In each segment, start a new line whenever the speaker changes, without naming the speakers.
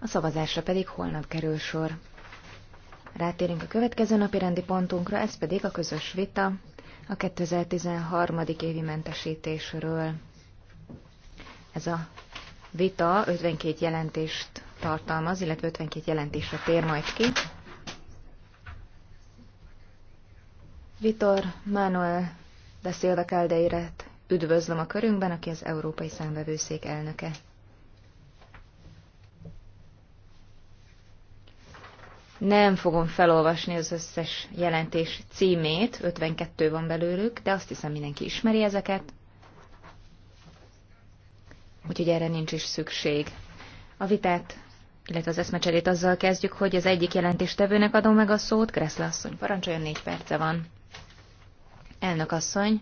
a szavazásra pedig holnap kerül sor. Rátérünk a következő napi rendi pontunkra, ez pedig a közös vita a 2013. évi mentesítésről. Ez a vita 52 jelentést tartalmaz, illetve 52 jelentésre tér majd ki. Vitor Manuel de Silva Caldeiret üdvözlöm a körünkben, aki az Európai Számvevőszék elnöke. Nem fogom felolvasni az összes jelentés címét, 52 van belőlük, de azt hiszem mindenki ismeri ezeket. Úgyhogy erre nincs is szükség. A vitát, illetve az eszmecserét azzal kezdjük, hogy az egyik jelentéstevőnek adom meg a szót, Kreszle asszony, parancsoljon, négy perce van. Elnök asszony,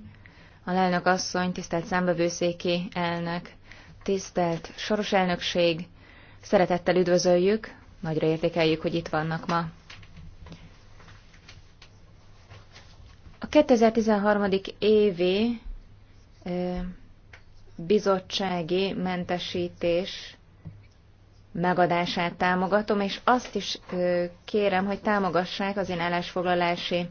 a lelnök asszony, tisztelt számbevőszéki elnök, tisztelt soros elnökség, szeretettel üdvözöljük Nagyra értékeljük, hogy itt vannak ma. A 2013. évi bizottsági mentesítés megadását támogatom, és azt is kérem, hogy támogassák az én állásfoglalási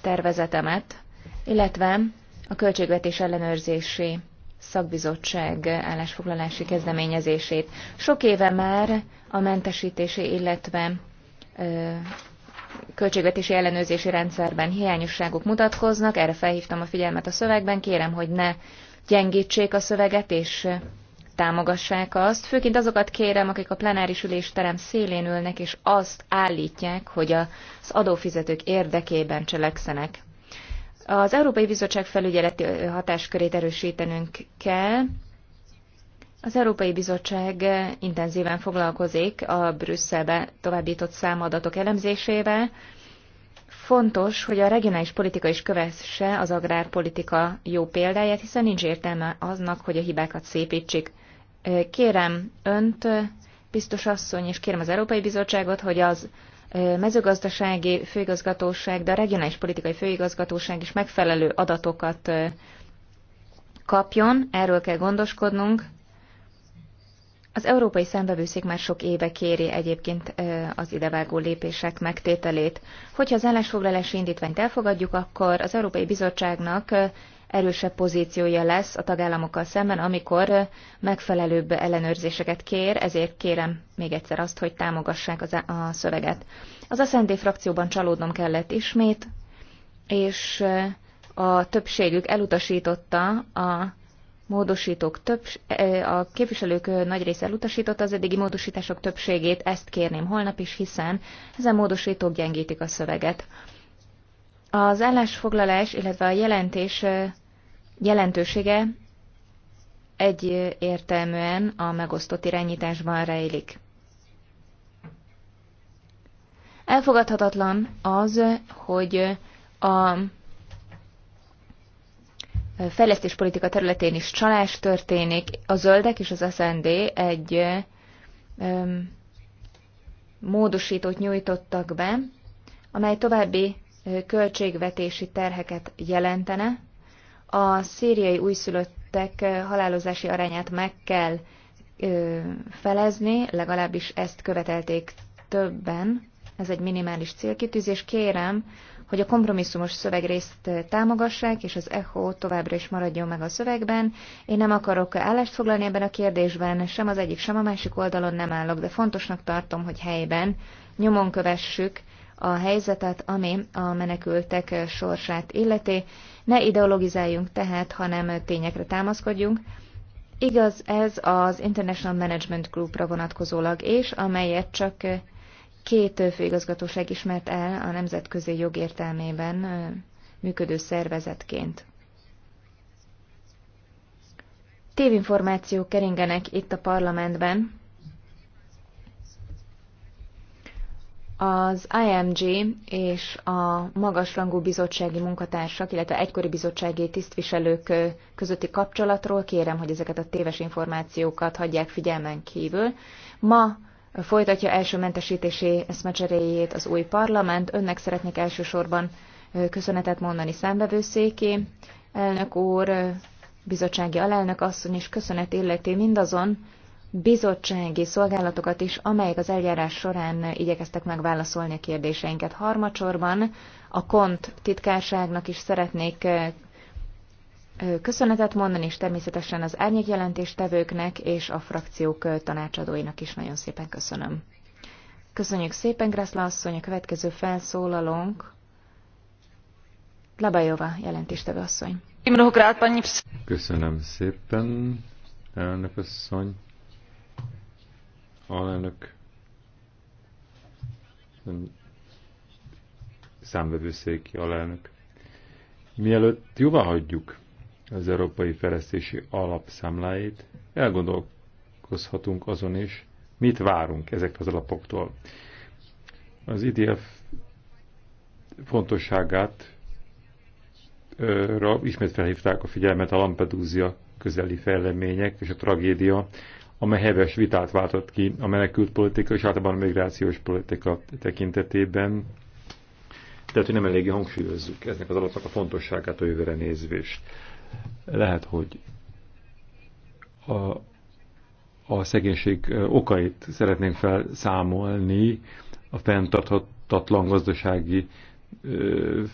tervezetemet, illetve a költségvetés ellenőrzési szakbizottság állásfoglalási kezdeményezését. Sok éve már a mentesítési, illetve ö, költségvetési ellenőrzési rendszerben hiányosságok mutatkoznak, erre felhívtam a figyelmet a szövegben, kérem, hogy ne gyengítsék a szöveget, és támogassák azt. Főként azokat kérem, akik a plenáris ülésterem szélén ülnek, és azt állítják, hogy az adófizetők érdekében cselekszenek. Az Európai Bizottság felügyeleti hatáskörét erősítenünk kell. Az Európai Bizottság intenzíven foglalkozik a Brüsszelbe továbbított számadatok elemzésével. Fontos, hogy a regionális politika is kövesse az agrárpolitika jó példáját, hiszen nincs értelme aznak, hogy a hibákat szépítsük. Kérem önt, biztos asszony, és kérem az Európai Bizottságot, hogy az mezőgazdasági főigazgatóság, de a regionális politikai főigazgatóság is megfelelő adatokat kapjon, erről kell gondoskodnunk. Az Európai Szembevőszék már sok éve kéri egyébként az idevágó lépések megtételét. Hogyha az ellensfoglalási indítványt elfogadjuk, akkor az Európai Bizottságnak erősebb pozíciója lesz a tagállamokkal szemben, amikor megfelelőbb ellenőrzéseket kér, ezért kérem még egyszer azt, hogy támogassák az a szöveget. Az SZND frakcióban csalódnom kellett ismét, és a többségük elutasította a módosítók többs- a képviselők nagy része elutasította az eddigi módosítások többségét, ezt kérném holnap is, hiszen ezen módosítók gyengítik a szöveget. Az állásfoglalás, illetve a jelentés jelentősége egyértelműen a megosztott irányításban rejlik. Elfogadhatatlan az, hogy a fejlesztéspolitika területén is csalás történik. A zöldek és az SND egy módosítót nyújtottak be, amely további költségvetési terheket jelentene. A szíriai újszülöttek halálozási arányát meg kell felezni, legalábbis ezt követelték többen, ez egy minimális célkitűzés. Kérem, hogy a kompromisszumos szövegrészt támogassák, és az ECHO továbbra is maradjon meg a szövegben. Én nem akarok állást foglalni ebben a kérdésben, sem az egyik, sem a másik oldalon nem állok, de fontosnak tartom, hogy helyben nyomon kövessük a helyzetet, ami a menekültek sorsát illeti. Ne ideologizáljunk tehát, hanem tényekre támaszkodjunk. Igaz ez az International Management Groupra vonatkozólag és amelyet csak két főigazgatóság ismert el a nemzetközi jogértelmében működő szervezetként. Tévinformációk keringenek itt a parlamentben, Az IMG és a magasrangú bizottsági munkatársak, illetve egykori bizottsági tisztviselők közötti kapcsolatról kérem, hogy ezeket a téves információkat hagyják figyelmen kívül. Ma folytatja első mentesítési eszmecseréjét az új parlament. Önnek szeretnék elsősorban köszönetet mondani szembevőszéké. elnök úr, bizottsági alelnök asszony, és köszönet illeti mindazon, bizottsági szolgálatokat is, amelyek az eljárás során igyekeztek megválaszolni a kérdéseinket. Harmadsorban a KONT titkárságnak is szeretnék köszönetet mondani, és természetesen az árnyékjelentéstevőknek és a frakciók tanácsadóinak is nagyon szépen köszönöm. Köszönjük szépen, Grászla asszony, a következő felszólalónk. Labajova, jelentéstevő asszony.
Köszönöm szépen, elnök asszony alelnök számvevőszéki alelnök. Mielőtt jóvá hagyjuk az Európai Fejlesztési Alapszámláit, elgondolkozhatunk azon is, mit várunk ezek az alapoktól. Az IDF fontosságát ismét felhívták a figyelmet a Lampedusia közeli fejlemények és a tragédia amely heves vitát váltott ki a menekült politika és általában a migrációs politika tekintetében. Tehát, hogy nem eléggé hangsúlyozzuk eznek az adatnak a fontosságát a jövőre nézvést. Lehet, hogy a, a szegénység okait szeretnénk felszámolni, a fenntarthatatlan gazdasági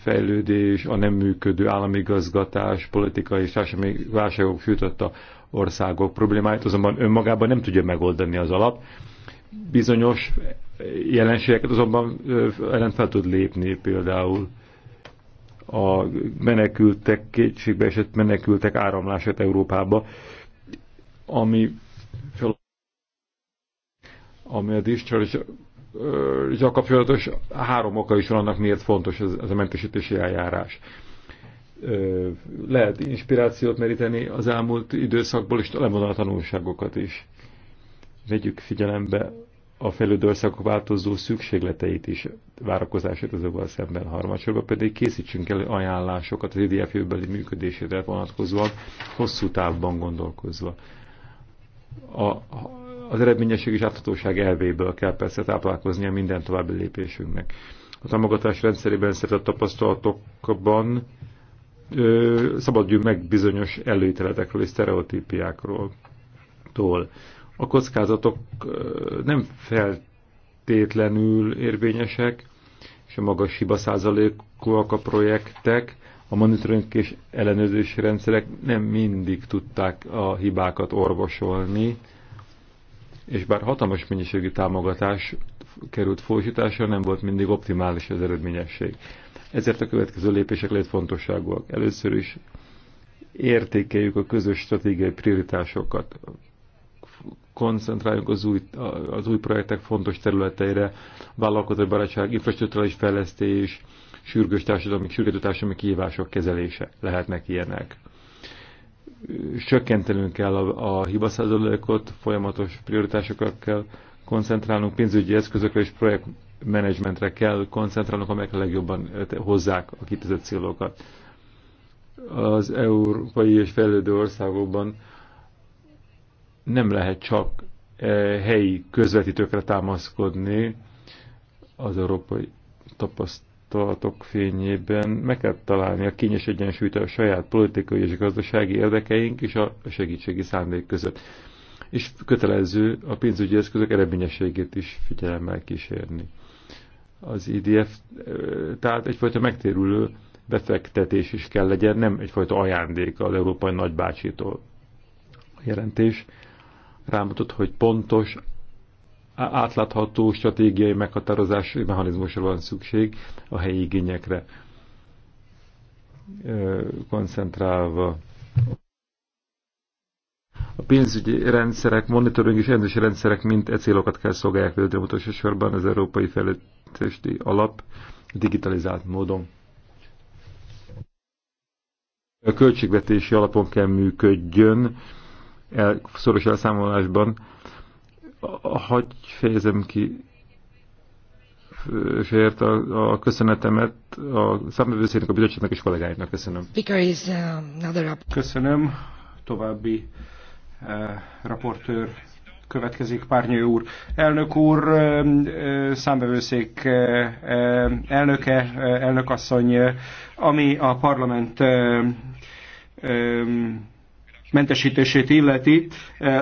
fejlődés, a nem működő államigazgatás, politikai és társadalmi válságok a országok problémáit, azonban önmagában nem tudja megoldani az alap. Bizonyos jelenségeket azonban ellen fel tud lépni, például a menekültek, kétségbe esett menekültek áramlását Európába, ami, ami a discharge kapcsolatos három oka is van annak, miért fontos ez, ez a mentesítési eljárás. Lehet inspirációt meríteni az elmúlt időszakból, és lemondani a tanulságokat is. Vegyük figyelembe a fejlődő országok változó szükségleteit is, várakozásait azokkal szemben harmadsorban, pedig készítsünk el ajánlásokat az IDF jövőbeli működésére vonatkozóan, hosszú távban gondolkozva. A, az eredményesség és áthatóság elvéből kell persze táplálkoznia minden további lépésünknek. A támogatás rendszerében szeretett tapasztalatokban ö, szabadjunk meg bizonyos előítéletekről és sztereotípiákról. Tól. A kockázatok ö, nem feltétlenül érvényesek, és a magas hiba százalékúak a projektek, a monitoring és ellenőrzési rendszerek nem mindig tudták a hibákat orvosolni, és bár hatalmas mennyiségű támogatás került folyosításra, nem volt mindig optimális az eredményesség. Ezért a következő lépések létfontosságúak. Először is értékeljük a közös stratégiai prioritásokat, koncentráljunk az új, az új projektek fontos területeire, vállalkozói barátság, infrastruktúrális fejlesztés, sürgős társadalmi, sürgető társadalmi kihívások kezelése lehetnek ilyenek csökkentenünk kell a, a hibaszázalékot, folyamatos prioritásokat kell koncentrálnunk, pénzügyi eszközökre és projektmenedzsmentre kell koncentrálnunk, amelyek a legjobban eh, hozzák a kitűzött célokat. Az európai és fejlődő országokban nem lehet csak eh, helyi közvetítőkre támaszkodni az európai tapaszt tapasztalatok fényében meg kell találni a kényes egyensúlyt a saját politikai és gazdasági érdekeink és a segítségi szándék között. És kötelező a pénzügyi eszközök eredményességét is figyelemmel kísérni. Az IDF e tehát egyfajta megtérülő befektetés is kell legyen, nem egyfajta ajándék az európai nagybácsitól. A jelentés rámutat, hogy pontos, átlátható stratégiai meghatározási mechanizmusra van szükség a helyi igényekre koncentrálva. A pénzügyi rendszerek, monitoring és ellenőrzési rendszerek mind e célokat kell szolgálják például utolsó sorban az Európai Fejlesztési Alap digitalizált módon. A költségvetési alapon kell működjön, el, szoros elszámolásban Hagy fejezem ki fért a, a köszönetemet a számbevőszének, a bizottságnak és kollégáinak. Köszönöm.
Uh, Köszönöm. További uh, raportőr következik, Párnyő úr. Elnök úr, um, uh, számbevőszék uh, elnöke, elnökasszony, ami a parlament um, mentesítését illeti,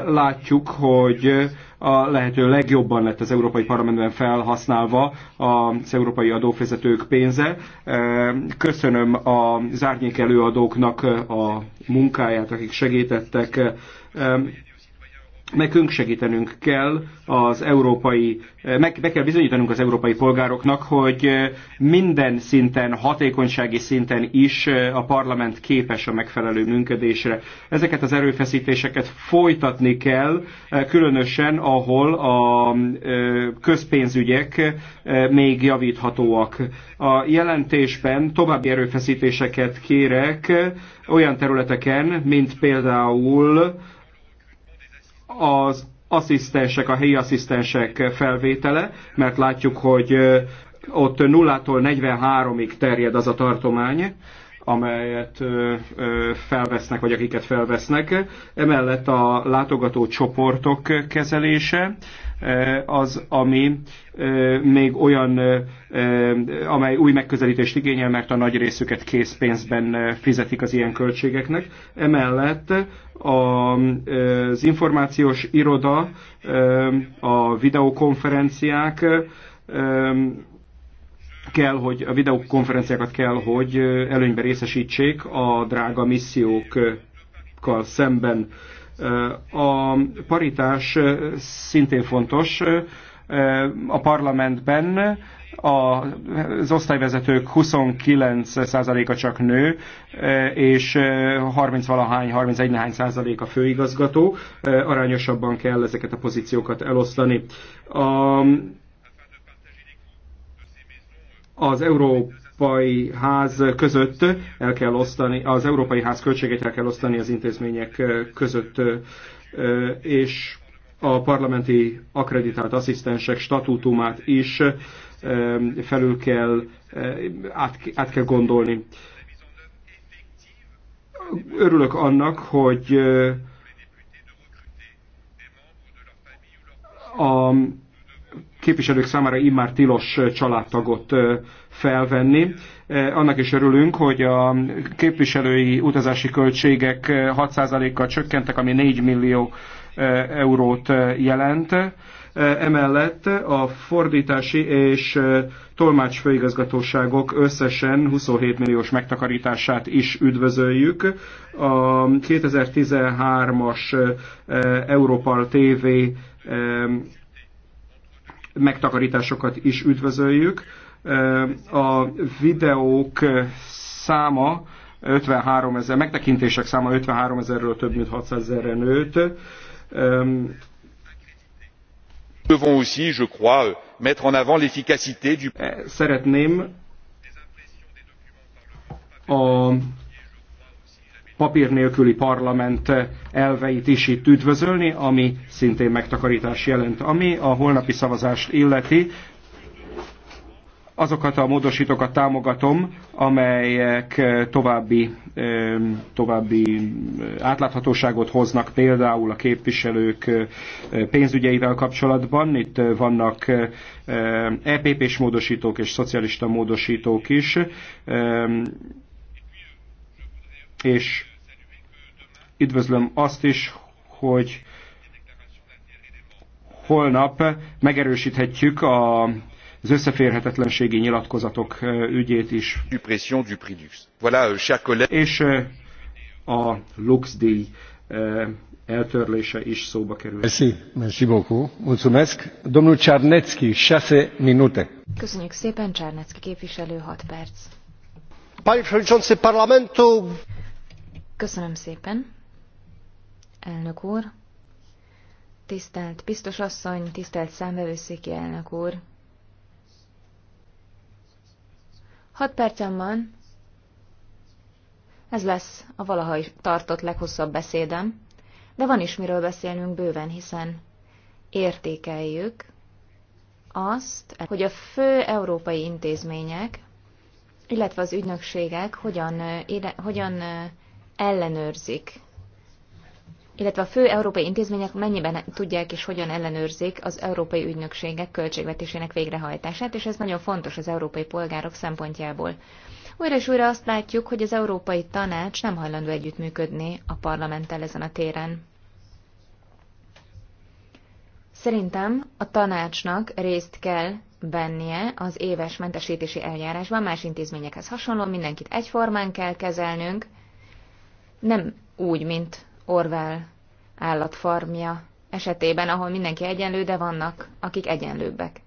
látjuk, hogy a lehető legjobban lett az Európai Parlamentben felhasználva az európai adófizetők pénze. Köszönöm a zárnyék előadóknak a munkáját, akik segítettek nekünk segítenünk kell az európai, eh, meg, meg kell bizonyítanunk az európai polgároknak, hogy eh, minden szinten, hatékonysági szinten is eh, a parlament képes a megfelelő működésre. Ezeket az erőfeszítéseket folytatni kell, különösen ahol a közpénzügyek még javíthatóak. A jelentésben további erőfeszítéseket kérek olyan területeken, mint például az asszisztensek, a helyi asszisztensek felvétele, mert látjuk, hogy ott 0-tól 43-ig terjed az a tartomány, amelyet felvesznek, vagy akiket felvesznek. Emellett a látogató csoportok kezelése az, ami még olyan, amely új megközelítést igényel, mert a nagy részüket készpénzben fizetik az ilyen költségeknek. Emellett az információs iroda, a videokonferenciák, kell, hogy a videokonferenciákat kell, hogy előnyben részesítsék a drága missziókkal szemben. A paritás szintén fontos. A parlamentben az osztályvezetők 29%-a csak nő, és 30-valahány, 31 nehány százalék a főigazgató. Arányosabban kell ezeket a pozíciókat elosztani. A az Európai Ház között el kell osztani, az Európai Ház költségét el kell osztani az intézmények között, és a parlamenti akreditált asszisztensek statútumát is felül kell, eh, át, át kell gondolni. Örülök annak, hogy eh, a képviselők számára immár tilos családtagot felvenni. Annak is örülünk, hogy a képviselői utazási költségek 6%-kal csökkentek, ami 4 millió eurót jelent. Emellett a fordítási és tolmácsfőigazgatóságok összesen 27 milliós megtakarítását is üdvözöljük. A 2013-as Európa TV megtakarításokat is üdvözöljük. A videók száma 53 ezer, megtekintések száma 53 ezerről több mint 600 ezerre nőtt. Devons aussi, je crois, mettre en avant l'efficacité du... Szeretném a papír nélküli parlament elveit is itt üdvözölni, ami szintén megtakarítás jelent. Ami a holnapi szavazást illeti, azokat a módosítókat támogatom, amelyek eh, további, eh, további eh, átláthatóságot hoznak például a képviselők pénzügyeivel kapcsolatban. Itt vannak EPP-s e módosítók és szocialista módosítók is, és Üdvözlöm azt is, hogy holnap megerősíthetjük a, az összeférhetetlenségi nyilatkozatok ügyét is. Euh, És a LuxDíj eltörlése is szóba kerül. Merci, merci beaucoup. Mulțumesc. Domnul 6 minute.
Köszönjük szépen, Csárnecki képviselő, 6 perc. Panie Przewodniczący Parlamentu! Köszönöm szépen elnök úr, tisztelt biztos asszony, tisztelt számbevőszéki elnök úr. Hat percem van. Ez lesz a valaha tartott leghosszabb beszédem, de van is miről beszélnünk bőven, hiszen értékeljük azt, hogy a fő európai intézmények, illetve az ügynökségek hogyan, hogyan ellenőrzik illetve a fő európai intézmények mennyiben tudják és hogyan ellenőrzik az európai ügynökségek költségvetésének végrehajtását, és ez nagyon fontos az európai polgárok szempontjából. Újra és újra azt látjuk, hogy az Európai Tanács nem hajlandó együttműködni a parlamenttel ezen a téren. Szerintem a tanácsnak részt kell vennie az éves mentesítési eljárásban, más intézményekhez hasonló, mindenkit egyformán kell kezelnünk, nem úgy, mint Orwell állatfarmja esetében, ahol mindenki egyenlő, de vannak, akik egyenlőbbek.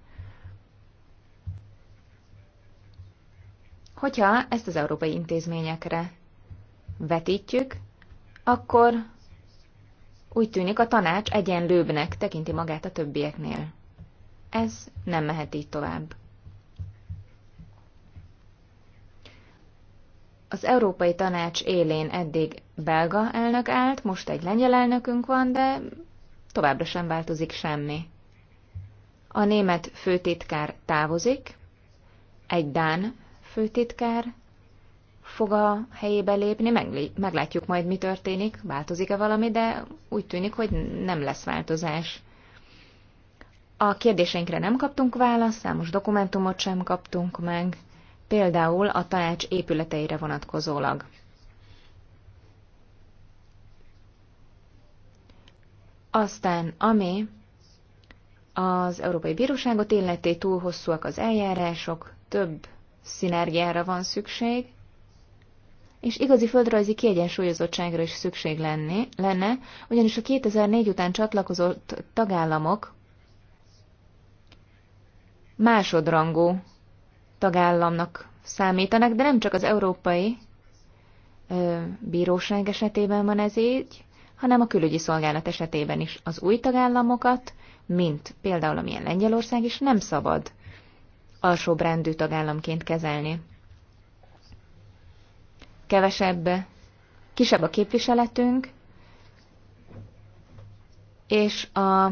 Hogyha ezt az európai intézményekre vetítjük, akkor úgy tűnik a tanács egyenlőbbnek tekinti magát a többieknél. Ez nem mehet így tovább. Az Európai Tanács élén eddig belga elnök állt, most egy lengyel elnökünk van, de továbbra sem változik semmi. A német főtitkár távozik, egy dán főtitkár fog a helyébe lépni, meglátjuk majd, mi történik, változik-e valami, de úgy tűnik, hogy nem lesz változás. A kérdéseinkre nem kaptunk választ, számos dokumentumot sem kaptunk meg például a tanács épületeire vonatkozólag. Aztán, ami az Európai Bíróságot illeti, túl hosszúak az eljárások, több szinergiára van szükség, és igazi földrajzi kiegyensúlyozottságra is szükség lenni, lenne, ugyanis a 2004 után csatlakozott tagállamok másodrangú tagállamnak számítanak, de nem csak az európai ö, bíróság esetében van ez így, hanem a külügyi szolgálat esetében is az új tagállamokat, mint például amilyen Lengyelország is nem szabad alsóbrendű tagállamként kezelni. Kevesebb, kisebb a képviseletünk, és a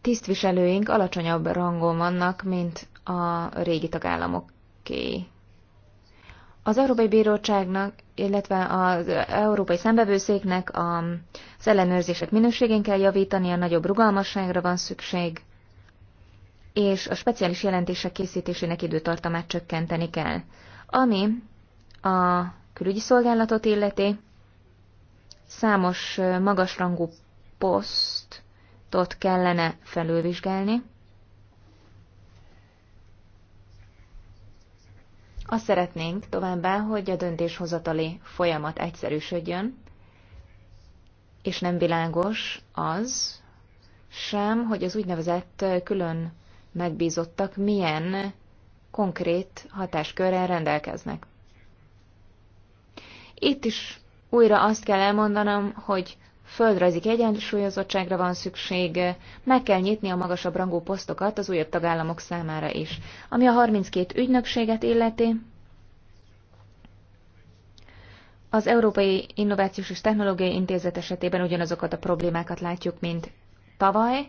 tisztviselőink alacsonyabb rangon vannak, mint a régi tagállamoké. Az Európai Bíróságnak, illetve az Európai Szembevőszéknek az ellenőrzések minőségén kell javítani, a nagyobb rugalmasságra van szükség, és a speciális jelentések készítésének időtartamát csökkenteni kell. Ami a külügyi szolgálatot illeti, számos magasrangú posztot kellene felülvizsgálni, Azt szeretnénk továbbá, hogy a döntéshozatali folyamat egyszerűsödjön, és nem világos az sem, hogy az úgynevezett külön megbízottak milyen konkrét hatáskörrel rendelkeznek. Itt is újra azt kell elmondanom, hogy földrajzi egyensúlyozottságra van szükség, meg kell nyitni a magasabb rangú posztokat az újabb tagállamok számára is. Ami a 32 ügynökséget illeti, az Európai Innovációs és Technológiai Intézet esetében ugyanazokat a problémákat látjuk, mint tavaly,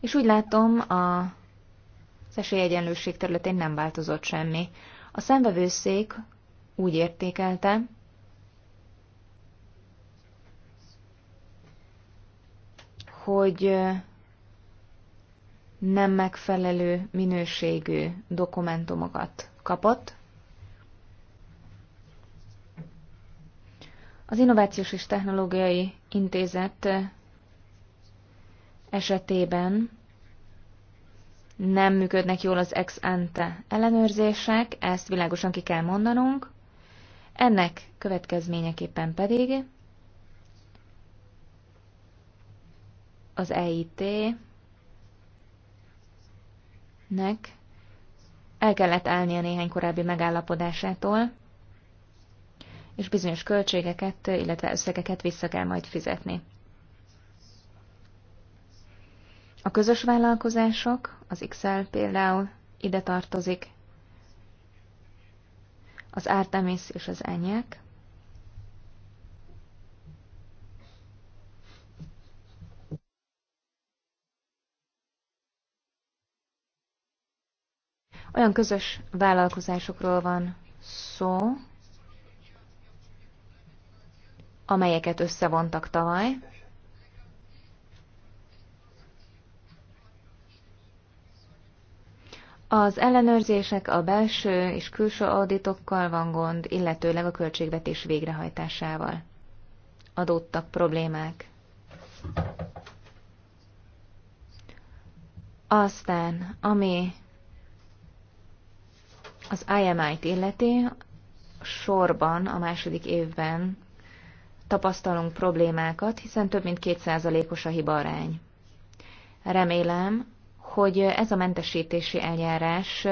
és úgy látom, a, az esélyegyenlőség területén nem változott semmi. A szemvevőszék úgy értékelte, hogy nem megfelelő minőségű dokumentumokat kapott. Az Innovációs és Technológiai Intézet esetében nem működnek jól az ex ante ellenőrzések, ezt világosan ki kell mondanunk. Ennek következményeképpen pedig az EIT-nek el kellett állnia néhány korábbi megállapodásától, és bizonyos költségeket, illetve összegeket vissza kell majd fizetni. A közös vállalkozások, az XL például ide tartozik, az Artemis és az Enyek, Olyan közös vállalkozásokról van szó, amelyeket összevontak tavaly. Az ellenőrzések a belső és külső auditokkal van gond, illetőleg a költségvetés végrehajtásával. Adódtak problémák. Aztán, ami az IMI-t illeti, sorban a második évben tapasztalunk problémákat, hiszen több mint kétszázalékos os a arány. Remélem, hogy ez a mentesítési eljárás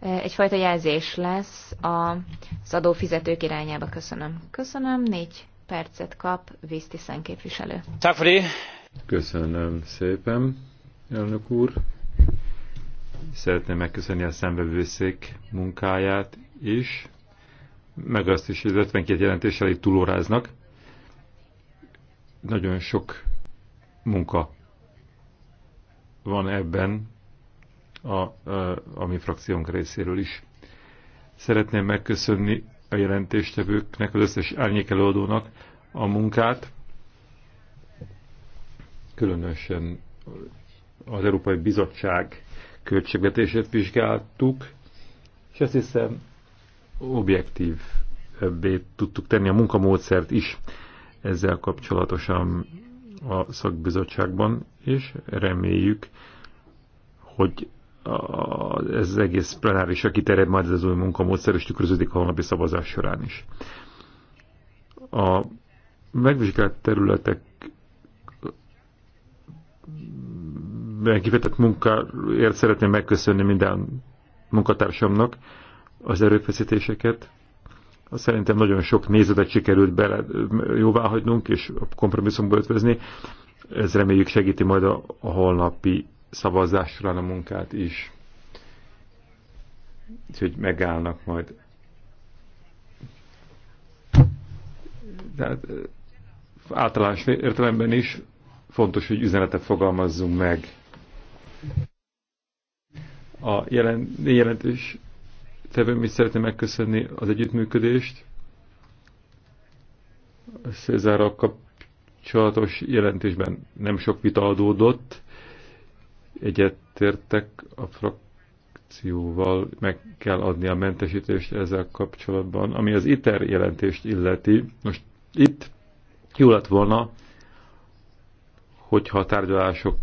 egyfajta jelzés lesz az adófizetők irányába. Köszönöm. Köszönöm, négy percet kap Víztiszen képviselő.
Köszönöm szépen, elnök úr. Szeretném megköszönni a szembevőszék munkáját is, meg azt is, hogy 52 jelentéssel itt túlóráznak. Nagyon sok munka van ebben a, a, a mi frakciónk részéről is. Szeretném megköszönni a jelentéstevőknek, az összes árnyékelőadónak a munkát, különösen az Európai Bizottság költségvetését vizsgáltuk, és azt hiszem objektív ebbé tudtuk tenni a munkamódszert is ezzel kapcsolatosan a szakbizottságban, és reméljük, hogy ez az egész plenáris aki terjed majd az új munkamódszer, és tükröződik a holnapi szavazás során is. A megvizsgált területek kifejtett munkáért szeretném megköszönni minden munkatársamnak az erőfeszítéseket. Szerintem nagyon sok nézetet sikerült bele hagynunk és kompromisszumba ötvezni. Ez reméljük segíti majd a, a holnapi szavazásra a munkát is. Úgyhogy megállnak majd. Tehát általános értelemben is fontos, hogy üzenetet fogalmazzunk meg. A jelen, jelentős tevőm is szeretném megköszönni az együttműködést. A Cézárral kapcsolatos jelentésben nem sok vita adódott. Egyetértek a frakcióval, meg kell adni a mentesítést ezzel kapcsolatban, ami az ITER jelentést illeti. Most itt jó lett volna, hogyha a tárgyalások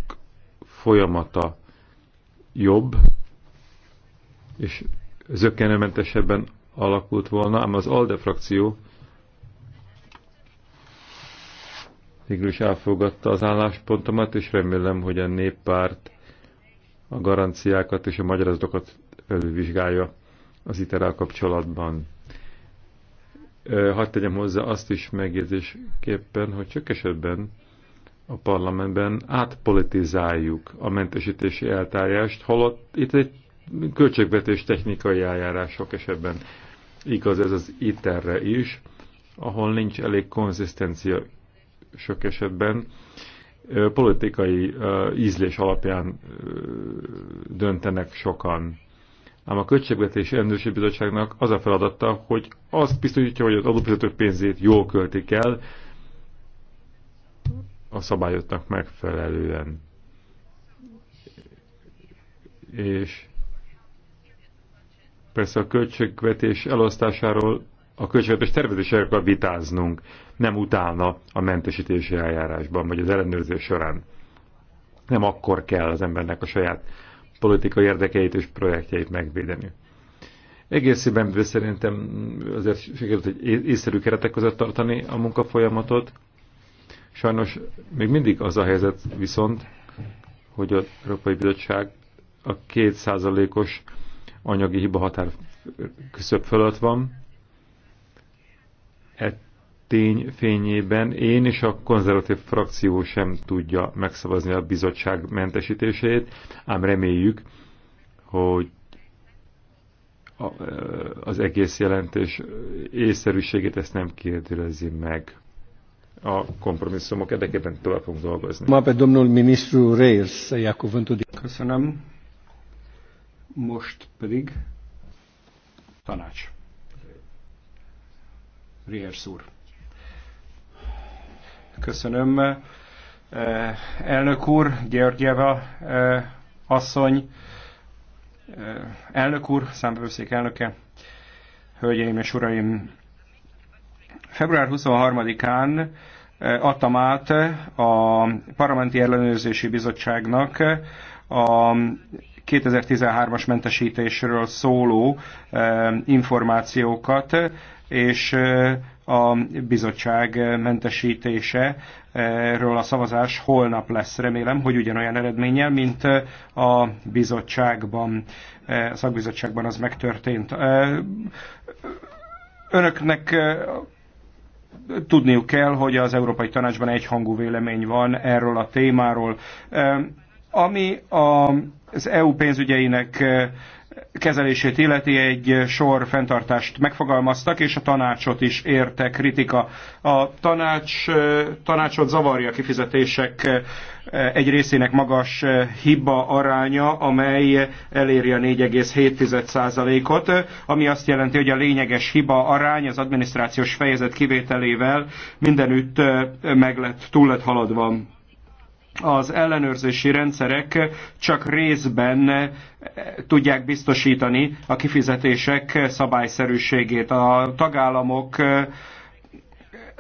folyamata jobb és zökkenőmentesebben alakult volna, ám az ALDE frakció végül is elfogadta az álláspontomat, és remélem, hogy a néppárt a garanciákat és a magyarázatokat elővizsgálja az iterrel kapcsolatban. Hadd tegyem hozzá azt is megjegyzésképpen, hogy csak esetben a parlamentben átpolitizáljuk a mentesítési eltárjást, holott itt egy költségvetés technikai eljárás sok esetben igaz ez az iterre is, ahol nincs elég konzisztencia sok esetben, politikai ízlés alapján döntenek sokan. Ám a Költségvetési Rendőrségi Bizottságnak az a feladata, hogy azt biztosítja, hogy az adófizetők pénzét jól költik el, a szabályoknak megfelelően. És persze a költségvetés elosztásáról, a költségvetés tervezéséről kell vitáznunk, nem utána a mentesítési eljárásban, vagy az ellenőrzés során. Nem akkor kell az embernek a saját politikai érdekeit és projektjeit megvédeni. Egészében szerintem azért sikerült egy észszerű keretek között tartani a munkafolyamatot, Sajnos még mindig az a helyzet viszont, hogy az Európai Bizottság a kétszázalékos anyagi hiba határ küszöbb fölött van. E tény fényében én és a konzervatív frakció sem tudja megszavazni a bizottság mentesítését, ám reméljük, hogy e, az egész jelentés észszerűségét ezt nem kérdőlezi meg a kompromisszumok érdekében tovább fogunk dolgozni. Ma pe
domnul ministru Reyes a cuvântul. Köszönöm.
Most pedig tanács.
Reyes úr. Köszönöm. Eh, elnök úr, Georgieva eh, asszony, eh, elnök úr, számbevőszék elnöke, hölgyeim és uraim, február 23-án Eh, adtam át eh, a Parlamenti Ellenőrzési Bizottságnak a 2013-as mentesítésről szóló eh, információkat, és a bizottság mentesítése erről a szavazás holnap lesz. Remélem, hogy ugyanolyan eredménnyel, mint a bizottságban, a szakbizottságban az megtörtént. Önöknek tudniuk kell, hogy az Európai Tanácsban egyhangú vélemény van erről a témáról. Ami a, az EU pénzügyeinek kezelését illeti egy sor fenntartást megfogalmaztak, és a tanácsot is érte kritika. A tanács, tanácsot zavarja a kifizetések egy részének magas hiba aránya, amely eléri a 4,7%-ot, ami azt jelenti, hogy a lényeges hiba arány az adminisztrációs fejezet kivételével mindenütt meg lett, túl lett haladva az ellenőrzési rendszerek csak részben eh, tudják biztosítani a kifizetések szabályszerűségét. A tagállamok eh,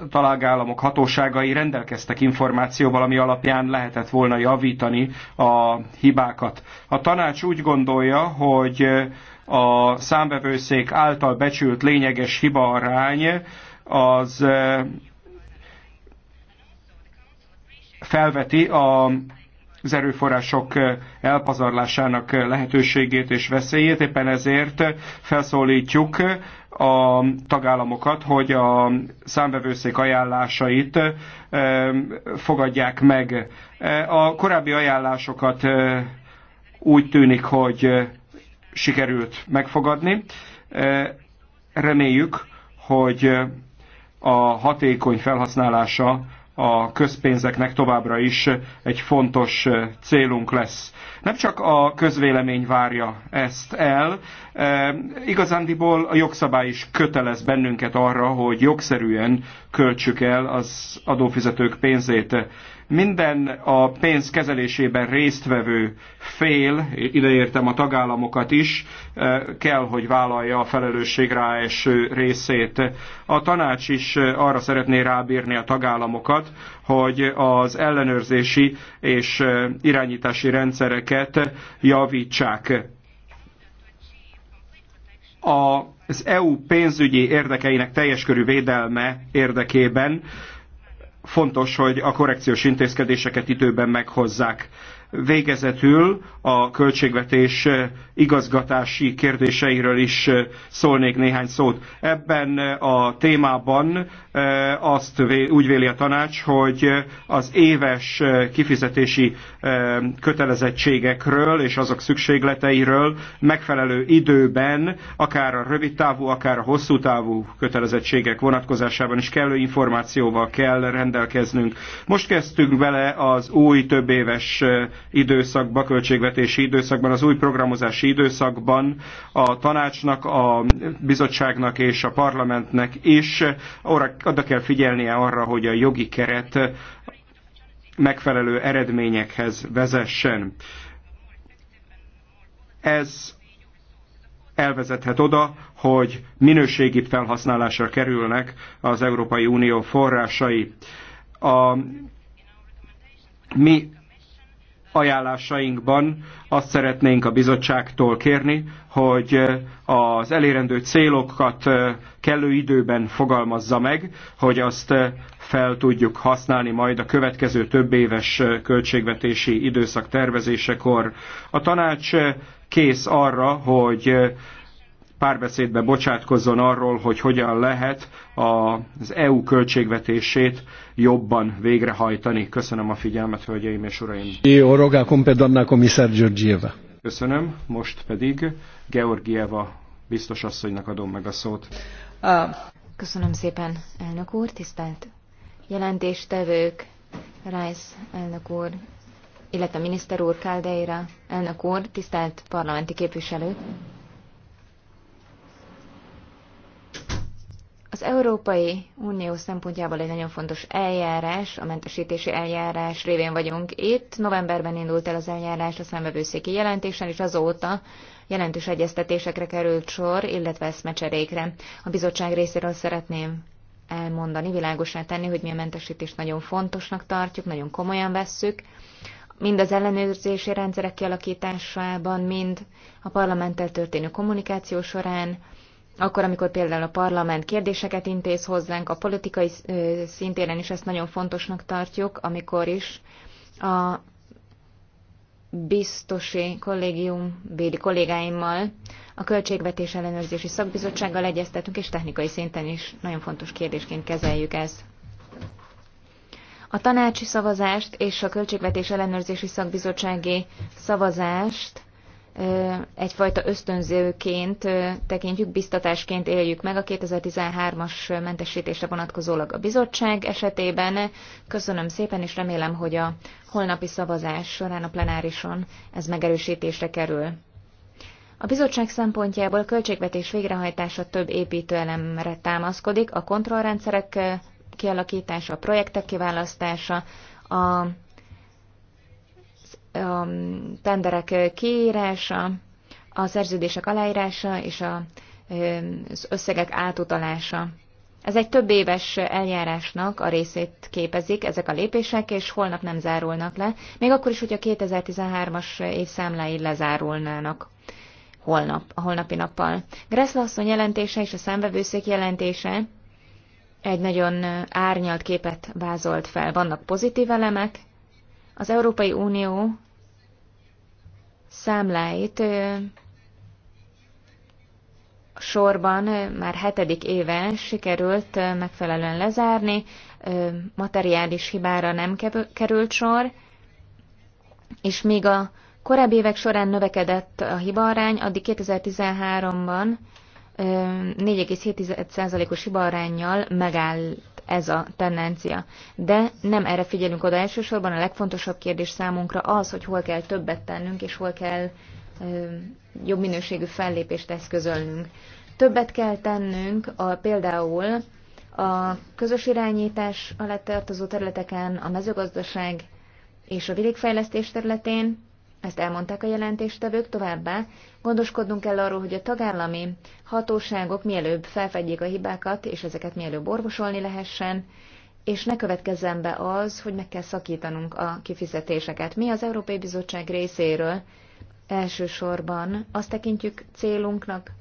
találgállamok hatóságai rendelkeztek információval, ami alapján lehetett volna javítani a hibákat. A tanács úgy gondolja, hogy eh, a számbevőszék által becsült lényeges hibaarány az felveti a az erőforrások elpazarlásának lehetőségét és veszélyét. Éppen ezért felszólítjuk a tagállamokat, hogy a számbevőszék ajánlásait fogadják meg. A korábbi ajánlásokat úgy tűnik, hogy sikerült megfogadni. Reméljük, hogy a hatékony felhasználása a közpénzeknek továbbra is egy fontos célunk lesz. Nem csak a közvélemény várja ezt el, e, igazándiból a jogszabály is kötelez bennünket arra, hogy jogszerűen költsük el az adófizetők pénzét. Minden a pénz kezelésében résztvevő fél, ideértem a tagállamokat is, eh, kell, hogy vállalja a felelősség rá részét. A tanács is eh, arra szeretné rábírni a tagállamokat, hogy az ellenőrzési és eh, irányítási rendszereket javítsák. A az EU pénzügyi érdekeinek teljes körű védelme érdekében fontos, hogy a korrekciós intézkedéseket időben meghozzák. Végezetül a költségvetés eh, igazgatási kérdéseiről is eh, szólnék néhány szót. Ebben eh, a témában azt úgy véli a tanács, hogy az éves kifizetési kötelezettségekről és azok szükségleteiről megfelelő időben, akár a rövidtávú, akár a hosszú távú kötelezettségek vonatkozásában is kellő információval kell rendelkeznünk. Most kezdtünk bele az új többéves időszakba költségvetés költségvetési időszakban, az új programozási időszakban a tanácsnak, a bizottságnak és a parlamentnek is oda kell figyelnie arra, hogy a jogi keret megfelelő eredményekhez vezessen. Ez elvezethet oda, hogy minőségi felhasználásra kerülnek az Európai Unió forrásai. A mi ajánlásainkban azt szeretnénk a bizottságtól kérni, hogy az elérendő célokat kellő időben fogalmazza meg, hogy azt fel tudjuk használni majd a következő több éves költségvetési időszak tervezésekor. A tanács kész arra, hogy párbeszédbe bocsátkozzon arról, hogy hogyan lehet az EU költségvetését jobban végrehajtani. Köszönöm a figyelmet, hölgyeim és
uraim. komisár Georgieva.
Köszönöm, most pedig Georgieva biztos asszonynak adom meg a szót.
Köszönöm szépen, elnök úr, tisztelt jelentéstevők, Rice elnök úr, illetve miniszter úr Caldeira, elnök úr, tisztelt parlamenti képviselők. Az Európai Unió szempontjából egy nagyon fontos eljárás, a mentesítési eljárás révén vagyunk itt. Novemberben indult el az eljárás a szembevőszéki jelentésen, és azóta jelentős egyeztetésekre került sor, illetve eszmecserékre. A bizottság részéről szeretném elmondani, világosá tenni, hogy mi a mentesítést nagyon fontosnak tartjuk, nagyon komolyan vesszük, mind az ellenőrzési rendszerek kialakításában, mind a parlamenttel történő kommunikáció során, akkor, amikor például a parlament kérdéseket intéz hozzánk, a politikai szintéren is ezt nagyon fontosnak tartjuk, amikor is a biztosi kollégium védi kollégáimmal, a Költségvetés Ellenőrzési Szakbizottsággal egyeztetünk, és technikai szinten is nagyon fontos kérdésként kezeljük ezt. A tanácsi szavazást és a Költségvetés Ellenőrzési Szakbizottsági szavazást egyfajta ösztönzőként tekintjük, biztatásként éljük meg a 2013-as mentesítésre vonatkozólag a bizottság esetében. Köszönöm szépen, és remélem, hogy a holnapi szavazás során a plenárison ez megerősítésre kerül. A bizottság szempontjából a költségvetés végrehajtása több építőelemre támaszkodik, a kontrollrendszerek kialakítása, a projektek kiválasztása, a a tenderek kiírása, a szerződések aláírása és a, az összegek átutalása. Ez egy több éves eljárásnak a részét képezik ezek a lépések, és holnap nem zárulnak le, még akkor is, hogy a 2013-as év számlái lezárulnának holnap, a holnapi nappal. Gressle jelentése és a számbevőszék jelentése egy nagyon árnyalt képet vázolt fel. Vannak pozitív elemek, az Európai Unió számláit sorban már hetedik éve sikerült megfelelően lezárni, materiális hibára nem került sor, és még a korábbi évek során növekedett a hibaarány, addig 2013-ban 4,7%-os hibaarányjal megáll ez a tendencia. De nem erre figyelünk oda elsősorban, a legfontosabb kérdés számunkra az, hogy hol kell többet tennünk, és hol kell ö, jobb minőségű fellépést eszközölnünk. Többet kell tennünk a, például a közös irányítás alá tartozó területeken, a mezőgazdaság és a vidékfejlesztés területén, ezt elmondták a jelentéstevők, továbbá Gondoskodnunk kell arról, hogy a tagállami hatóságok mielőbb felfedjék a hibákat, és ezeket mielőbb orvosolni lehessen, és ne következzen be az, hogy meg kell szakítanunk a kifizetéseket. Mi az Európai Bizottság részéről elsősorban azt tekintjük célunknak,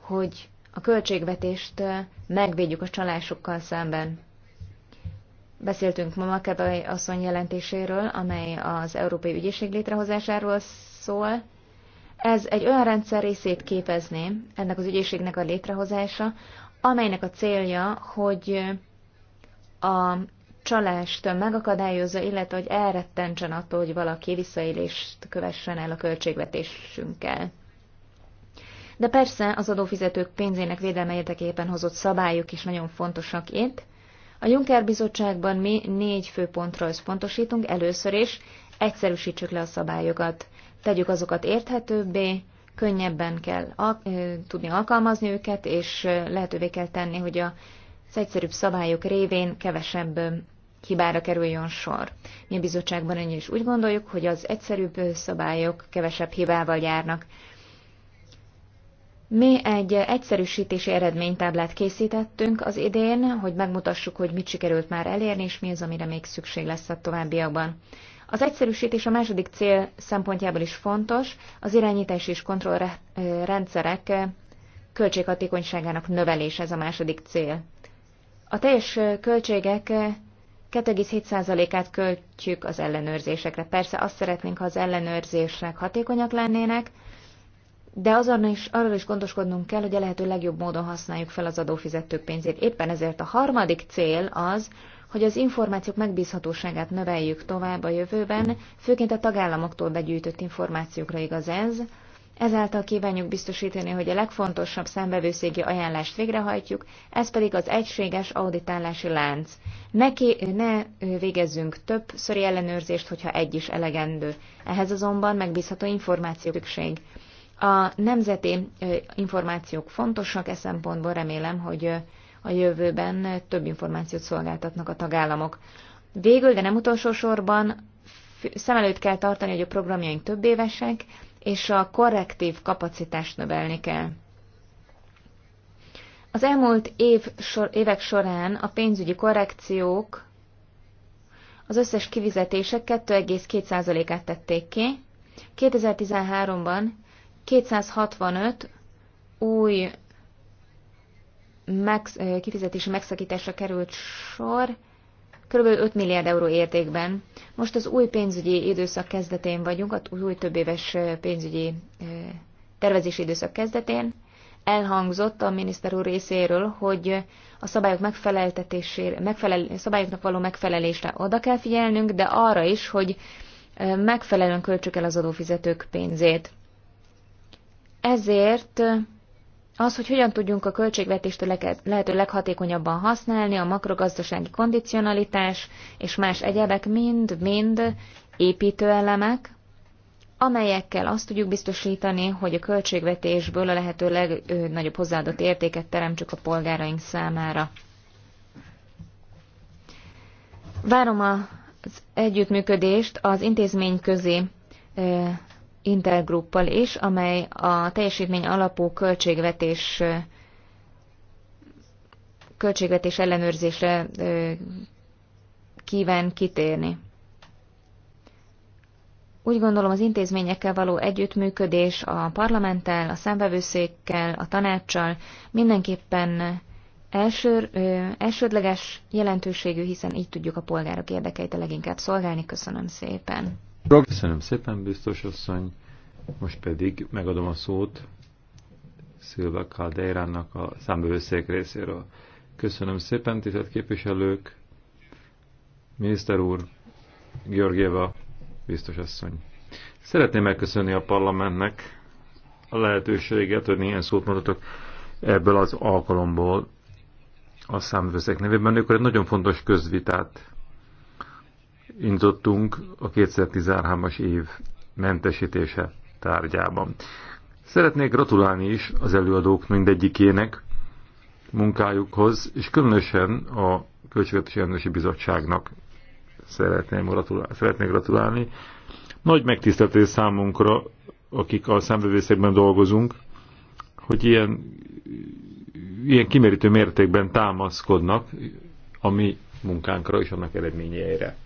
hogy a költségvetést eh, megvédjük a csalásokkal szemben. Beszéltünk ma Makebei asszony jelentéséről, amely az Európai Ügyészség létrehozásáról szól, ez egy olyan rendszer részét képezné ennek az ügyészségnek a létrehozása, amelynek a célja, hogy a csalást megakadályozza, illetve hogy elrettentsen attól, hogy valaki visszaélést kövessen el a költségvetésünkkel. De persze az adófizetők pénzének védelme érdekében hozott szabályok is nagyon fontosak itt. A Juncker bizottságban mi négy fő pontra összpontosítunk, először is egyszerűsítsük le a szabályokat tegyük azokat érthetőbbé, könnyebben kell al- tudni alkalmazni őket, és lehetővé kell tenni, hogy a az egyszerűbb szabályok révén kevesebb hibára kerüljön sor. Mi a bizottságban ennyi is úgy gondoljuk, hogy az egyszerűbb szabályok kevesebb hibával járnak. Mi egy egyszerűsítési eredménytáblát készítettünk az idén, hogy megmutassuk, hogy mit sikerült már elérni, és mi az, amire még szükség lesz a továbbiakban. Az egyszerűsítés a második cél szempontjából is fontos, az irányítás és kontrollrendszerek költséghatékonyságának növelése ez a második cél. A teljes költségek 2,7%-át költjük az ellenőrzésekre. Persze azt szeretnénk, ha az ellenőrzések hatékonyak lennének, de azon is, arról is gondoskodnunk kell, hogy a lehető legjobb módon használjuk fel az adófizetők pénzét. Éppen ezért a harmadik cél az, hogy az információk megbízhatóságát növeljük tovább a jövőben, főként a tagállamoktól begyűjtött információkra igaz ez, Ezáltal kívánjuk biztosítani, hogy a legfontosabb számbevőszégi ajánlást végrehajtjuk, ez pedig az egységes auditálási lánc. Ne, ne végezzünk szöri ellenőrzést, hogyha egy is elegendő. Ehhez azonban megbízható információ szükség. A nemzeti információk fontosak, e szempontból remélem, hogy a jövőben több információt szolgáltatnak a tagállamok. Végül, de nem utolsó sorban, szem előtt kell tartani, hogy a programjaink több évesek, és a korrektív kapacitást növelni kell. Az elmúlt év sor, évek során a pénzügyi korrekciók az összes kivizetések 2,2%-át tették ki. 2013-ban 265 új meg, kifizetési megszakításra került sor, kb. 5 milliárd euró értékben. Most az új pénzügyi időszak kezdetén vagyunk, az új többéves pénzügyi tervezési időszak kezdetén. Elhangzott a miniszter úr részéről, hogy a szabályok megfeleltetésére, megfelel, szabályoknak való megfelelésre oda kell figyelnünk, de arra is, hogy megfelelően költsük el az adófizetők pénzét. Ezért az, hogy hogyan tudjunk a költségvetést lehető leghatékonyabban használni, a makrogazdasági kondicionalitás és más egyebek mind-mind építőelemek, amelyekkel azt tudjuk biztosítani, hogy a költségvetésből a lehető legnagyobb hozzáadott értéket teremtsük a polgáraink számára. Várom az együttműködést az intézmény közé intergruppal is, amely a teljesítmény alapú költségvetés költségvetés ellenőrzésre kíván kitérni. Úgy gondolom az intézményekkel való együttműködés a parlamenttel, a szemvevőszékkel, a tanácssal mindenképpen első, ö, elsődleges jelentőségű, hiszen így tudjuk a polgárok érdekeit a leginkább szolgálni. Köszönöm szépen!
Köszönöm szépen, biztos asszony. Most pedig megadom a szót Szilva Kaldeirának a számbevőszék részéről. Köszönöm szépen, tisztelt képviselők, miniszter úr, Georgieva, biztos asszony. Szeretném megköszönni a parlamentnek a lehetőséget, hogy ilyen szót mondhatok ebből az alkalomból a számvőszek nevében, amikor egy nagyon fontos közvitát indítottunk a 2013-as év mentesítése tárgyában. Szeretnék gratulálni is az előadók mindegyikének munkájukhoz, és különösen a Költségvetési Elnösi Bizottságnak szeretném gratulálni, szeretnék gratulálni. Nagy megtiszteltetés számunkra, akik a számvevőszekben dolgozunk, hogy ilyen, ilyen kimerítő mértékben támaszkodnak a mi munkánkra és annak eredményeire.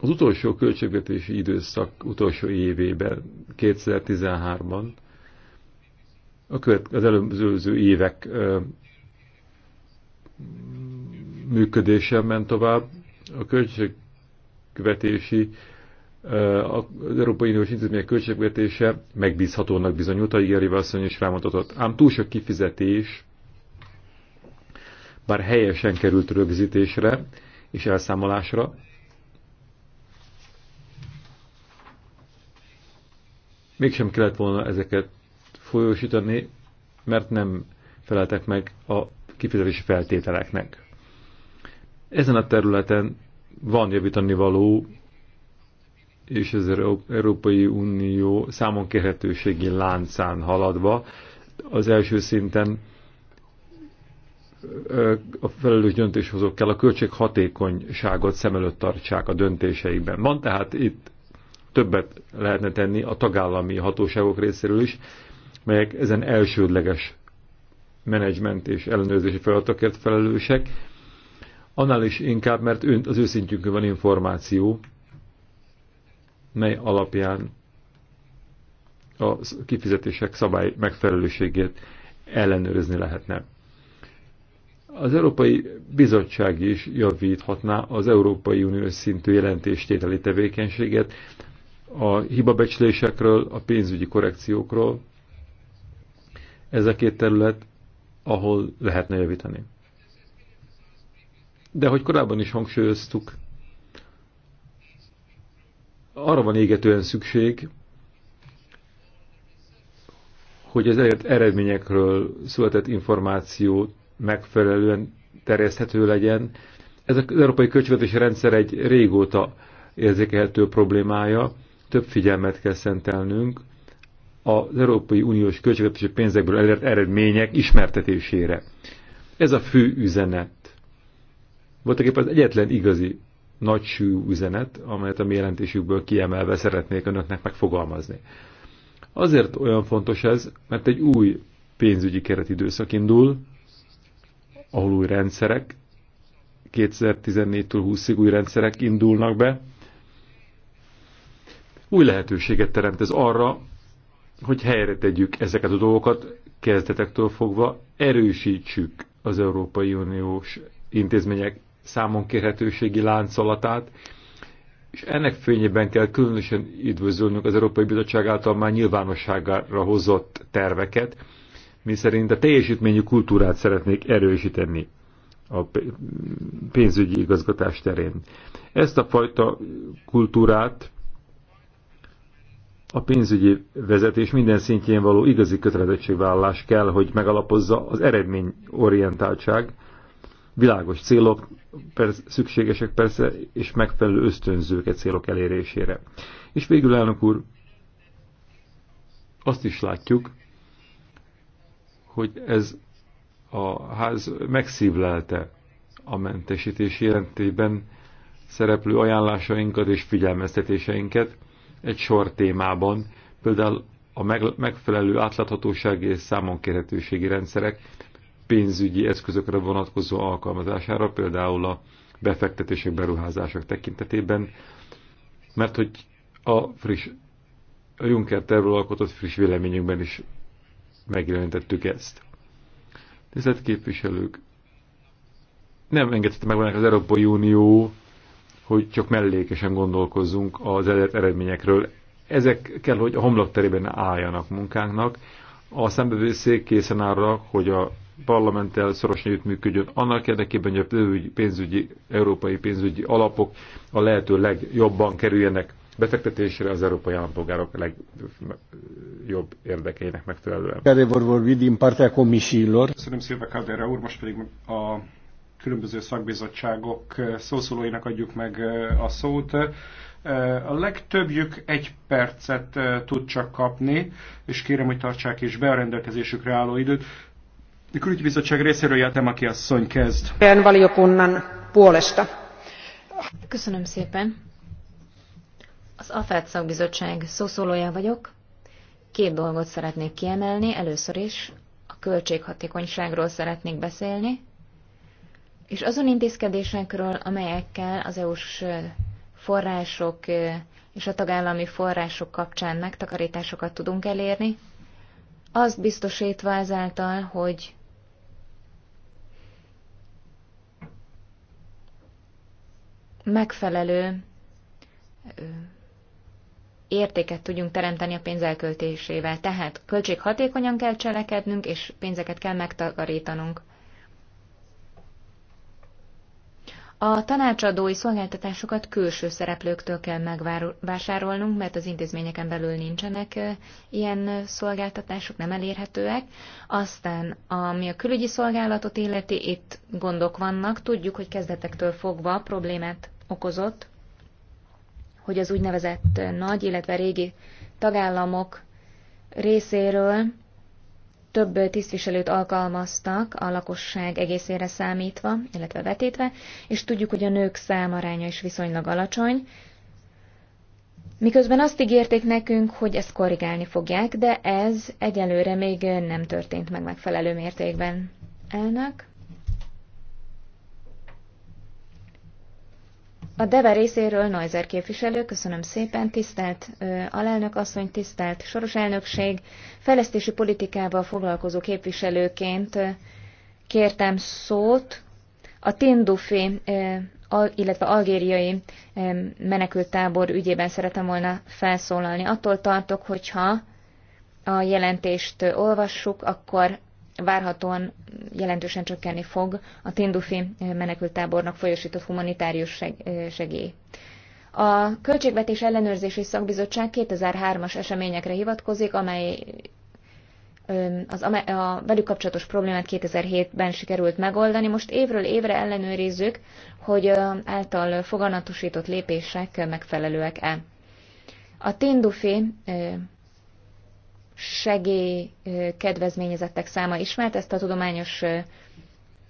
Az utolsó költségvetési időszak utolsó évében, 2013-ban, a követ, az előző évek működése működésen ment tovább. A költségvetési, az Európai Uniós intézmények költségvetése megbízhatónak bizonyult, a Igeri Vasszony is rámutatott. Ám túl sok kifizetés, bár helyesen került rögzítésre és elszámolásra, mégsem kellett volna ezeket folyósítani, mert nem feleltek meg a kifizetési feltételeknek. Ezen a területen van javítani való, és az Európai Unió számon kérhetőségi láncán haladva az első szinten a felelős döntéshozók kell a költséghatékonyságot szem előtt tartsák a döntéseikben. Van tehát itt többet lehetne tenni a tagállami hatóságok részéről is, melyek ezen elsődleges menedzsment és ellenőrzési feladatokért felelősek, annál is inkább, mert az őszintjükön van információ, mely alapján a kifizetések szabály megfelelőségét ellenőrizni lehetne. Az Európai Bizottság is javíthatná az Európai Unió szintű jelentéstételi tevékenységet, a hibabecslésekről, a pénzügyi korrekciókról. Ez a két terület, ahol lehetne javítani. De hogy korábban is hangsúlyoztuk, arra van égetően szükség, hogy az elért eredményekről született információ megfelelően terjeszthető legyen. Ez az európai költségvetési rendszer egy régóta érzékelhető problémája több figyelmet kell szentelnünk az Európai Uniós költségvetési pénzekből elért eredmények ismertetésére. Ez a fő üzenet. Voltak éppen az egyetlen igazi nagysű üzenet, amelyet a mi jelentésükből kiemelve szeretnék önöknek megfogalmazni. Azért olyan fontos ez, mert egy új pénzügyi keretidőszak indul, ahol új rendszerek, 2014-től 20-ig új rendszerek indulnak be, új lehetőséget teremt ez arra, hogy helyre tegyük ezeket a dolgokat, kezdetektől fogva erősítsük az Európai Uniós intézmények számon kérhetőségi láncolatát, és ennek fényében kell különösen üdvözölnünk az Európai Bizottság által már nyilvánosságra hozott terveket, szerint a teljesítményű kultúrát szeretnék erősíteni a pénzügyi igazgatás terén. Ezt a fajta kultúrát a pénzügyi vezetés minden szintjén való igazi kötelezettségvállalás kell, hogy megalapozza az eredményorientáltság, világos célok persze, szükségesek persze, és megfelelő ösztönzők egy célok elérésére. És végül, elnök úr, azt is látjuk, hogy ez a ház megszívlelte a mentesítés jelentében szereplő ajánlásainkat és figyelmeztetéseinket, egy sor témában, például a megfelelő átláthatósági és számonkérhetőségi rendszerek pénzügyi eszközökre vonatkozó alkalmazására, például a befektetések, beruházások tekintetében, mert hogy a friss, a Juncker tervről alkotott friss véleményünkben is megjelenítettük ezt. Tisztelt képviselők, nem engedhetem meg az Európai Unió hogy csak mellékesen gondolkozzunk az elért eredményekről. Ezek kell, hogy a homlokterében álljanak munkánknak. A szembevőszék készen arra, hogy a parlamenttel szorosan működjön. annak érdekében, hogy a pénzügyi, pénzügyi, európai pénzügyi alapok a lehető legjobban kerüljenek befektetésre az európai állampolgárok legjobb érdekeinek megfelelően.
Köszönöm szépen, Caldera úr, most pedig a különböző szakbizottságok eh, szószólóinak adjuk meg eh, a szót. Eh, a legtöbbjük egy percet tud csak kapni, és kérem, hogy tartsák is be a rendelkezésükre álló időt. A külügybizottság részéről jártam, aki asszony kezd.
puolesta. Köszönöm szépen. Az AFED szakbizottság szószólója vagyok. Két dolgot szeretnék kiemelni. Először is a költséghatékonyságról szeretnék beszélni, és azon intézkedésekről, amelyekkel az EU-s források és a tagállami források kapcsán megtakarításokat tudunk elérni, az biztosítva ezáltal, hogy megfelelő értéket tudjunk teremteni a pénz elköltésével. Tehát költséghatékonyan kell cselekednünk, és pénzeket kell megtakarítanunk. A tanácsadói szolgáltatásokat külső szereplőktől kell megvásárolnunk, mert az intézményeken belül nincsenek ilyen szolgáltatások, nem elérhetőek. Aztán, ami a külügyi szolgálatot illeti, itt gondok vannak. Tudjuk, hogy kezdetektől fogva problémát okozott, hogy az úgynevezett nagy, illetve régi tagállamok részéről több tisztviselőt alkalmaztak a lakosság egészére számítva, illetve vetítve, és tudjuk, hogy a nők számaránya is viszonylag alacsony. Miközben azt ígérték nekünk, hogy ezt korrigálni fogják, de ez egyelőre még nem történt meg megfelelő mértékben. Elnök. A DEVE részéről Neuser képviselő, köszönöm szépen, tisztelt ö, alelnök asszony, tisztelt soros elnökség, fejlesztési politikával foglalkozó képviselőként ö, kértem szót a Tindufi, ö, al, illetve algériai ö, menekültábor ügyében szeretem volna felszólalni. Attól tartok, hogyha a jelentést olvassuk, akkor várhatóan jelentősen csökkenni fog a Tindufi menekültábornak folyosított humanitárius segély. A Költségvetés Ellenőrzési Szakbizottság 2003-as eseményekre hivatkozik, amely az, a velük kapcsolatos problémát 2007-ben sikerült megoldani. Most évről évre ellenőrizzük, hogy által foganatosított lépések megfelelőek-e. A Tindufi segély kedvezményezettek száma ismert, ezt a tudományos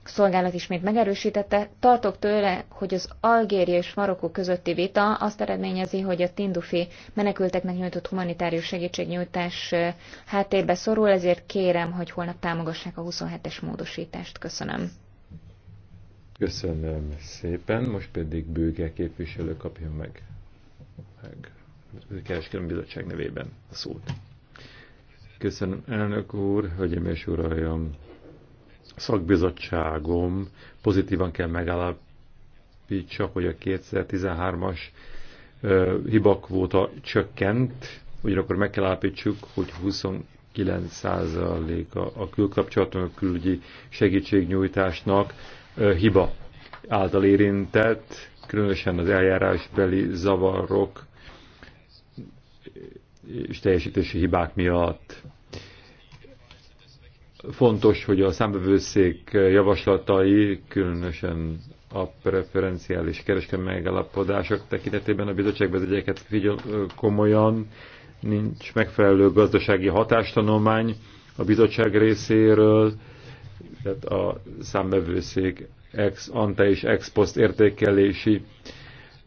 szolgálat ismét megerősítette. Tartok tőle, hogy az Algéria és Marokkó közötti vita azt eredményezi, hogy a tindufi menekülteknek nyújtott humanitárius segítségnyújtás háttérbe szorul, ezért kérem, hogy holnap támogassák a 27-es módosítást. Köszönöm.
Köszönöm szépen, most pedig bőge képviselő kapja meg, meg a Kereskedelmi Bizottság nevében a szót. Köszönöm, elnök úr, hölgyeim és uraim. Szakbizottságom pozitívan kell megállapítsa, hogy a 2013-as hibakvóta csökkent, ugyanakkor meg kell állapítsuk, hogy 29%-a a külkapcsolaton a külügyi segítségnyújtásnak hiba által érintett, különösen az eljárásbeli zavarok és teljesítési hibák miatt. Fontos, hogy a számbevőszék javaslatai, különösen a preferenciális kereskedelmi megállapodások tekintetében a bizottság vezetőket figyel komolyan, nincs megfelelő gazdasági hatástanulmány a bizottság részéről, tehát a számbevőszék ex ante és ex post értékelési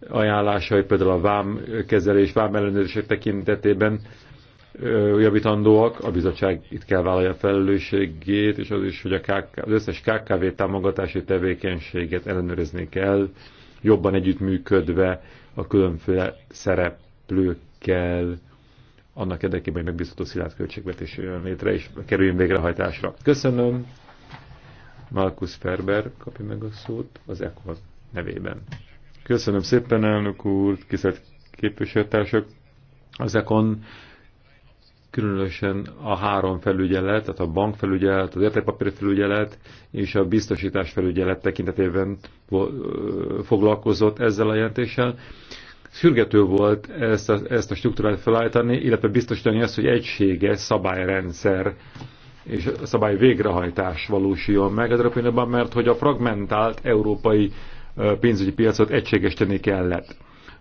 ajánlásai, például a vám kezelés, vám ellenőrzések tekintetében javítandóak, a bizottság itt kell vállalja a felelősségét, és az is, hogy a KK, az összes KKV támogatási tevékenységet ellenőrizni kell, jobban együttműködve a különféle szereplőkkel, annak érdekében, hogy megbízható szilárd költségvetés jön létre, és kerüljön végrehajtásra. Köszönöm! Markus Ferber kapja meg a szót az ECO nevében. Köszönöm szépen, elnök úr, tisztelt képviselőtársak. Az ECON különösen a három felügyelet, tehát a bankfelügyelet, az értékpapírfelügyelet és a biztosítás felügyelet tekintetében foglalkozott ezzel a jelentéssel. Sürgető volt ezt a, ezt a struktúrát felállítani, illetve biztosítani azt, hogy egysége, szabályrendszer és szabály végrehajtás valósuljon meg az Európai mert hogy a fragmentált európai pénzügyi piacot egységesíteni kellett.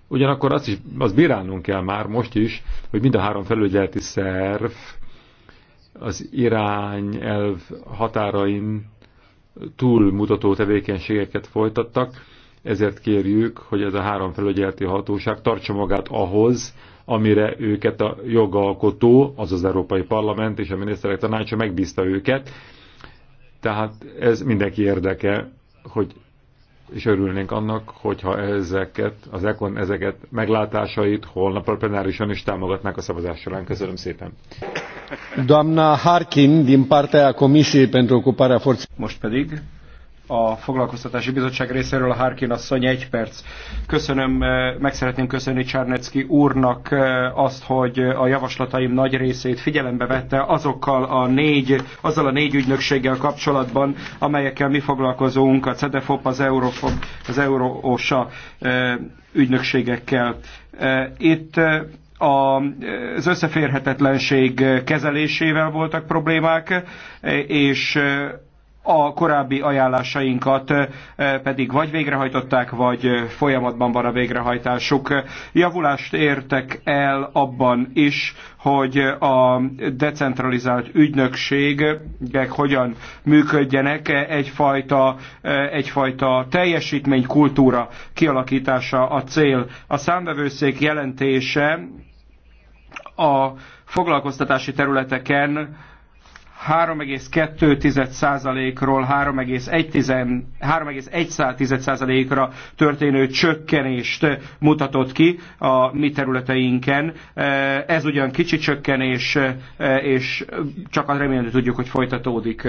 Ugyanakkor azt is, azt bírálnunk kell már most is, hogy mind a három felügyeleti szerv az irány elv határain túlmutató tevékenységeket folytattak, ezért kérjük, hogy ez a három felügyeleti hatóság tartsa magát ahhoz, amire őket a jogalkotó, az az Európai Parlament és a miniszterek tanácsa megbízta őket. Tehát ez mindenki érdeke, hogy és örülnénk annak, hogyha ezeket, az ECON ezeket meglátásait holnap a plenárison is támogatnák a szavazás során. Köszönöm szépen.
Doamna Harkin, din partea Comisiei pentru Ocuparea Forței. Most pedig a Foglalkoztatási Bizottság részéről a Harkin asszony egy perc. Köszönöm, eh, meg szeretném köszönni Csárnecki úrnak eh, azt, hogy eh, a javaslataim nagy részét figyelembe vette azokkal a négy, azzal a négy ügynökséggel kapcsolatban, amelyekkel mi foglalkozunk, a CEDEFOP, az Eurofob, az euróosa ügynökségekkel. Itt az összeférhetetlenség kezelésével voltak problémák, és a korábbi ajánlásainkat eh, pedig vagy végrehajtották, vagy eh, folyamatban van a végrehajtásuk. Javulást értek el abban is, hogy a decentralizált ügynökségek hogyan működjenek, egyfajta, eh, egyfajta teljesítménykultúra kialakítása a cél. A számvevőszék jelentése a foglalkoztatási területeken 3,2%-ról 3,1%-ra történő csökkenést mutatott ki a mi területeinken. Eh, ez ugyan kicsi csökkenés, eh, és csak az remélem, hogy tudjuk, hogy folytatódik.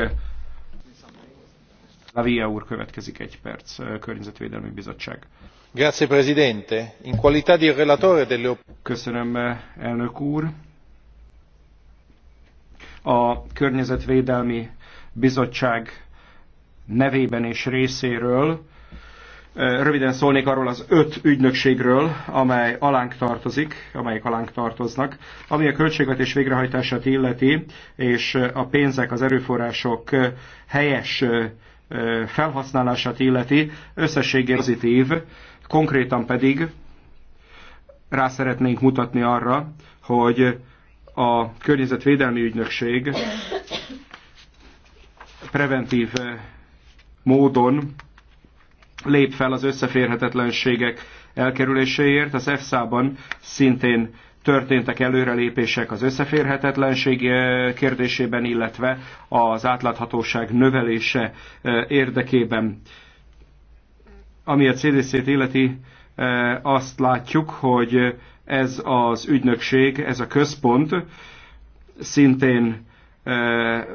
Via úr következik egy perc, eh, Környezetvédelmi Bizottság.
Grazie Presidente. In qualità di relatore delle... Köszönöm, elnök úr
a Környezetvédelmi Bizottság nevében és részéről. Röviden szólnék arról az öt ügynökségről, amely alánk tartozik, amelyek alánk tartoznak. Ami a költségvetés végrehajtását illeti, és a pénzek, az erőforrások helyes felhasználását illeti, összességében pozitív, konkrétan pedig rá szeretnénk mutatni arra, hogy a Környezetvédelmi Ügynökség preventív eh, módon lép fel az összeférhetetlenségek elkerüléséért. Az EFSA-ban szintén történtek előrelépések az összeférhetetlenség eh, kérdésében, illetve az átláthatóság növelése eh, érdekében. Ami a CDC-t illeti, azt látjuk, hogy ez az ügynökség, ez a központ szintén eh,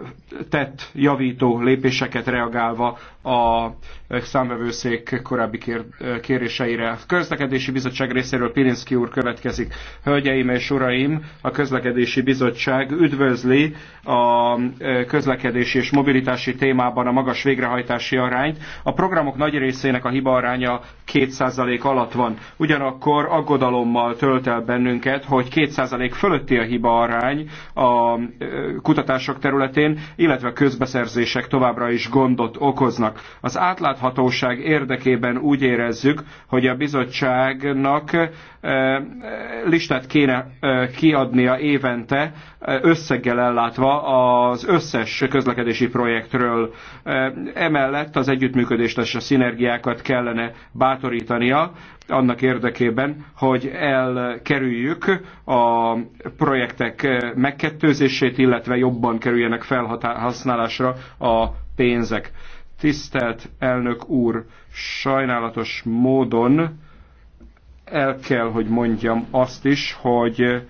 tett javító lépéseket reagálva a számvevőszék korábbi kér, kéréseire. A közlekedési bizottság részéről Pirinszki úr következik. Hölgyeim és uraim, a közlekedési bizottság üdvözli a e, közlekedési és mobilitási témában a magas végrehajtási arányt. A programok nagy részének a hiba aránya 2% alatt van. Ugyanakkor aggodalommal tölt el bennünket, hogy 2% fölötti a hiba arány a e, kutatások területén, illetve a közbeszerzések továbbra is gondot okoznak. Az átláthatóság érdekében úgy érezzük, hogy a bizottságnak eh, eh, listát kéne eh, kiadnia évente, összeggel ellátva az összes közlekedési projektről. Emellett az együttműködést és a szinergiákat kellene bátorítania, annak érdekében, hogy elkerüljük a projektek megkettőzését, illetve jobban kerüljenek felhasználásra a pénzek. Tisztelt elnök úr, sajnálatos módon el kell, hogy mondjam azt is, hogy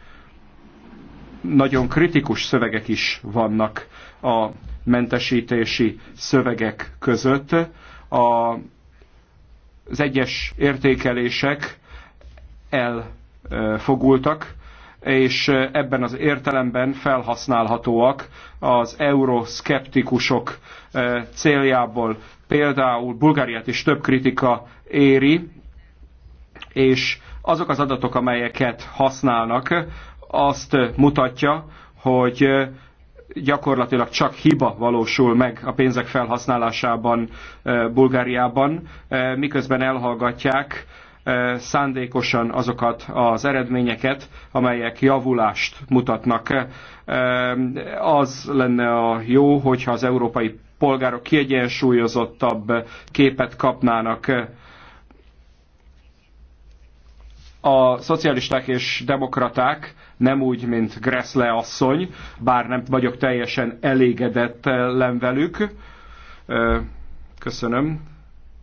nagyon kritikus szövegek is vannak a mentesítési szövegek között. A, az egyes értékelések elfogultak, és ebben az értelemben felhasználhatóak az euroszkeptikusok céljából. Például Bulgáriát is több kritika éri, és azok az adatok, amelyeket használnak, azt mutatja, hogy gyakorlatilag csak hiba valósul meg a pénzek felhasználásában Bulgáriában, miközben elhallgatják szándékosan azokat az eredményeket, amelyek javulást mutatnak. Az lenne a jó, hogyha az európai polgárok kiegyensúlyozottabb képet kapnának a szocialisták és demokraták nem úgy, mint Gressle asszony, bár nem vagyok teljesen elégedetlen velük. Köszönöm.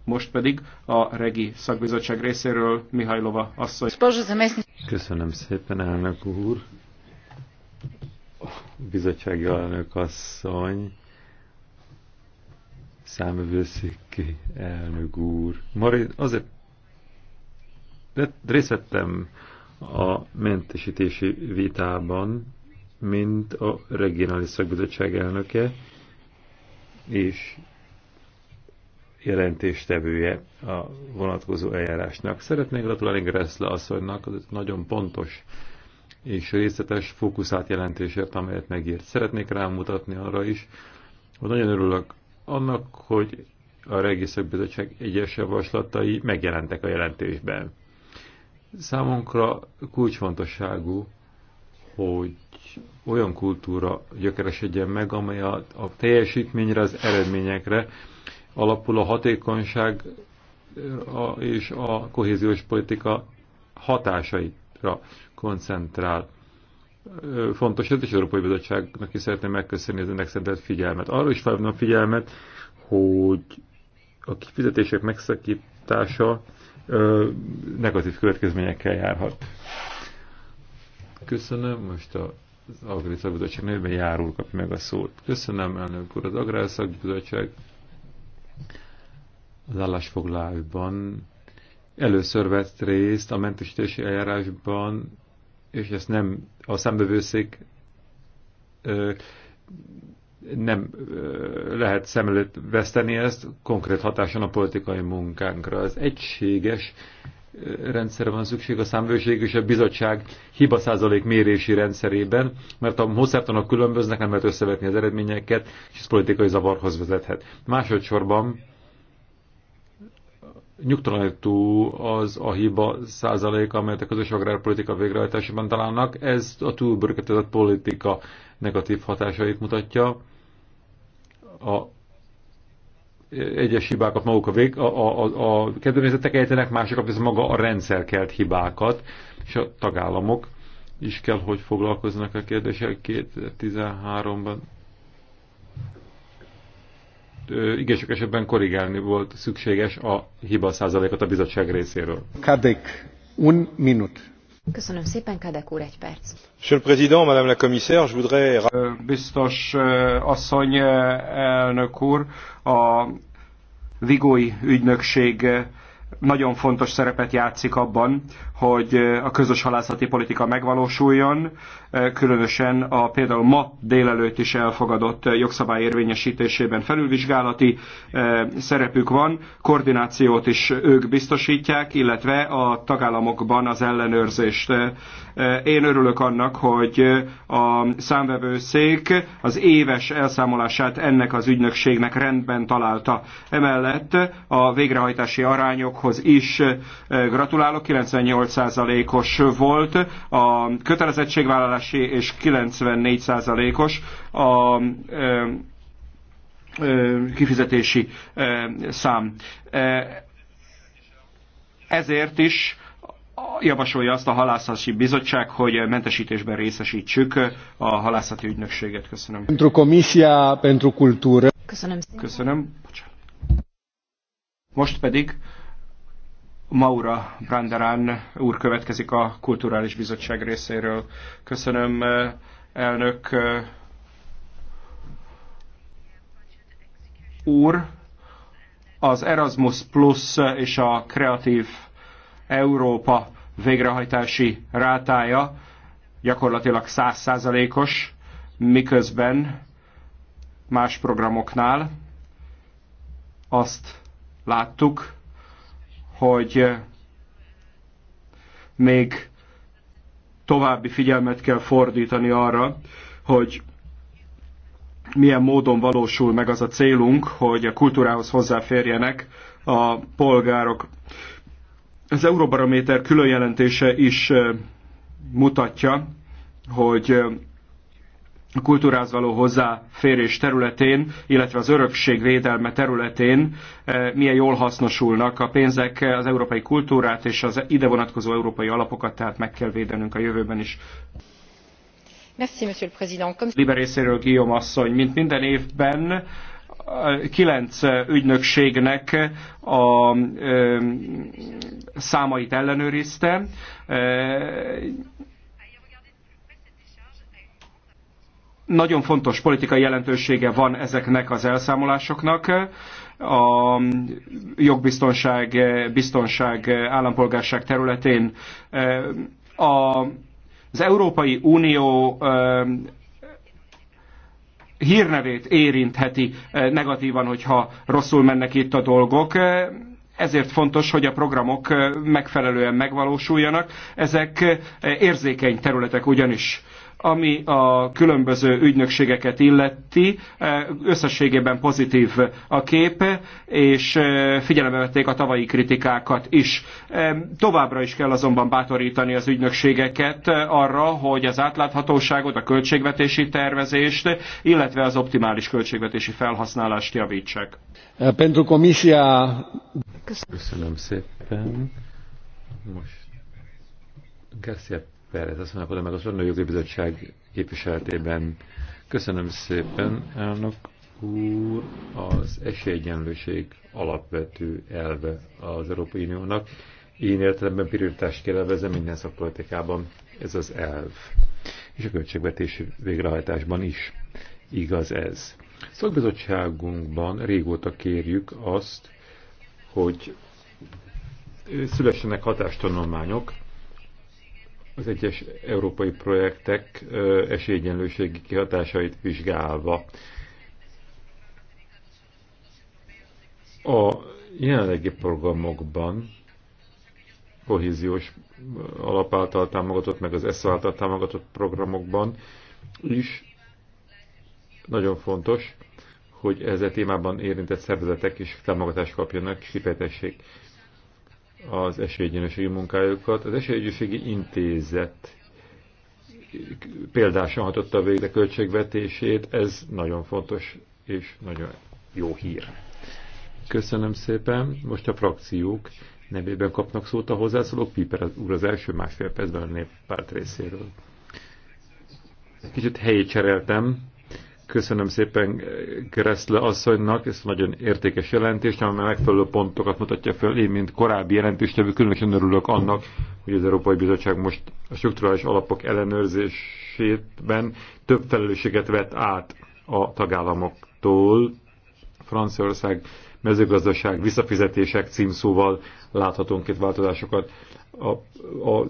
Most pedig a Regi Szakbizottság részéről Mihajlova asszony.
Köszönöm szépen, elnök úr. Bizottsági elnök asszony. Számövőszéki elnök úr. Mari, azért részt vettem a mentesítési vitában, mint a regionális szakbizottság elnöke, és jelentéstevője a vonatkozó eljárásnak. Szeretnék gratulálni Gressle asszonynak, az nagyon pontos és részletes fókuszát jelentésért, amelyet megírt. Szeretnék rámutatni arra is, hogy nagyon örülök annak, hogy a Regészek Bizottság egyes javaslatai megjelentek a jelentésben. Számunkra kulcsfontosságú, hogy olyan kultúra gyökeresedjen meg, amely a, a teljesítményre, az eredményekre alapul a hatékonyság és a kohéziós politika hatásaira koncentrál. Fontos ez, is az Európai Bizottságnak is szeretném megköszönni az önnek szentelt figyelmet. Arra is a figyelmet, hogy a kifizetések megszakítása negatív
következményekkel
járhat. Köszönöm, most a az Agrárszakbizottság nevében járul kap meg a szót. Köszönöm, elnök úr, az Agrárszakbizottság az állásfoglalásban először vett részt a mentesítési eljárásban, és ezt nem a szembevőszék nem lehet szem előtt veszteni ezt, konkrét hatáson a politikai munkánkra. Az egységes rendszerre van szükség a számvőség és a bizottság hiba százalék mérési rendszerében, mert a hosszártanok különböznek, nem lehet összevetni az eredményeket, és ez politikai zavarhoz vezethet. Másodszorban nyugtalanító az a hiba százaléka, amelyet a közös agrárpolitika végrehajtásában találnak. Ez a túlbörgetett politika negatív hatásait mutatja. A egyes hibákat maguk a, vég, a, a, a kedvenézetek ejtenek, másokat ez maga a rendszer kelt hibákat, és a tagállamok is kell, hogy foglalkoznak a kérdések 2013-ban igen sok esetben korrigálni volt szükséges a hiba százalékot a bizottság részéről.
Kadek, un minut.
Köszönöm szépen, Kadek úr, egy perc.
Monsieur le Président, Madame la
Commissaire, je voudrais... Biztos asszony, elnök úr, a Vigói ügynökség nagyon fontos szerepet játszik abban, hogy a közös halászati politika megvalósuljon, különösen a például ma délelőtt is elfogadott jogszabály érvényesítésében felülvizsgálati szerepük van, koordinációt is ők biztosítják, illetve a tagállamokban az ellenőrzést. Én örülök annak, hogy a számvevőszék az éves elszámolását ennek az ügynökségnek rendben találta. Emellett a végrehajtási arányokhoz is gratulálok, 98 75%-os volt a kötelezettségvállalási és 94%-os a kifizetési szám. Ezért is javasolja azt a halászási bizottság, hogy mentesítésben részesítsük a halászati ügynökséget. Köszönöm. Pentru Comisia pentru kultúra. Köszönöm. Köszönöm. Bocsánat. Most pedig Maura Branderán úr következik a Kulturális Bizottság részéről. Köszönöm, elnök úr. Az Erasmus Plus és a Kreatív Európa végrehajtási rátája gyakorlatilag százszázalékos, miközben más programoknál azt láttuk, hogy eh, még további figyelmet kell fordítani arra, hogy milyen módon valósul meg az a célunk, hogy a kultúrához hozzáférjenek a polgárok. Az Euróbarométer különjelentése is eh, mutatja, hogy eh, a kultúrához való hozzáférés területén, illetve az örökség védelme területén eh, milyen jól hasznosulnak a pénzek, eh, az európai kultúrát és az ide vonatkozó európai alapokat, tehát meg kell védenünk a jövőben is.
Merci, monsieur le président.
Liber részéről Guillaume asszony, mint minden évben eh, kilenc ügynökségnek a számait ellenőrizte Nagyon fontos politikai jelentősége van ezeknek az elszámolásoknak a jogbiztonság, biztonság, állampolgárság területén. Eh, a, az Európai Unió eh, hírnevét érintheti eh, negatívan, hogyha rosszul mennek itt a dolgok. Ezért fontos, hogy a programok megfelelően megvalósuljanak. Ezek érzékeny területek ugyanis ami a különböző ügynökségeket illeti, eh, összességében pozitív a kép, és eh, figyelembe vették a tavalyi kritikákat is. Eh, továbbra is kell azonban bátorítani az ügynökségeket arra, hogy az átláthatóságot, a költségvetési tervezést, illetve az optimális költségvetési felhasználást javítsák.
Pentru Comisia... Köszönöm szépen. Most Köszönöm. Perez, azt mondom, meg az Ornai Jogi Bizottság képviseletében. Köszönöm szépen, elnök úr, az esélyegyenlőség alapvető elve az Európai Uniónak. Én értelemben prioritást kell elvezem minden szakpolitikában, ez az elv. És a költségvetési végrehajtásban is igaz ez. Szakbizottságunkban régóta kérjük azt, hogy szülessenek hatástanulmányok az egyes európai projektek esélyegyenlőségi kihatásait vizsgálva. A jelenlegi programokban kohéziós alap által támogatott, meg az ESZ által támogatott programokban is nagyon fontos, hogy ezzel témában érintett szervezetek is támogatást kapjanak, és kifejtessék az esélyegyenlőségi munkájukat. Az esélyegyenlőségi intézet példásan hatotta végre költségvetését, ez nagyon fontos és nagyon jó hír. Köszönöm szépen. Most a frakciók nevében kapnak szót a hozzászólók. Piper úr az első másfél percben a néppárt részéről. Kicsit helyét cseréltem, Köszönöm szépen Kereszle asszonynak ez nagyon értékes jelentés, amely megfelelő pontokat mutatja föl Én, mint korábbi jelentéstevő, különösen örülök annak, hogy az Európai Bizottság most a strukturális alapok ellenőrzésétben több felelősséget vett át a tagállamoktól. Franciaország mezőgazdaság visszafizetések címszóval láthatunk itt változásokat. A, a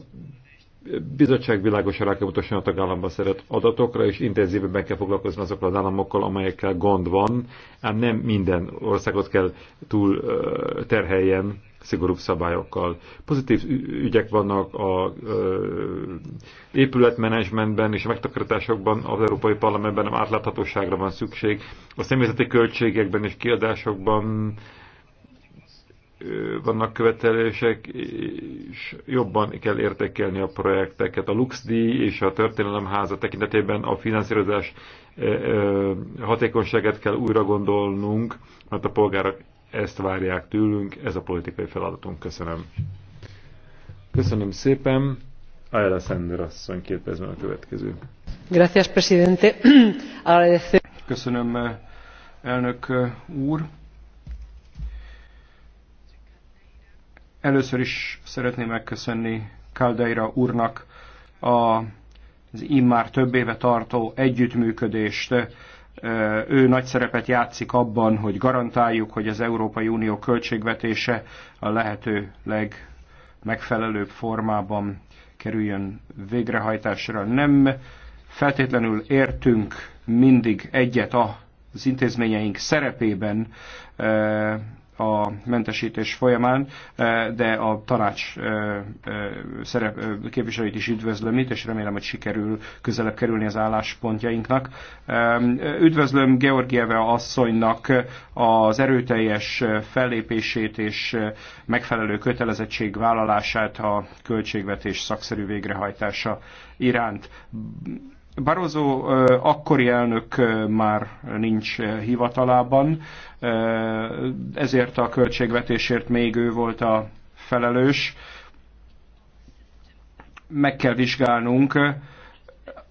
bizottság világosan rá kell utasson a tagállamba szeret adatokra, és intenzívebben kell foglalkozni azokkal az államokkal, amelyekkel gond van, ám nem minden országot kell túl terheljen szigorúbb szabályokkal. Pozitív ügyek vannak a épületmenedzsmentben és a megtakarításokban, az Európai Parlamentben átláthatóságra van szükség, a személyzeti költségekben és kiadásokban vannak követelések, és jobban kell értékelni a projekteket. A LuxDíj és a Történelemháza tekintetében a finanszírozás e, e, hatékonyságát kell újra gondolnunk, mert a polgárok ezt várják tőlünk, ez a politikai feladatunk. Köszönöm. Köszönöm szépen. Ayala Sender asszony két a következő.
Gracias, presidente.
Köszönöm, elnök
úr.
Először is szeretném megköszönni Caldeira úrnak a az immár több éve tartó együttműködést. Ő nagy szerepet játszik abban, hogy garantáljuk, hogy az Európai Unió költségvetése a lehető legmegfelelőbb formában kerüljön végrehajtásra. Nem feltétlenül értünk mindig egyet az intézményeink szerepében, a mentesítés folyamán, eh, de a tanács eh, eh, szerep, képviselőit is üdvözlöm itt, és remélem, hogy sikerül közelebb kerülni az álláspontjainknak. Üdvözlöm Georgieve asszonynak az erőteljes fellépését és megfelelő kötelezettség vállalását a költségvetés szakszerű végrehajtása iránt. Barozó akkori elnök már nincs hivatalában, ezért a költségvetésért még ő volt a felelős. Meg kell vizsgálnunk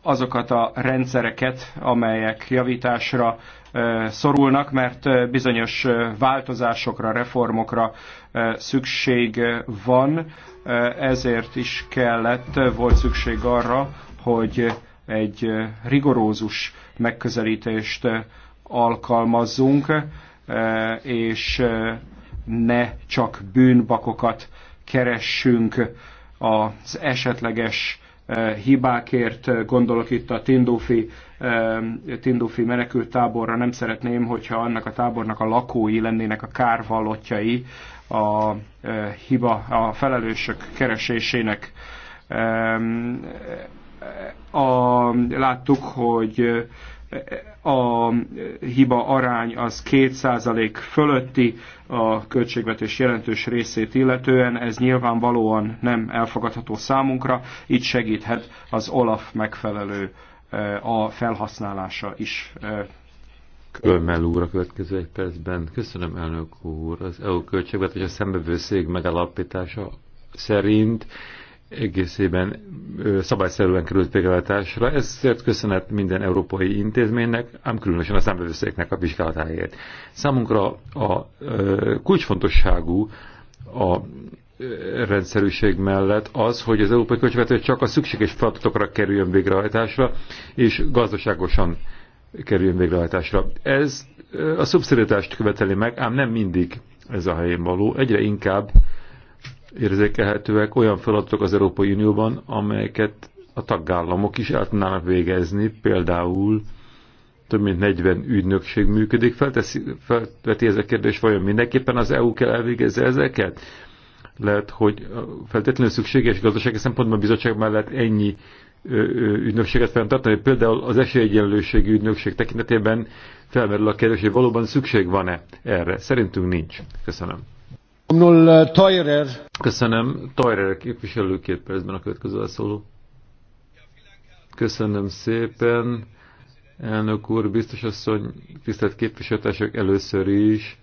azokat a rendszereket, amelyek javításra szorulnak, mert bizonyos változásokra, reformokra szükség van, ezért is kellett, volt szükség arra, hogy egy rigorózus megközelítést alkalmazzunk, és ne csak bűnbakokat keressünk az esetleges hibákért, gondolok itt a Tindufi, Tindufi menekült táborra, nem szeretném, hogyha annak a tábornak a lakói lennének a kárvallottjai a hiba, a felelősök keresésének a, láttuk, hogy a hiba arány az 2% fölötti a költségvetés jelentős részét illetően, ez nyilvánvalóan nem elfogadható számunkra, itt segíthet az OLAF megfelelő eh, a felhasználása is. Eh.
Örmel úr a következő egy percben. Köszönöm, elnök úr. Az EU költségvetés a szembevőszék megalapítása szerint egészében szabályszerűen került végrehajtásra. Ezért köszönet minden európai intézménynek, ám különösen a számbevőszéknek a vizsgálatáért. Számunkra a kulcsfontosságú a rendszerűség mellett az, hogy az európai költségvetés csak a szükséges feladatokra kerüljön végrehajtásra, és gazdaságosan kerüljön végrehajtásra. Ez a szubszidiatást követeli meg, ám nem mindig ez a helyén való. Egyre inkább érzékelhetőek olyan feladatok az Európai Unióban, amelyeket a tagállamok is el tudnának végezni, például több mint 40 ügynökség működik. Felteszi, felteti ez a kérdés, vajon mindenképpen az EU kell elvégezze ezeket? Lehet, hogy feltétlenül szükséges gazdasági szempontból a bizottság mellett ennyi ügynökséget fenntartani. Például az esélyegyenlőségi ügynökség tekintetében felmerül a kérdés, hogy valóban szükség van-e erre. Szerintünk nincs. Köszönöm. Domnul uh, Köszönöm. Teurer képviselő két percben a következő szóló. Köszönöm szépen. Elnök úr, biztos asszony, tisztelt képviselőtársak, először is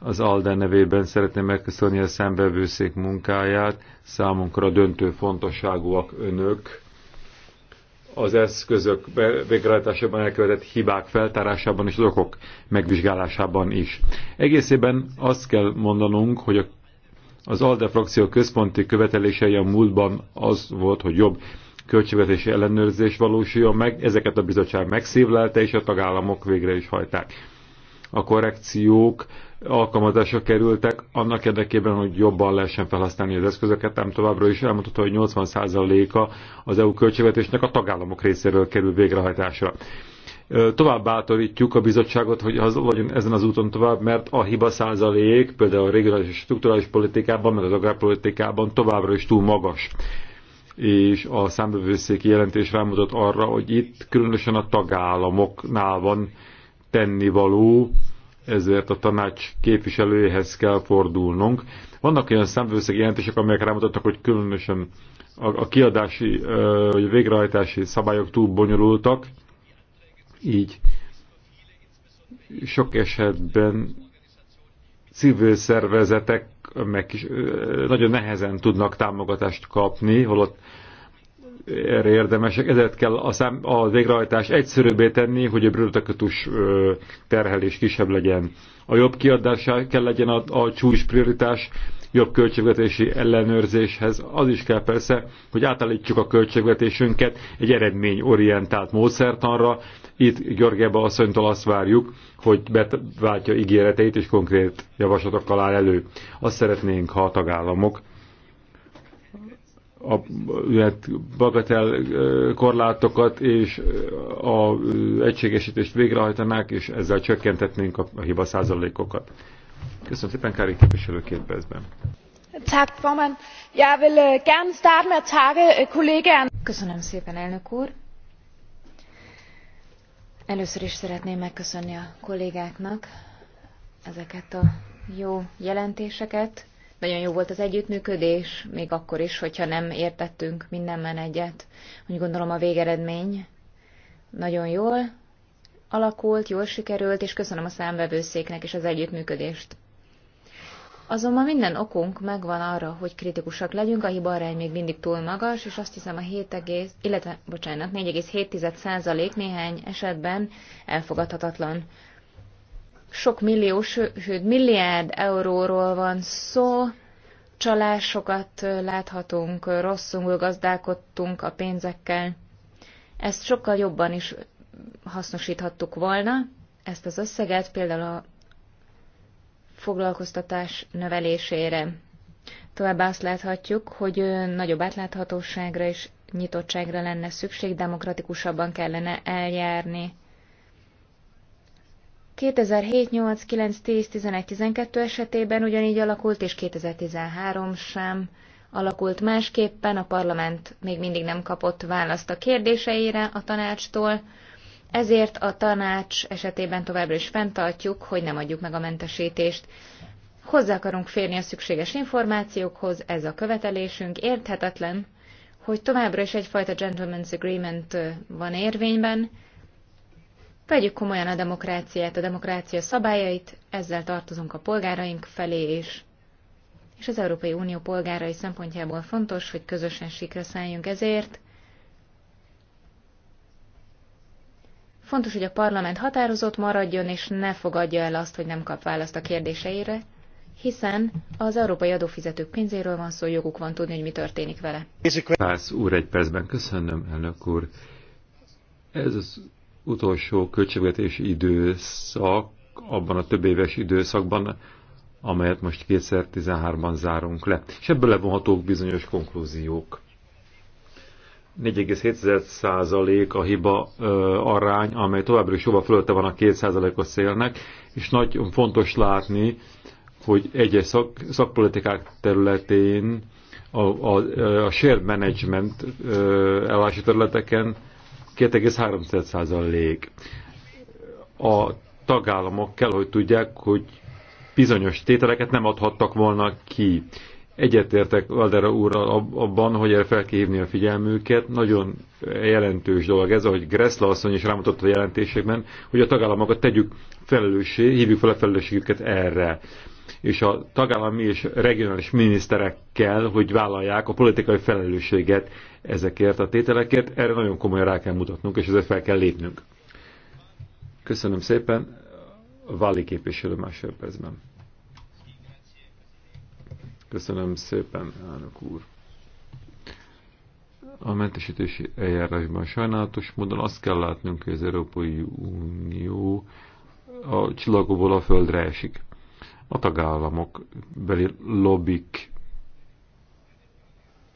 az Alde nevében szeretném megköszönni a szembevőszék munkáját. Számunkra döntő fontosságúak önök az eszközök végrehajtásában elkövetett hibák feltárásában és az okok megvizsgálásában is. Egészében azt kell mondanunk, hogy az ALDE frakció központi követelései a múltban az volt, hogy jobb költségvetési ellenőrzés valósuljon meg, ezeket a bizottság megszívlelte, és a tagállamok végre is hajták. A korrekciók alkalmazásra kerültek, annak érdekében, hogy jobban lehessen felhasználni az eszközöket, nem továbbra is elmondható, hogy 80%-a az EU költségvetésnek a tagállamok részéről kerül végrehajtásra. Tovább bátorítjuk a bizottságot, hogy az haladjon ezen az úton tovább, mert a hiba százalék például a regionális és strukturális politikában, mert az agrárpolitikában továbbra is túl magas és a számbevőszéki jelentés rámutat arra, hogy itt különösen a tagállamoknál van tennivaló, ezért a tanács képviselőjéhez kell fordulnunk. Vannak olyan szemvőszegi jelentések, amelyek rámutatnak, hogy különösen a kiadási vagy a végrehajtási szabályok túl bonyolultak, így sok esetben civil szervezetek meg is, nagyon nehezen tudnak támogatást kapni, holott erre érdemesek, ezért kell a, szám, a végrehajtás egyszerűbbé tenni, hogy a bürokratikus terhelés kisebb legyen. A jobb kiadásá kell legyen a, a csúcs prioritás, jobb költségvetési ellenőrzéshez. Az is kell persze, hogy átállítsuk a költségvetésünket egy eredményorientált módszertanra. Itt Györgeba asszonytól azt várjuk, hogy beváltja ígéreteit és konkrét javaslatokkal áll elő. Azt szeretnénk, ha a tagállamok a bagatel korlátokat és a egységesítést végrehajtanák, és ezzel csökkentetnénk a hiba százalékokat. Köszönöm szépen, Kári képviselő két percben.
Tak, formand. Jeg vil øh, gerne starte med at takke øh, kollégaen. Köszönöm szépen, elnök úr. Először is szeretném megköszönni a kollégáknak ezeket a jó jelentéseket. Nagyon jó volt az együttműködés, még akkor is, hogyha nem értettünk mindenben egyet. Úgy gondolom a végeredmény nagyon jól alakult, jól sikerült, és köszönöm a számvevőszéknek és az együttműködést. Azonban minden okunk megvan arra, hogy kritikusak legyünk, a hiba arány még mindig túl magas, és azt hiszem a 7, egész, illetve, bocsánat, 4,7% néhány esetben elfogadhatatlan sok millió, sőt milliárd euróról van szó, csalásokat láthatunk, rosszul gazdálkodtunk a pénzekkel. Ezt sokkal jobban is hasznosíthattuk volna, ezt az összeget például a foglalkoztatás növelésére. Továbbá azt láthatjuk, hogy nagyobb átláthatóságra és nyitottságra lenne szükség, demokratikusabban kellene eljárni. 2007, 8, 9, 10, 11, 12 esetében ugyanígy alakult, és 2013 sem alakult másképpen. A parlament még mindig nem kapott választ a kérdéseire a tanácstól, ezért a tanács esetében továbbra is fenntartjuk, hogy nem adjuk meg a mentesítést. Hozzá akarunk férni a szükséges információkhoz, ez a követelésünk érthetetlen, hogy továbbra is egyfajta gentleman's agreement van érvényben, Vegyük komolyan a demokráciát, a demokrácia szabályait, ezzel tartozunk a polgáraink felé is. És az Európai Unió polgárai szempontjából fontos, hogy közösen sikra szálljunk ezért. Fontos, hogy a parlament határozott maradjon, és ne fogadja el azt, hogy nem kap választ a kérdéseire, hiszen az európai adófizetők pénzéről van szó, joguk van tudni, hogy mi történik vele.
Pász úr, egy percben köszönöm, elnök úr. Ez az utolsó költségvetési időszak, abban a több éves időszakban, amelyet most 2013-ban zárunk le. És ebből levonhatók bizonyos konklúziók. 4,7% a hiba ö, arány, amely továbbra is jóval fölötte van a 2%-os szélnek, és nagyon fontos látni, hogy egyes szak, szakpolitikák területén, a, a, a shared management ö, elási területeken 2,3%. A tagállamok kell, hogy tudják, hogy bizonyos tételeket nem adhattak volna ki. Egyetértek Valdera úrral abban, hogy el fel kell hívni a figyelmüket. Nagyon jelentős dolog ez, ahogy Gressla asszony is rámutatta a jelentésében, hogy a tagállamokat tegyük felelőssé, hívjuk fel a felelősségüket erre és a tagállami és regionális miniszterekkel, hogy vállalják a politikai felelősséget ezekért a tételekért. Erre nagyon komolyan rá kell mutatnunk, és ezért fel kell lépnünk. Köszönöm szépen. Váli képviselő másodpercben. Köszönöm szépen, elnök úr. A mentesítési eljárásban sajnálatos módon azt kell látnunk, hogy az Európai Unió a csillagokból a földre esik. A tagállamok beli lobbik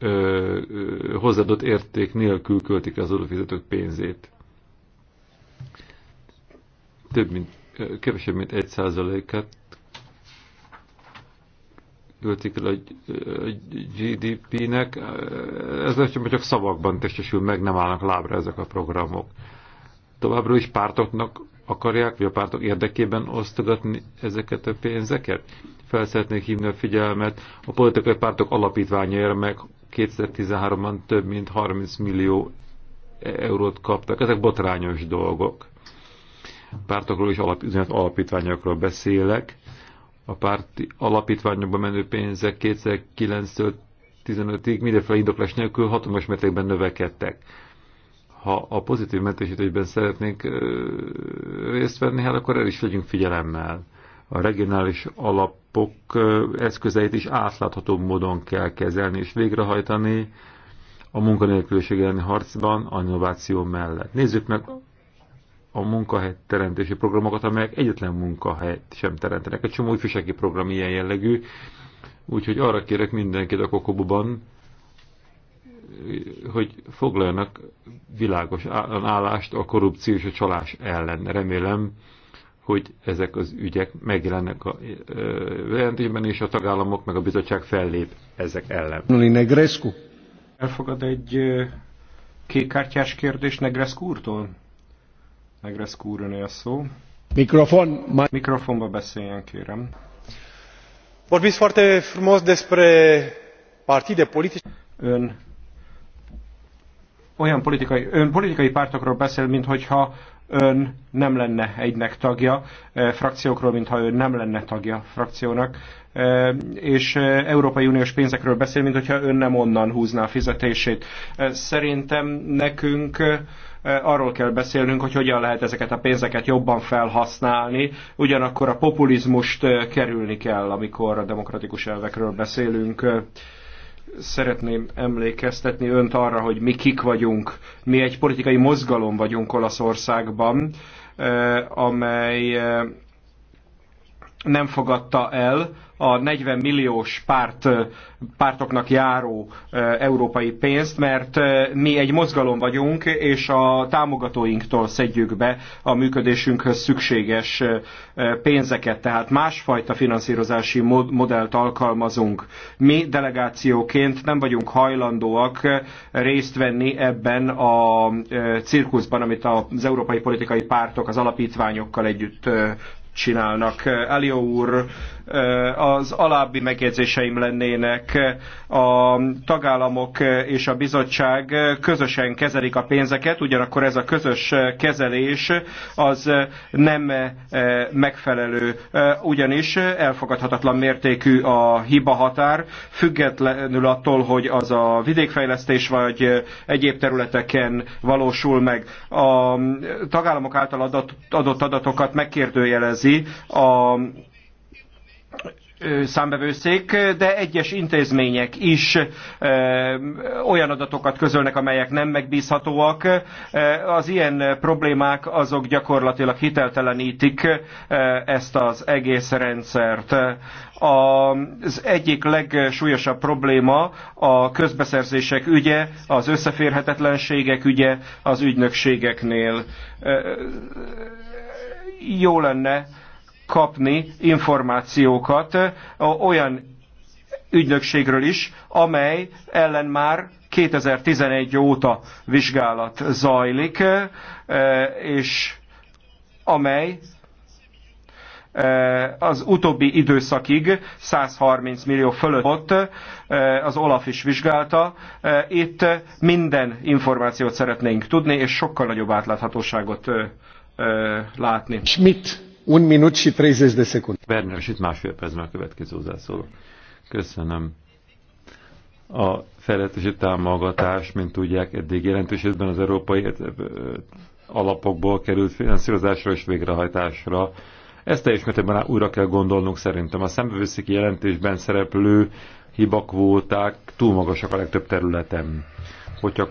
ö, ö, hozzáadott érték nélkül költik az adófizetők pénzét. Több mint, ö, kevesebb mint egy százalékát költik el a, a GDP-nek. Ez csak szavakban testesül meg, nem állnak lábra ezek a programok. Továbbra is pártoknak akarják, vagy a pártok érdekében osztogatni ezeket a pénzeket? Fel szeretnék hívni a figyelmet a politikai pártok alapítványaira, meg 2013-ban több mint 30 millió eurót kaptak. Ezek botrányos dolgok. Pártokról és alapüzenet alapítványokról beszélek. A párti alapítványokba menő pénzek 2009-től 15-ig mindenféle indoklás nélkül hatalmas mértékben növekedtek. Ha a pozitív mentesítésben szeretnénk részt venni, hát akkor el is legyünk figyelemmel. A regionális alap appok eszközeit is átláthatóbb módon kell kezelni és végrehajtani a munkanélküliség elleni harcban a innováció mellett. Nézzük meg a munkahely teremtési programokat, amelyek egyetlen munkahelyet sem teremtenek. Egy csomó ifjúsági program ilyen jellegű, úgyhogy arra kérek mindenkit a kokobuban, hogy foglaljanak világos állást a korrupció és a csalás ellen. Remélem, hogy ezek az ügyek megjelennek a jelentésben, és a tagállamok meg a bizottság fellép ezek ellen.
Negrescu. Elfogad egy kékkártyás kérdés Negrescu úrtól? Negrescu úr a szó. Mikrofon. Mikrofonba beszéljen, kérem.
Vorbiți foarte frumos despre partide politice. Ön
olyan politikai, ön politikai pártokról beszél, minthogyha ön nem lenne egynek tagja, e, frakciókról, mintha ön nem lenne tagja frakciónak, e, és e, Európai Uniós pénzekről beszél, mintha ön nem onnan húzná a fizetését. Szerintem nekünk arról kell beszélnünk, hogy hogyan lehet ezeket a pénzeket jobban felhasználni, ugyanakkor a populizmust kerülni kell, amikor a demokratikus elvekről beszélünk szeretném emlékeztetni önt arra, hogy mi kik vagyunk. Mi egy politikai mozgalom vagyunk Olaszországban, eh, amely eh, nem fogadta el a 40 milliós párt, pártoknak járó európai pénzt, mert mi egy mozgalom vagyunk, és a támogatóinktól szedjük be a működésünkhöz szükséges pénzeket, tehát másfajta finanszírozási modellt alkalmazunk. Mi delegációként nem vagyunk hajlandóak részt venni ebben a cirkuszban, amit az európai politikai pártok az alapítványokkal együtt csinálnak. Elio úr az alábbi megjegyzéseim lennének. A tagállamok és a bizottság közösen kezelik a pénzeket, ugyanakkor ez a közös kezelés az nem megfelelő, ugyanis elfogadhatatlan mértékű a hiba határ, függetlenül attól, hogy az a vidékfejlesztés vagy egyéb területeken valósul meg. A tagállamok által adott adatokat megkérdőjelezi a számbevőszék, de egyes intézmények is olyan adatokat közölnek, amelyek nem megbízhatóak. Az ilyen problémák azok gyakorlatilag hiteltelenítik ezt az egész rendszert. Az egyik legsúlyosabb probléma a közbeszerzések ügye, az összeférhetetlenségek ügye az ügynökségeknél. Jó lenne, kapni információkat olyan ügynökségről is, amely ellen már 2011 óta vizsgálat zajlik, és amely az utóbbi időszakig 130 millió fölött ott, az Olaf is vizsgálta. Itt minden információt szeretnénk tudni, és sokkal nagyobb átláthatóságot
látni. Schmidt Un minut și 30 de secunde. Werner, és itt a következő hozzászóló. Köszönöm. A fejlettesi támogatás, mint tudják, eddig jelentős az európai eh, eh, alapokból került finanszírozásra és végrehajtásra. Ezt teljes mértékben újra kell gondolnunk szerintem. A szembevőszéki jelentésben szereplő hibakvóták túl magasak a legtöbb területen. Hogyha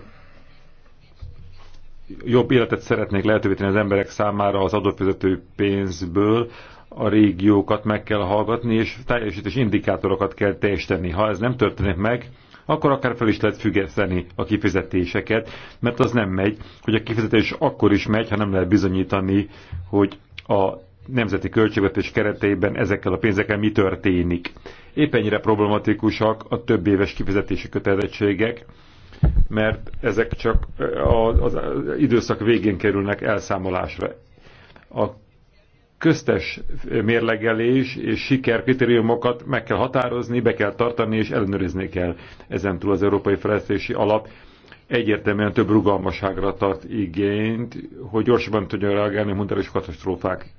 jobb életet szeretnék lehetővé tenni az emberek számára az adófizető pénzből, a régiókat meg kell hallgatni, és teljesítés indikátorokat kell teljesíteni. Ha ez nem történik meg, akkor akár fel is lehet függeszteni a kifizetéseket, mert az nem megy, hogy a kifizetés akkor is megy, ha nem lehet bizonyítani, hogy a nemzeti költségvetés keretében ezekkel a pénzekkel mi történik. Épp ennyire problematikusak a több éves kifizetési kötelezettségek, mert ezek csak az időszak végén kerülnek elszámolásra. A köztes mérlegelés és kritériumokat meg kell határozni, be kell tartani és ellenőrizni kell. Ezen túl az Európai Fejlesztési Alap egyértelműen több rugalmasságra tart igényt, hogy gyorsabban tudja reagálni a katasztrófák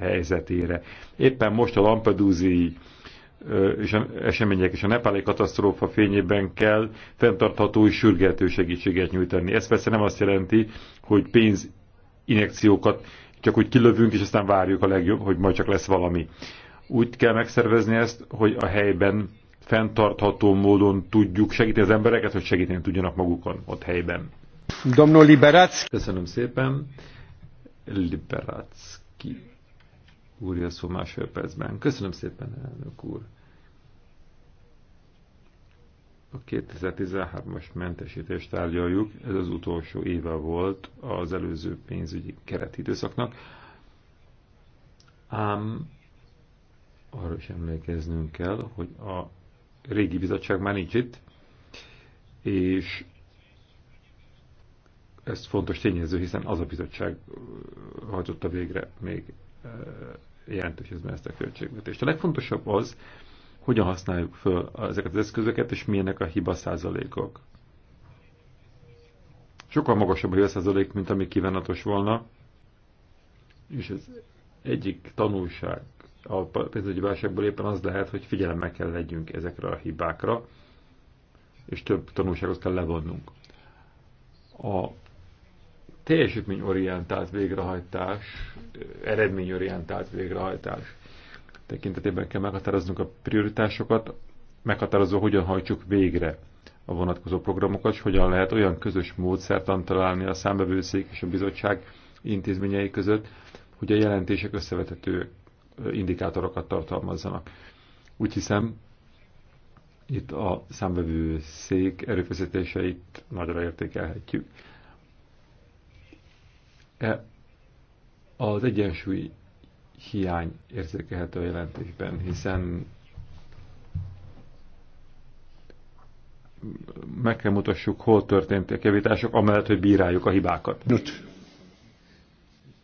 helyzetére. Éppen most a Lampedusi és események és a nepáli katasztrófa fényében kell fenntartható és sürgető segítséget nyújtani. Ez persze nem azt jelenti, hogy pénzinjekciókat csak úgy kilövünk, és aztán várjuk a legjobb, hogy majd csak lesz valami. Úgy kell megszervezni ezt, hogy a helyben fenntartható módon tudjuk segíteni az embereket, hogy segíteni tudjanak magukon ott helyben. Domnul Liberac. Köszönöm szépen. Liberácki úr, a szó másfél percben. Köszönöm szépen, elnök úr. A 2013-as mentesítést tárgyaljuk, ez az utolsó éve volt az előző pénzügyi keretidőszaknak, ám arra is emlékeznünk kell, hogy a régi bizottság már nincs itt, és ez fontos tényező, hiszen az a bizottság hajtotta végre még eh, jelentésben ezt a költségvetést. A legfontosabb az, hogyan használjuk föl ezeket az eszközöket, és milyenek a hiba százalékok. Sokkal magasabb a hiba százalék, mint ami kívánatos volna, és ez egyik tanulság a pénzügyi válságból éppen az lehet, hogy figyelemmel kell legyünk ezekre a hibákra, és több tanulságot kell levonnunk. A teljesítményorientált végrehajtás, eredményorientált végrehajtás tekintetében kell meghatároznunk a prioritásokat, meghatározó, hogyan hajtsuk végre a vonatkozó programokat, és hogyan lehet olyan közös módszertan találni a számbevőszék és a bizottság intézményei között, hogy a jelentések összevetető indikátorokat tartalmazzanak. Úgy hiszem, itt a számbevőszék erőfeszítéseit nagyra értékelhetjük. E, az egyensúly hiány érzékelhető a jelentésben, hiszen meg kell mutassuk, hol történtek javítások, amellett, hogy bíráljuk a hibákat. Nut.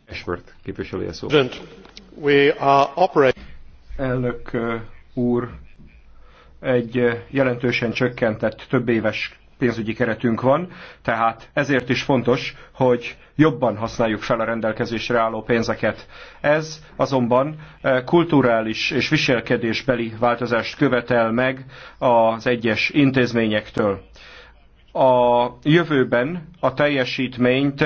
Ashworth képviselője szó.
Elnök uh, úr, egy uh, jelentősen csökkentett több éves pénzügyi keretünk van, tehát ezért is fontos, hogy jobban használjuk fel a rendelkezésre álló pénzeket. Ez azonban eh, kulturális és viselkedésbeli változást követel meg az egyes intézményektől a jövőben a teljesítményt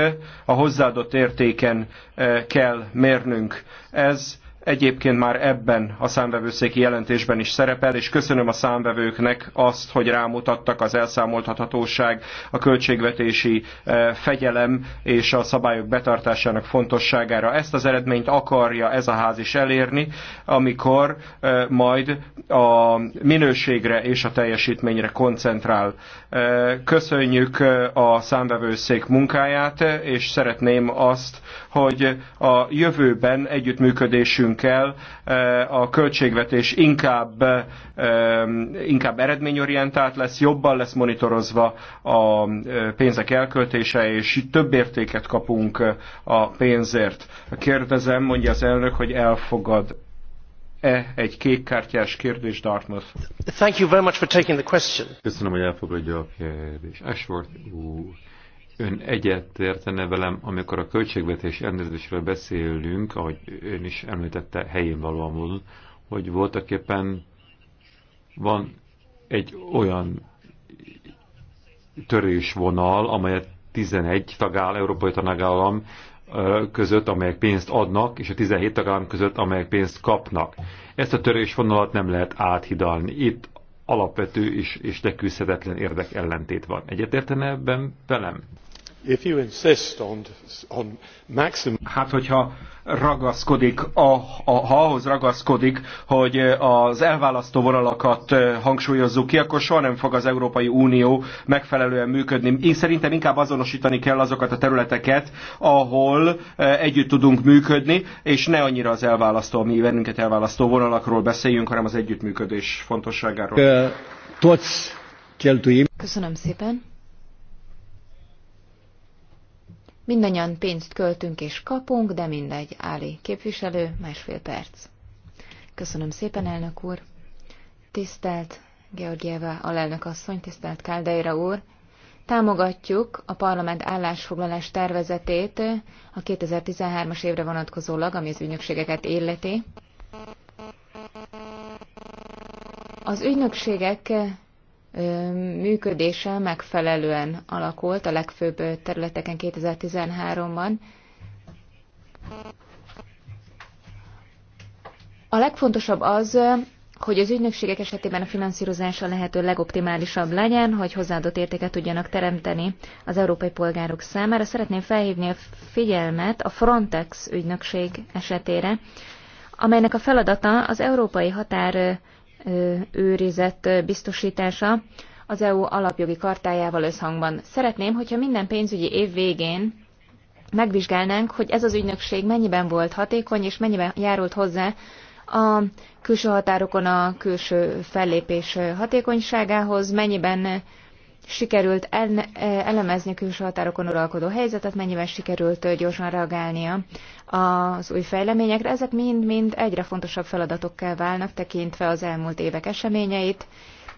a hozzáadott értéken eh, kell mérnünk. Ez egyébként már ebben a számvevőszéki jelentésben is szerepel, és köszönöm a számvevőknek azt, hogy rámutattak az elszámoltathatóság, a költségvetési eh, fegyelem és a szabályok betartásának fontosságára. Ezt az eredményt akarja ez a ház is elérni, amikor eh, majd a minőségre és a teljesítményre koncentrál. Köszönjük a számvevőszék munkáját, és szeretném azt, hogy a jövőben együttműködésünkkel a költségvetés inkább, inkább eredményorientált lesz, jobban lesz monitorozva a pénzek elköltése, és több értéket kapunk a pénzért. Kérdezem, mondja az elnök, hogy elfogad e egy kártyás kérdés Dartmouth? Thank you very much for taking the question.
Köszönöm, hogy elfogadja a kérdés. Ashworth úr, ön egyet értene velem, amikor a költségvetés elnézésről beszélünk, ahogy ön is említette helyén valóan hogy voltak éppen van egy olyan törésvonal, amelyet 11 tagáll, európai tanágállam között, amelyek pénzt adnak, és a 17 tagállam között, amelyek pénzt kapnak. Ezt a törésvonalat nem lehet áthidalni. Itt alapvető és, és érdek ellentét van. Egyetértene ebben velem?
Hát, hogyha ragaszkodik, a, a, ha ahhoz ragaszkodik, hogy az elválasztó vonalakat hangsúlyozzuk ki, akkor soha nem fog az Európai Unió megfelelően működni. Én szerintem inkább azonosítani kell azokat a területeket, ahol együtt tudunk működni, és ne annyira az elválasztó, ami bennünket elválasztó vonalakról beszéljünk, hanem az együttműködés fontosságáról.
Köszönöm szépen. Mindannyian pénzt költünk és kapunk, de mindegy, Áli képviselő, másfél perc. Köszönöm szépen, elnök úr. Tisztelt Georgieva alelnök asszony, tisztelt Káldeira úr. Támogatjuk a parlament állásfoglalás tervezetét a 2013-as évre vonatkozólag, ami az ügynökségeket illeti. Az ügynökségek működése megfelelően alakult a legfőbb területeken 2013-ban. A legfontosabb az, hogy az ügynökségek esetében a finanszírozása lehető legoptimálisabb legyen, hogy hozzáadott értéket tudjanak teremteni az európai polgárok számára. Szeretném felhívni a figyelmet a Frontex ügynökség esetére, amelynek a feladata az európai határ őrizet biztosítása az EU alapjogi kartájával összhangban. Szeretném, hogyha minden pénzügyi év végén megvizsgálnánk, hogy ez az ügynökség mennyiben volt hatékony, és mennyiben járult hozzá a külső határokon a külső fellépés hatékonyságához, mennyiben sikerült eh, elemezni a külső határokon uralkodó helyzetet, Mennyivel sikerült eh, gyorsan reagálnia az új fejleményekre. Ezek mind-mind egyre fontosabb feladatokká válnak, tekintve az elmúlt évek eseményeit,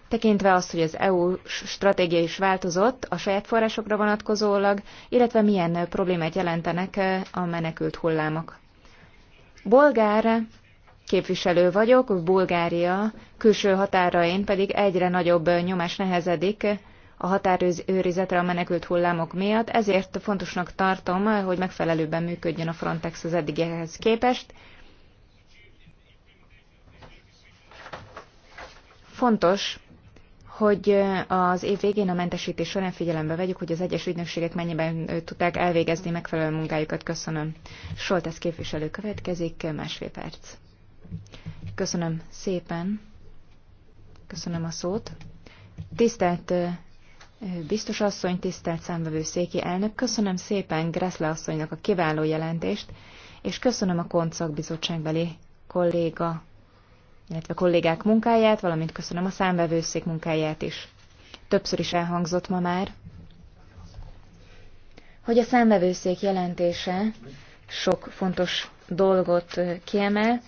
tekintve azt, hogy az EU stratégia is változott a saját forrásokra vonatkozólag, illetve milyen eh, problémát jelentenek a menekült hullámok. Bolgár képviselő vagyok, Bulgária külső határain pedig egyre nagyobb nyomás nehezedik a határőrizetre a menekült hullámok miatt, ezért fontosnak tartom, hogy megfelelőben működjön a Frontex az eddigihez képest. Fontos, hogy az év végén a mentesítés során figyelembe vegyük, hogy az egyes ügynökségek mennyiben tudták elvégezni megfelelő munkájukat. Köszönöm. Soltesz képviselő következik, másfél perc. Köszönöm szépen. Köszönöm a szót. Tisztelt Biztos asszony, tisztelt széki elnök, köszönöm szépen Greszle asszonynak a kiváló jelentést, és köszönöm a koncok bizottságbeli kolléga, illetve kollégák munkáját, valamint köszönöm a számvevőszék munkáját is. Többször is elhangzott ma már, hogy a számvevőszék jelentése sok fontos dolgot kiemel,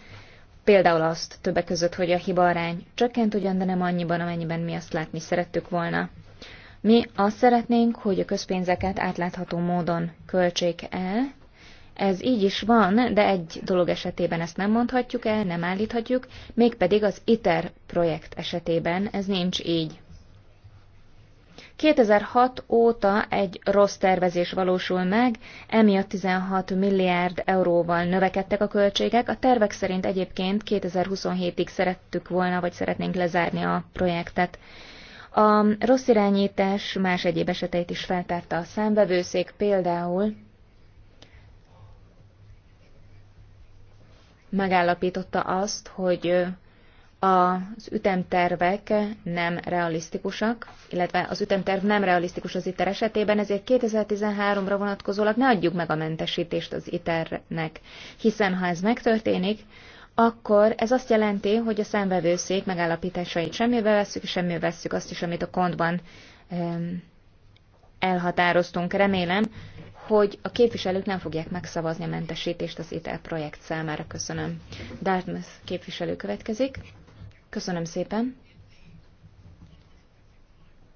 például azt többek között, hogy a hibarány csökkent ugyan, de nem annyiban, amennyiben mi azt látni szerettük volna. Mi azt szeretnénk, hogy a közpénzeket átlátható módon költsék el. Ez így is van, de egy dolog esetében ezt nem mondhatjuk el, nem állíthatjuk, mégpedig az ITER projekt esetében ez nincs így. 2006 óta egy rossz tervezés valósul meg, emiatt 16 milliárd euróval növekedtek a költségek. A tervek szerint egyébként 2027-ig szerettük volna, vagy szeretnénk lezárni a projektet. A rossz irányítás más egyéb eseteit is feltárta a számbevőszék, például megállapította azt, hogy az ütemtervek nem realisztikusak, illetve az ütemterv nem realisztikus az ITER esetében, ezért 2013-ra vonatkozólag ne adjuk meg a mentesítést az ITER-nek, hiszen ha ez megtörténik, akkor ez azt jelenti, hogy a szenvedőszék megállapításait semmibe vesszük, és semmibe vesszük azt is, amit a kontban elhatároztunk. Remélem, hogy a képviselők nem fogják megszavazni a mentesítést az ITEL projekt számára. Köszönöm. Dartmouth képviselő következik. Köszönöm szépen.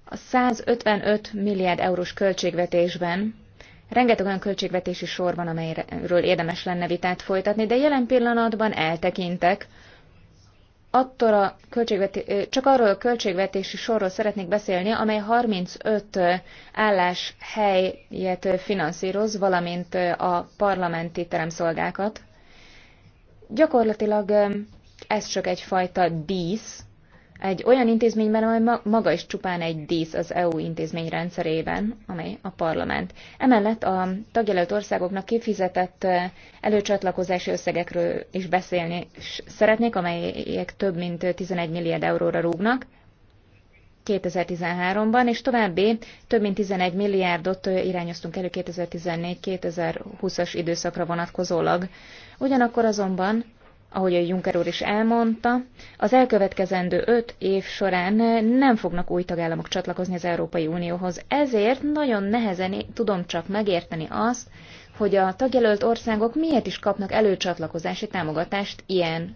A 155 milliárd eurós költségvetésben Rengeteg olyan költségvetési sor van, amelyről érdemes lenne vitát folytatni, de jelen pillanatban eltekintek. Attól a költségveti- csak arról a költségvetési sorról szeretnék beszélni, amely 35 álláshelyet finanszíroz, valamint a parlamenti teremszolgákat. Gyakorlatilag ez csak egyfajta dísz, egy olyan intézményben, amely maga is csupán egy dísz az EU intézményrendszerében, amely a parlament. Emellett a tagjelölt országoknak kifizetett előcsatlakozási összegekről is beszélni és szeretnék, amelyek több mint 11 milliárd euróra rúgnak, 2013-ban, és további több mint 11 milliárdot irányoztunk elő 2014-2020-as időszakra vonatkozólag. Ugyanakkor azonban ahogy a Juncker úr is elmondta, az elkövetkezendő öt év során nem fognak új tagállamok csatlakozni az Európai Unióhoz. Ezért nagyon nehezen tudom csak megérteni azt, hogy a tagjelölt országok miért is kapnak előcsatlakozási támogatást ilyen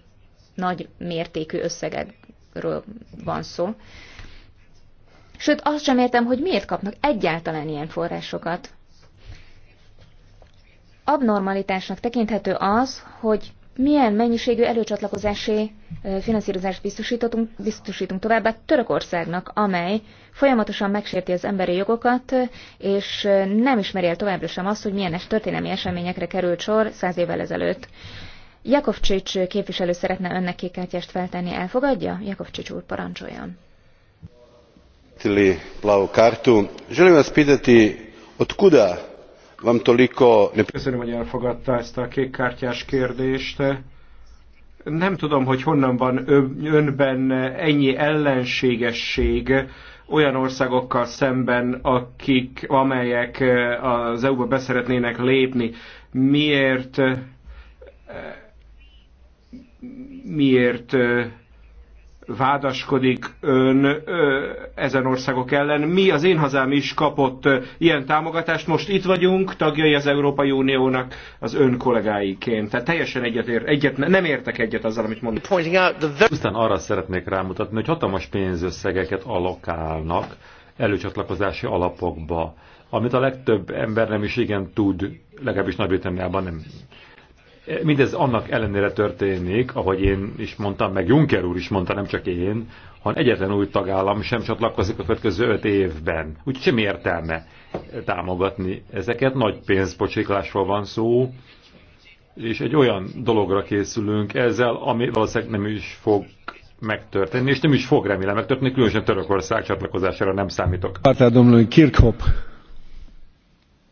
nagy mértékű összegekről van szó. Sőt, azt sem értem, hogy miért kapnak egyáltalán ilyen forrásokat. Abnormalitásnak tekinthető az, hogy milyen mennyiségű előcsatlakozási finanszírozást biztosítunk, biztosítunk továbbá Törökországnak, amely folyamatosan megsérti az emberi jogokat, és nem ismeri el továbbra sem azt, hogy milyen történelmi eseményekre került sor száz évvel ezelőtt. Jakovcsics képviselő szeretne önnek kékkártyást feltenni, elfogadja? Jakovcsics úr, parancsoljon.
Plau kartu. Želim vas pitati, od kuda Vam toliko... Köszönöm, hogy elfogadta
ezt a kékkártyás kérdést. Nem tudom, hogy honnan van önben ennyi ellenségesség olyan országokkal szemben, akik, amelyek az EU-ba beszeretnének lépni. Miért miért vádaskodik ön ö, ezen országok ellen. Mi, az én hazám is kapott ö, ilyen támogatást, most itt vagyunk, tagjai az Európai Uniónak az ön
kollégáiként. Tehát teljesen egyet, ér, egyet nem értek egyet azzal, amit mondok. Aztán arra szeretnék rámutatni, hogy hatalmas pénzösszegeket alokálnak előcsatlakozási alapokba, amit a legtöbb ember nem is igen tud, legalábbis Nagy-Britanniában nem mindez annak ellenére történik, ahogy én is mondtam, meg Juncker úr is mondta, nem csak én, hanem egyetlen új tagállam sem csatlakozik a következő öt évben. Úgyhogy sem értelme támogatni ezeket. Nagy pénzpocsiklásról van szó, és egy olyan dologra készülünk ezzel, ami valószínűleg nem is fog megtörténni, és nem is fog remélem megtörténni, különösen Törökország csatlakozására nem számítok.
Pártádomlói
Kirkhop.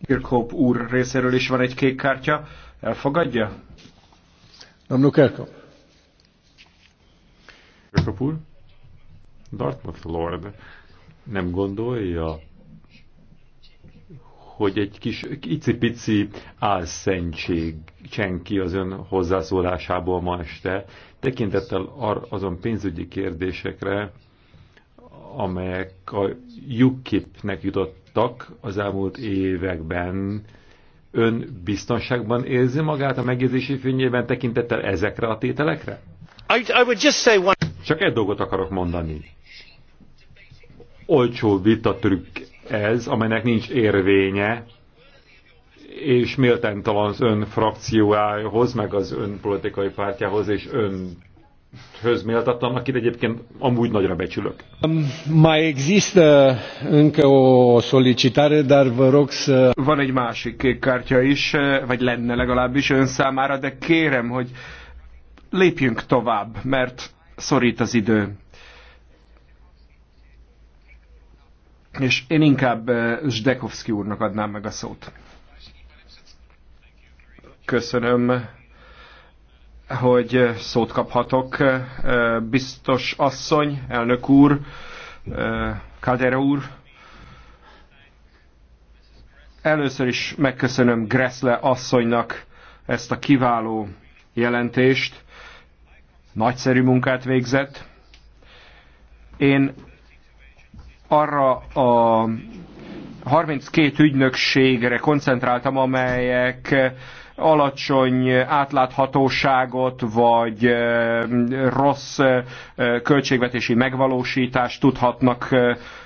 Kirkhop úr részéről is van egy kék kártya. Elfogadja? Domnul Kerkop. Kerkop úr? Dartmouth Lord nem gondolja, hogy egy kis icipici álszentség csen ki az ön hozzászólásából ma este, tekintettel azon pénzügyi kérdésekre, amelyek a UKIP-nek jutottak az elmúlt években, Ön biztonságban érzi magát a megjegyzési fényében tekintettel ezekre a tételekre? I, I would just say one... Csak egy dolgot akarok mondani. Olcsó vitatrükk ez, amelynek nincs érvénye, és méltánytalan az ön frakciójához, meg az ön politikai pártjához és ön höz méltatlan, akit egyébként amúgy nagyra becsülök.
Um, mai există încă o solicitare, dar vă rog să... Van egy másik kék kártya is, vagy lenne legalábbis ön számára, de kérem, hogy lépjünk tovább, mert szorít az idő. És én inkább eh, Zdekovszki úrnak adnám meg a szót. Köszönöm hogy szót kaphatok. Biztos asszony, elnök úr, Caldera úr, először is megköszönöm Gressle asszonynak ezt a kiváló jelentést. Nagyszerű munkát végzett. Én arra a 32 ügynökségre koncentráltam, amelyek alacsony átláthatóságot, vagy rossz költségvetési megvalósítást tudhatnak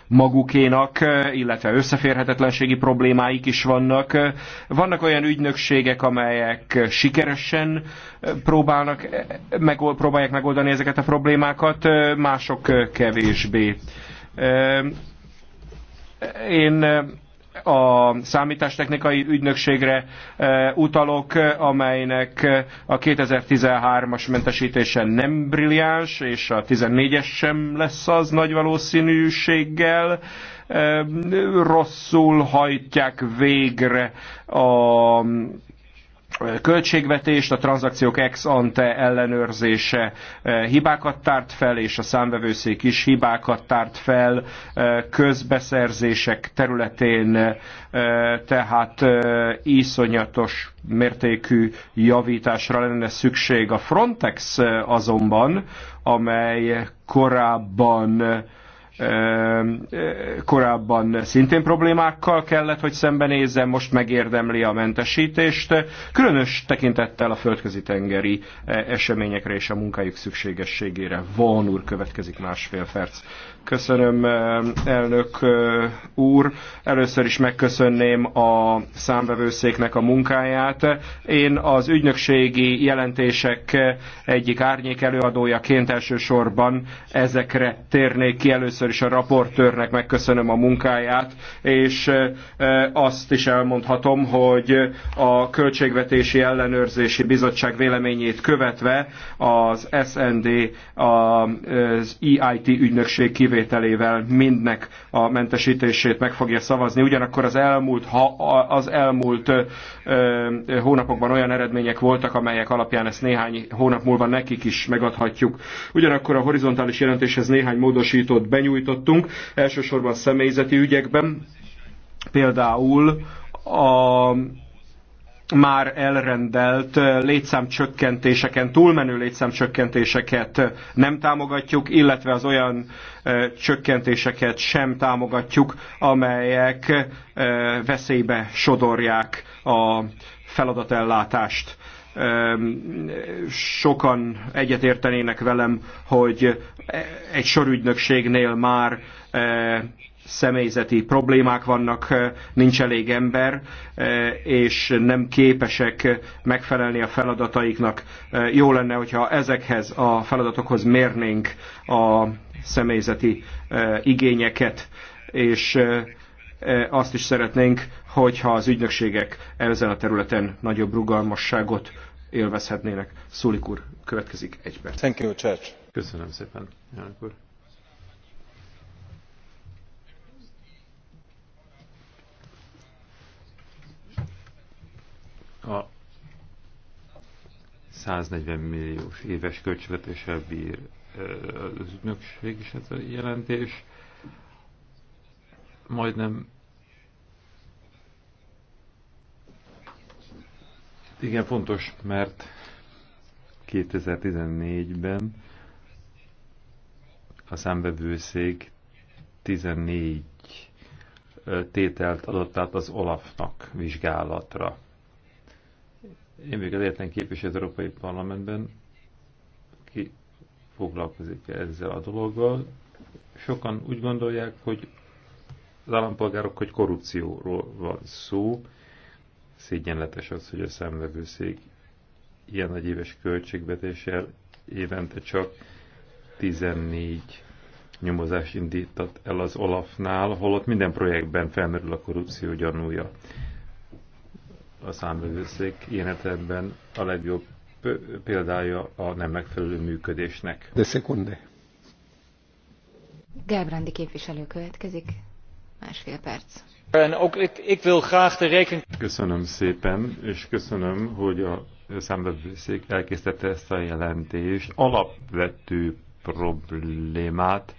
magukénak, illetve összeférhetetlenségi problémáik is vannak. Vannak olyan ügynökségek, amelyek sikeresen próbálnak, meg, próbálják megoldani ezeket a problémákat, mások kevésbé. Én a számítástechnikai ügynökségre e, utalok, amelynek a 2013-as mentesítése nem brilliáns, és a 14-es sem lesz az nagy valószínűséggel. E, rosszul hajtják végre a költségvetést, a tranzakciók ex ante ellenőrzése eh, hibákat tárt fel, és a számvevőszék is hibákat tárt fel eh, közbeszerzések területén, eh, tehát iszonyatos mértékű javításra lenne szükség. A Frontex azonban, amely korábban korábban szintén problémákkal kellett, hogy szembenézzen, most megérdemli a mentesítést, különös tekintettel a földközi tengeri eseményekre és a munkájuk szükségességére. Von úr következik másfél perc. Köszönöm, elnök úr. Először is megköszönném a számvevőszéknek a munkáját. Én az ügynökségi jelentések egyik árnyék előadójaként elsősorban ezekre térnék ki. Először is a raportőrnek megköszönöm a munkáját, és azt is elmondhatom, hogy a Költségvetési Ellenőrzési Bizottság véleményét követve az SND az EIT ügynökség kivételével kivételével mindnek a mentesítését meg fogja szavazni. Ugyanakkor az elmúlt, ha az elmúlt ö, hónapokban olyan eredmények voltak, amelyek alapján ezt néhány hónap múlva nekik is megadhatjuk. Ugyanakkor a horizontális jelentéshez néhány módosítót benyújtottunk, elsősorban személyzeti ügyekben, például a már elrendelt létszámcsökkentéseken, túlmenő létszámcsökkentéseket nem támogatjuk, illetve az olyan csökkentéseket sem támogatjuk, amelyek veszélybe sodorják a feladatellátást sokan egyetértenének velem, hogy e, egy sorügynökségnél már személyzeti problémák vannak, eh, nincs elég ember, eh, és nem képesek megfelelni a feladataiknak. Eh, jó lenne, hogyha ezekhez a feladatokhoz mérnénk a személyzeti igényeket, és azt is szeretnénk, hogyha az ügynökségek ezen a területen nagyobb rugalmasságot
élvezhetnének. Szulik úr, következik egy perc. Thank you, Church. Köszönöm szépen, elnök úr. a 140 milliós éves költségvetéssel bír az ügynökség is ez a jelentés. Majdnem igen fontos, mert 2014-ben a számbevőszék 14 tételt adott át az Olafnak vizsgálatra. Én még az egyetlen képviselő az Európai Parlamentben, ki foglalkozik -e ezzel a dologgal. Sokan úgy gondolják, hogy az állampolgárok, hogy korrupcióról van szó. Szégyenletes az, hogy a szemlevőszék ilyen nagy éves költségvetéssel évente csak 14 nyomozást indított el az Olafnál, holott minden projektben felmerül a korrupció gyanúja a számvevőszék ilyen esetben a legjobb példája a nem megfelelő működésnek. De szekunde.
Gelbrandi képviselő következik. Másfél perc.
Köszönöm szépen, és köszönöm, hogy a számbevőszék elkészítette ezt a jelentést. Alapvető problémát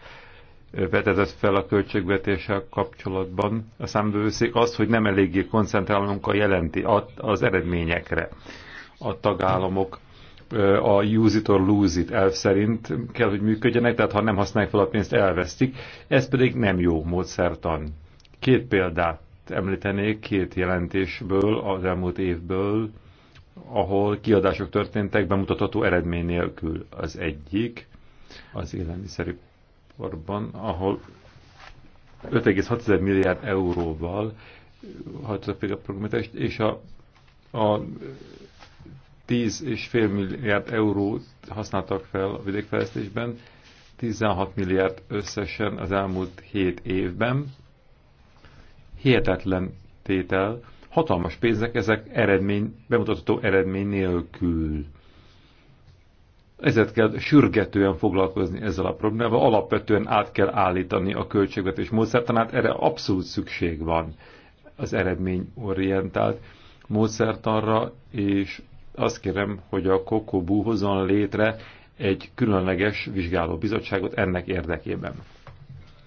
vetetett fel a költségvetéssel kapcsolatban a számbevőszék az, hogy nem eléggé koncentrálunk a jelenti, az eredményekre. A tagállamok a use it or lose it elv szerint kell, hogy működjenek, tehát ha nem használják fel a pénzt, elvesztik. Ez pedig nem jó módszertan. Két példát említenék, két jelentésből az elmúlt évből, ahol kiadások történtek bemutatható eredmény nélkül. Az egyik az élelmiszerű Orban, ahol 5,6 milliárd euróval hajtottak a programot, és a, a 10,5 milliárd eurót használtak fel a vidékfejlesztésben, 16 milliárd összesen az elmúlt 7 évben. Hihetetlen tétel, hatalmas pénzek, ezek eredmény, bemutatható eredmény nélkül ezért kell sürgetően foglalkozni ezzel a problémával, alapvetően át kell állítani a költségvetés módszertanát, erre abszolút szükség van az eredményorientált módszertanra, és azt kérem, hogy a Kokobú hozzon létre egy különleges vizsgálóbizottságot ennek érdekében.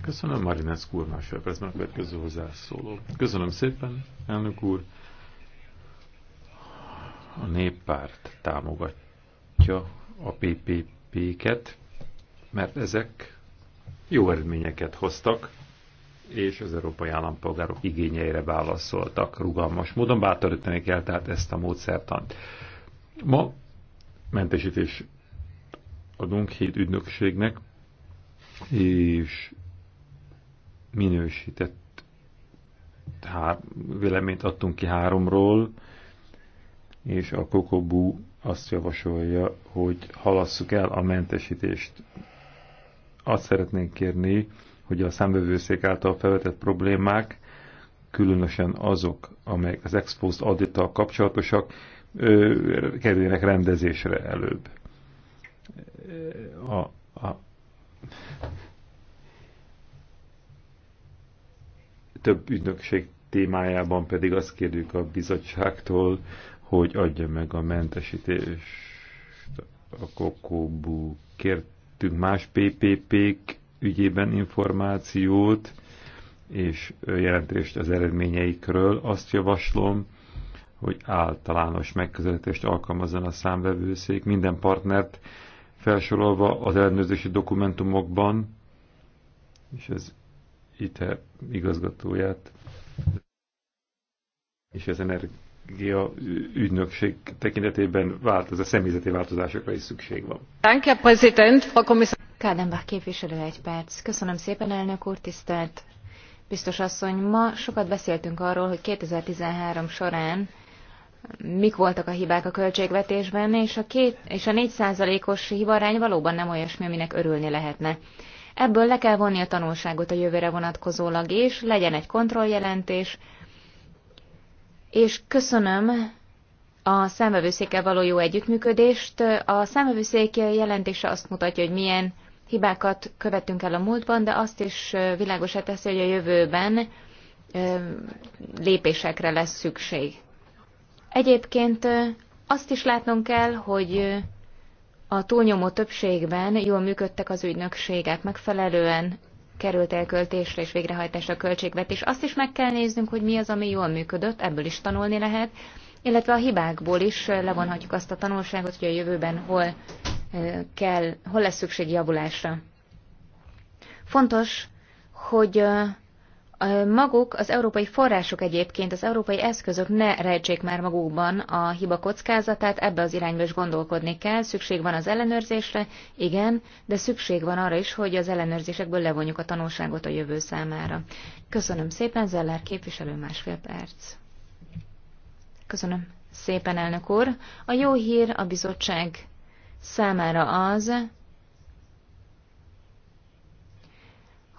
Köszönöm, Marinesz úr, másodpercben a következő hozzászóló. Köszönöm szépen, elnök úr. A néppárt támogatja a PPP-ket, mert ezek jó eredményeket hoztak, és az európai állampolgárok igényeire válaszoltak rugalmas módon. Bátorítani kell tehát ezt a módszertant. Ma mentesítés adunk hét ügynökségnek, és minősített hár, véleményt adtunk ki háromról, és a Kokobú azt javasolja, hogy halasszuk el a mentesítést. Azt szeretnénk kérni, hogy a számbevőszék által felvetett problémák, különösen azok, amelyek az exposed audittal kapcsolatosak, kerüljenek rendezésre előbb. A, a, több ügynökség témájában pedig azt kérjük a bizottságtól, hogy adja meg a mentesítést. A kokóbú kértünk más PPP-k ügyében információt, és jelentést az eredményeikről. Azt javaslom, hogy általános megközelítést alkalmazzon a számvevőszék, minden partnert felsorolva az ellenőrzési dokumentumokban, és ez ITER igazgatóját és az energia ügynökség tekintetében a személyzeti változásokra is szükség van.
Danke, Präsident, Frau Kommissar. Kádenbach képviselő egy perc. Köszönöm szépen, elnök úr, tisztelt biztos asszony. Ma sokat beszéltünk arról, hogy 2013 során mik voltak a hibák a költségvetésben, és a, két, és a 4 os hibarány valóban nem olyasmi, aminek örülni lehetne. Ebből le kell vonni a tanulságot a jövőre vonatkozólag is, legyen egy kontrolljelentés, és köszönöm a szemvevőszékkel való jó együttműködést. A szemvevőszék jelentése azt mutatja, hogy milyen hibákat követtünk el a múltban, de azt is világosá teszi, hogy a jövőben lépésekre lesz szükség. Egyébként azt is látnunk kell, hogy a túlnyomó többségben jól működtek az ügynökségek, megfelelően került elköltésre és végrehajtásra költségvetés. Azt is meg kell néznünk, hogy mi az, ami jól működött, ebből is tanulni lehet, illetve a hibákból is levonhatjuk azt a tanulságot, hogy a jövőben hol, kell, hol lesz szükség javulásra. Fontos, hogy maguk az európai források egyébként, az európai eszközök ne rejtsék már magukban a hiba kockázatát, ebbe az irányba is gondolkodni kell, szükség van az ellenőrzésre, igen, de szükség van arra is, hogy az ellenőrzésekből levonjuk a tanulságot a jövő számára. Köszönöm szépen, Zeller képviselő másfél perc. Köszönöm szépen, elnök úr. A jó hír a bizottság számára az,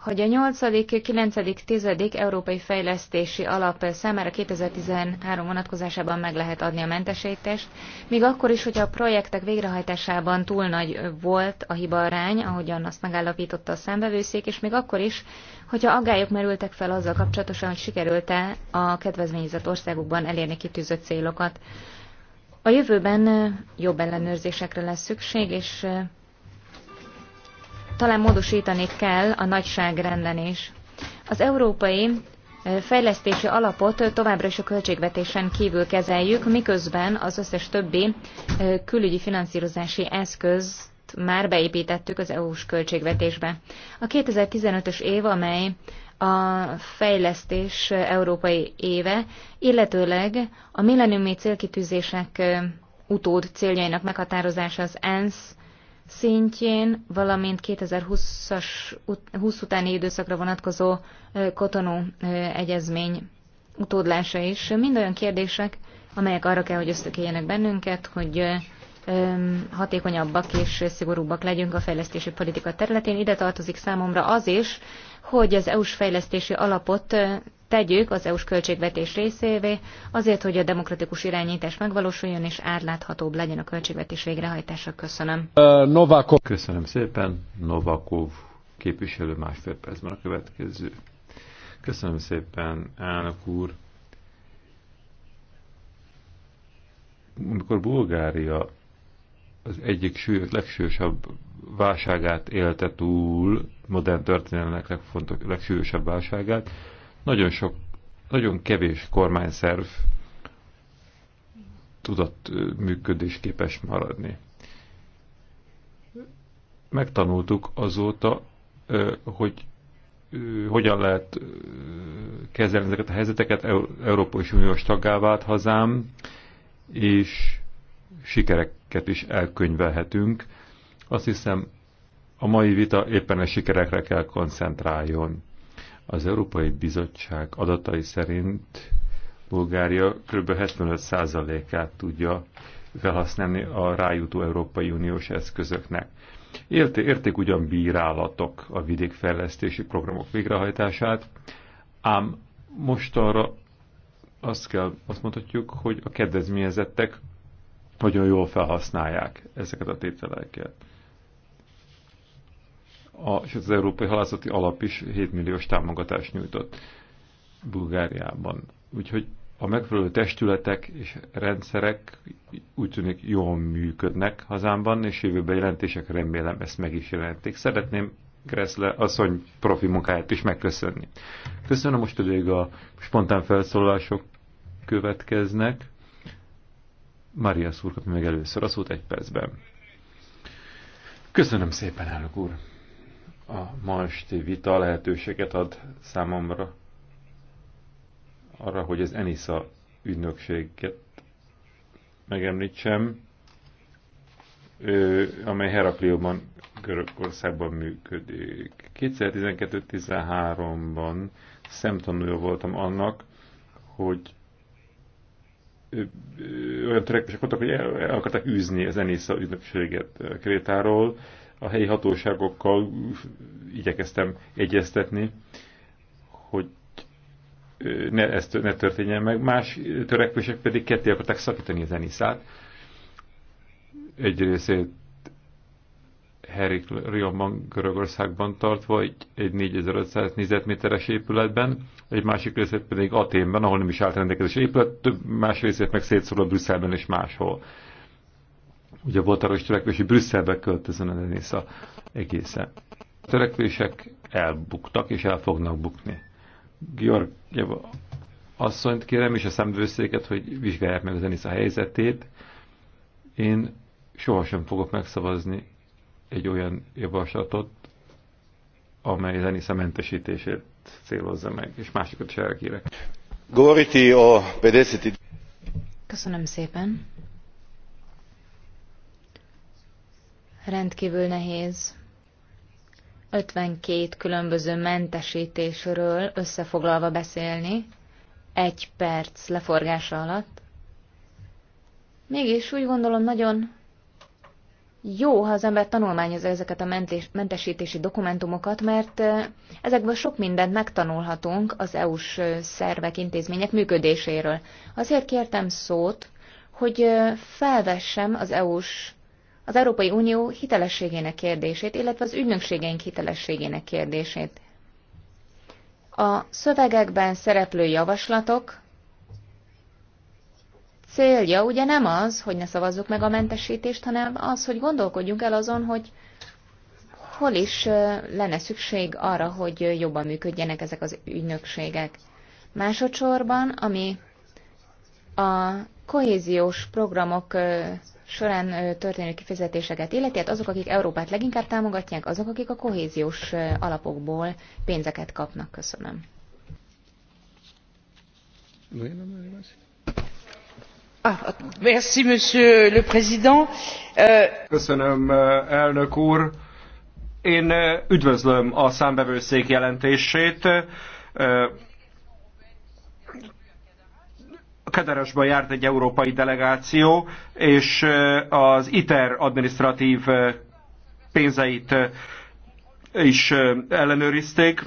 hogy a 8., 9., 10. Európai Fejlesztési Alap számára 2013 vonatkozásában meg lehet adni a mentesítést, még akkor is, hogyha a projektek végrehajtásában túl nagy volt a hibaarány, ahogyan azt megállapította a számbevőszék, és még akkor is, hogyha aggályok merültek fel azzal kapcsolatosan, hogy sikerült-e a kedvezményezett országokban elérni kitűzött célokat. A jövőben jobb ellenőrzésekre lesz szükség, és talán módosítani kell a nagyságrenden is. Az európai fejlesztési alapot továbbra is a költségvetésen kívül kezeljük, miközben az összes többi külügyi finanszírozási eszközt már beépítettük az EU-s költségvetésbe. A 2015-ös év, amely a fejlesztés európai éve, illetőleg a milleniumi célkitűzések utód céljainak meghatározása az ENSZ szintjén, valamint 2020-as 20 utáni időszakra vonatkozó kotonó egyezmény utódlása is. Mind olyan kérdések, amelyek arra kell, hogy ösztökéljenek bennünket, hogy hatékonyabbak és szigorúbbak legyünk a fejlesztési politika területén. Ide tartozik számomra az is, hogy az EU-s fejlesztési alapot tegyük az EU-s költségvetés részévé, azért, hogy a demokratikus irányítás megvalósuljon és átláthatóbb legyen a költségvetés végrehajtása. Köszönöm.
Uh, Novakov. Köszönöm szépen. Novakov képviselő másfél percben a következő. Köszönöm szépen, elnök úr. Amikor Bulgária az egyik sűrűs, legsősebb válságát élte túl, modern történelmek legfontos, legsúlyosabb válságát, nagyon sok, nagyon kevés kormányszerv tudott működésképes maradni. Megtanultuk azóta, hogy hogyan lehet kezelni ezeket a helyzeteket. Európai Uniós taggá vált hazám, és sikereket is elkönyvelhetünk. Azt hiszem, a mai vita éppen a sikerekre kell koncentráljon. Az Európai Bizottság adatai szerint Bulgária kb. 75%-át tudja felhasználni a rájutó Európai Uniós eszközöknek. Érte, érték ugyan bírálatok a vidékfejlesztési programok végrehajtását, ám most arra azt kell, azt mondhatjuk, hogy a kedvezményezettek nagyon jól felhasználják ezeket a tételeket a, és az Európai Halászati Alap is 7 milliós támogatást nyújtott Bulgáriában. Úgyhogy a megfelelő testületek és rendszerek úgy tűnik jól működnek hazámban, és jövőben jelentések remélem ezt meg is jelentik. Szeretném Gressle asszony profi munkáját is megköszönni. Köszönöm, most pedig a spontán felszólalások következnek. Maria szúr kapja meg először a szót egy percben. Köszönöm szépen, elnök úr! A ma esti vita lehetőséget ad számomra arra, hogy az ENISA ügynökséget megemlítsem, amely Heraklióban, Görögországban működik. 2012-13-ban szemtanúja voltam annak, hogy olyan törekvések voltak, hogy el, el akarták űzni az Enisza ügynökséget Krétáról, a helyi hatóságokkal igyekeztem egyeztetni, hogy ne, ez ne történjen meg. Más törekvések pedig ketté akarták szakítani a zeniszát. Egy részét Rionban, Görögországban tartva, egy, egy 4500 négyzetméteres épületben, egy másik részét pedig Aténben, ahol nem is állt rendelkezés épület, több más részét meg a Brüsszelben és máshol ugye volt arra is törekvés, hogy Brüsszelbe költözön a Denisa egészen. A törekvések elbuktak és el fognak bukni. Georg asszonyt kérem, és a szemvőszéket, hogy vizsgálják meg a Denisa helyzetét. Én sohasem fogok megszavazni egy olyan javaslatot, amely Denisa mentesítését célozza meg, és másikat is elkérek. Goriti, a 50...
Köszönöm szépen. rendkívül nehéz 52 különböző mentesítésről összefoglalva beszélni, egy perc leforgása alatt. Mégis úgy gondolom nagyon jó, ha az ember tanulmányozza ezeket a mentesítési dokumentumokat, mert ezekből sok mindent megtanulhatunk az EU-s szervek, intézmények működéséről. Azért kértem szót, hogy felvessem az EU-s az Európai Unió hitelességének kérdését, illetve az ügynökségeink hitelességének kérdését. A szövegekben szereplő javaslatok célja ugye nem az, hogy ne szavazzuk meg a mentesítést, hanem az, hogy gondolkodjunk el azon, hogy hol is lenne szükség arra, hogy jobban működjenek ezek az ügynökségek. Másodszorban, ami a kohéziós programok során történő kifizetéseket illeti, hát azok, akik Európát leginkább támogatják, azok, akik a kohéziós alapokból pénzeket kapnak. Köszönöm. Ah,
euh, Köszönöm, elnök úr. Én üdvözlöm a számbevőszék jelentését Kadarasban járt egy európai delegáció, és az ITER administratív pénzeit is ellenőrizték,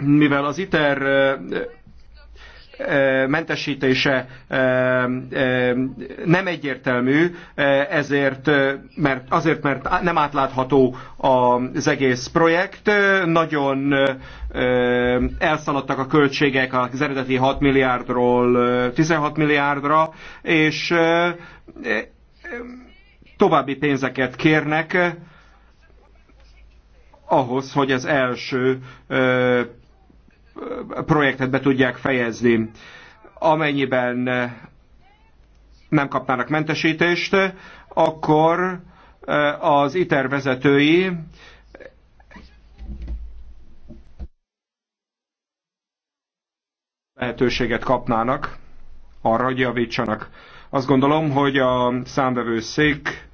mivel az ITER mentesítése nem egyértelmű, ezért, mert, azért, mert nem átlátható az egész projekt. Nagyon elszaladtak a költségek az eredeti 6 milliárdról 16 milliárdra, és további pénzeket kérnek ahhoz, hogy az első projektet be tudják fejezni. Amennyiben nem kapnának mentesítést, akkor eh, az ITER vezetői lehetőséget kapnának arra, hogy javítsanak. Azt gondolom, hogy a számvevőszék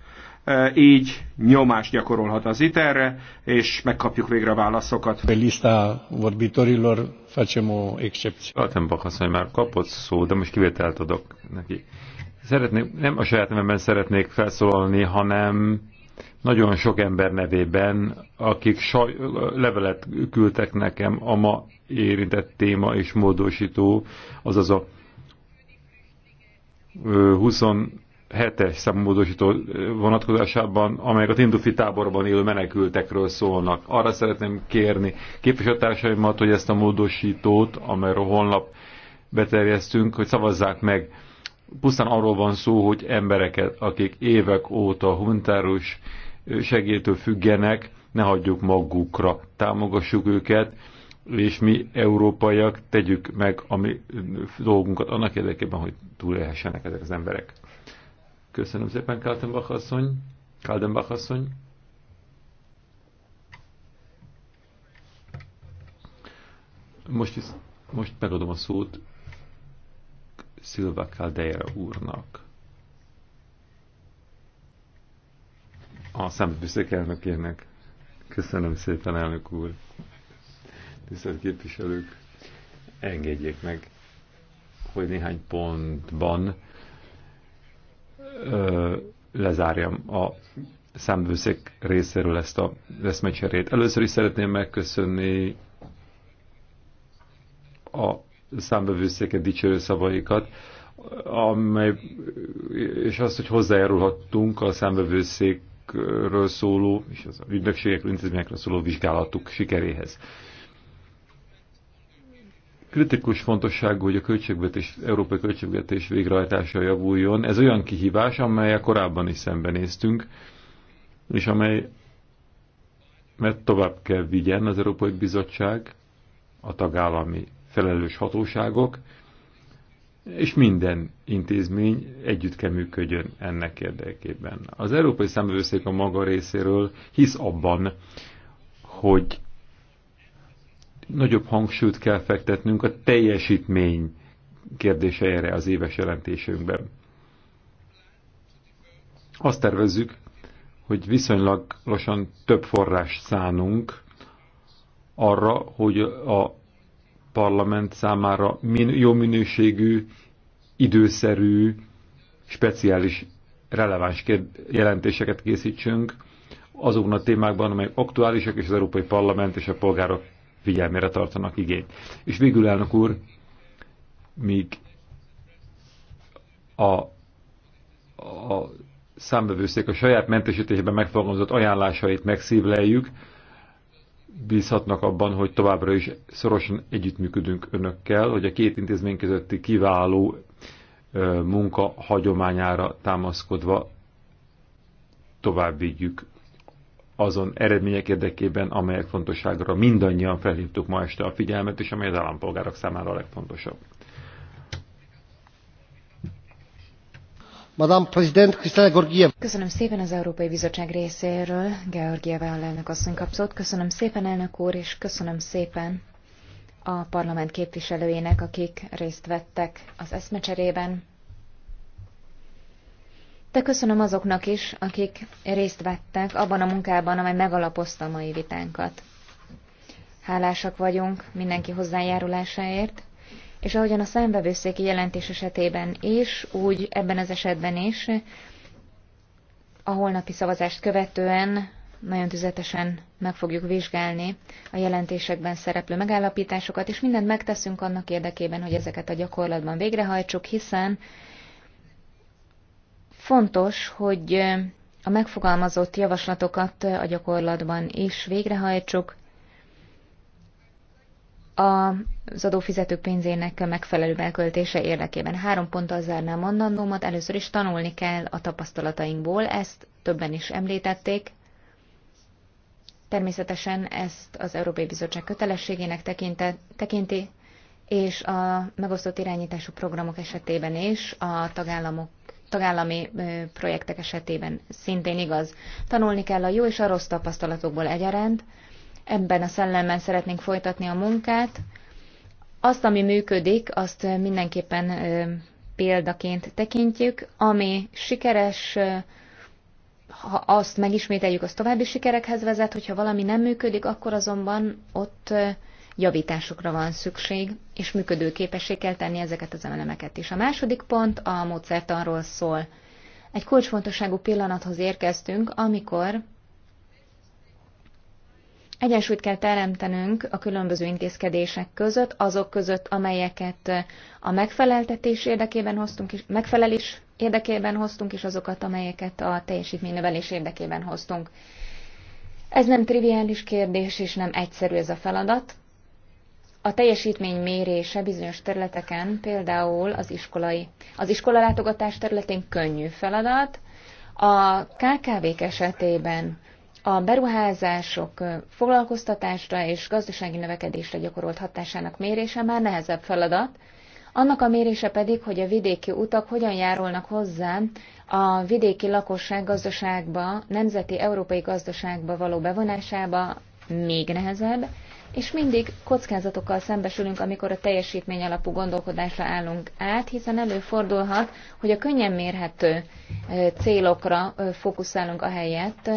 így nyomást gyakorolhat az iter és megkapjuk végre a válaszokat. Pe lista vorbitorilor facem o
Altenbach asszony már kapott szó, de most kivételt adok neki. Szeretnék, nem a saját nevemben szeretnék felszólalni, hanem nagyon sok ember nevében, akik saj, levelet küldtek nekem a ma érintett téma és módosító, azaz a 20 hetes számmódosító vonatkozásában, amelyek a Tindufi táborban élő menekültekről szólnak. Arra szeretném kérni képviselőtársaimat, hogy ezt a módosítót, amelyről holnap beterjesztünk, hogy szavazzák meg. Pusztán arról van szó, hogy embereket, akik évek óta humanitárus segélytől függenek, ne hagyjuk magukra, támogassuk őket, és mi európaiak tegyük meg a mi dolgunkat annak érdekében, hogy túlélhessenek ezek az emberek. Köszönöm szépen, Kaltenbach asszony. Kaldenbach asszony. Most, is, most megadom a szót Szilva Caldeira úrnak. A szembiszek elnökének. Köszönöm szépen, elnök úr. Tisztelt képviselők, engedjék meg, hogy néhány pontban ö, lezárjam a számbőszék részéről ezt a eszmecserét. Először is szeretném megköszönni a számbevőszéket dicsérő szavaikat, amely, és azt, hogy hozzájárulhattunk a számbevőszékről szóló, és az ügynökségekről, intézményekről szóló vizsgálatuk sikeréhez. Kritikus fontosságú, hogy a költségvetés, európai költségvetés végrehajtása javuljon. Ez olyan kihívás, amelyel korábban is szembenéztünk, és amely mert tovább kell vigyen az Európai Bizottság, a tagállami felelős hatóságok, és minden intézmény együtt kell működjön ennek érdekében. Az Európai Számvevőszék a maga részéről hisz abban, hogy nagyobb hangsúlyt kell fektetnünk a teljesítmény kérdéseire az éves jelentésünkben. Azt tervezzük, hogy viszonylag lassan több forrás szánunk arra, hogy a parlament számára min jó minőségű, időszerű, speciális, releváns jelentéseket készítsünk azokban a témákban, amelyek aktuálisak, és az Európai Parlament és a polgárok figyelmére tartanak igényt. És végül, elnök úr, míg a, a számbevőszék a saját mentesítésben megfogalmazott ajánlásait megszívleljük, bízhatnak abban, hogy továbbra is szorosan együttműködünk önökkel, hogy a két intézmény közötti kiváló munka hagyományára támaszkodva tovább vigyük azon eredmények érdekében, amelyek fontosságra mindannyian felhívtuk ma este a figyelmet, és amely az állampolgárok számára a legfontosabb.
Madame President
Köszönöm szépen az Európai Bizottság részéről. Georgieva alelnök asszony kapszót. Köszönöm szépen, elnök úr, és köszönöm szépen a parlament képviselőjének, akik részt vettek az eszmecserében de köszönöm azoknak is, akik részt vettek abban a munkában, amely megalapozta a mai vitánkat. Hálásak vagyunk mindenki hozzájárulásáért, és ahogyan a számbevőszéki jelentés esetében is, úgy ebben az esetben is, a holnapi szavazást követően nagyon tüzetesen meg fogjuk vizsgálni a jelentésekben szereplő megállapításokat, és mindent megteszünk annak érdekében, hogy ezeket a gyakorlatban végrehajtsuk, hiszen Fontos, hogy a megfogalmazott javaslatokat a gyakorlatban is végrehajtsuk, az adófizetők pénzének megfelelő elköltése érdekében. Három ponttal zárnám mondandómat. Először is tanulni kell a tapasztalatainkból, ezt többen is említették. Természetesen ezt az Európai Bizottság kötelességének tekinte, tekinti, és a megosztott irányítású programok esetében is a tagállamok tagállami projektek esetében szintén igaz. Tanulni kell a jó és a rossz tapasztalatokból egyaránt. Ebben a szellemben szeretnénk folytatni a munkát. Azt, ami működik, azt mindenképpen példaként tekintjük, ami sikeres, ha azt megismételjük, az további sikerekhez vezet, hogyha valami nem működik, akkor azonban ott javításokra van szükség, és működőképessé kell tenni ezeket az elemeket is. A második pont a módszertanról szól. Egy kulcsfontosságú pillanathoz érkeztünk, amikor Egyensúlyt kell teremtenünk a különböző intézkedések között, azok között, amelyeket a megfeleltetés érdekében hoztunk, és megfelelés érdekében hoztunk, és azokat, amelyeket a teljesítménynövelés érdekében hoztunk. Ez nem triviális kérdés, és nem egyszerű ez a feladat, a teljesítmény mérése bizonyos területeken, például az iskolai. Az iskolalátogatás területén könnyű feladat, a KKV-k esetében a beruházások foglalkoztatásra és gazdasági növekedésre gyakorolt hatásának mérése már nehezebb feladat, annak a mérése pedig, hogy a vidéki utak hogyan járulnak hozzá a vidéki lakosság gazdaságba, nemzeti európai gazdaságba való bevonásába még nehezebb, és mindig kockázatokkal szembesülünk, amikor a teljesítmény alapú gondolkodásra állunk át, hiszen előfordulhat, hogy a könnyen mérhető célokra fókuszálunk a helyett,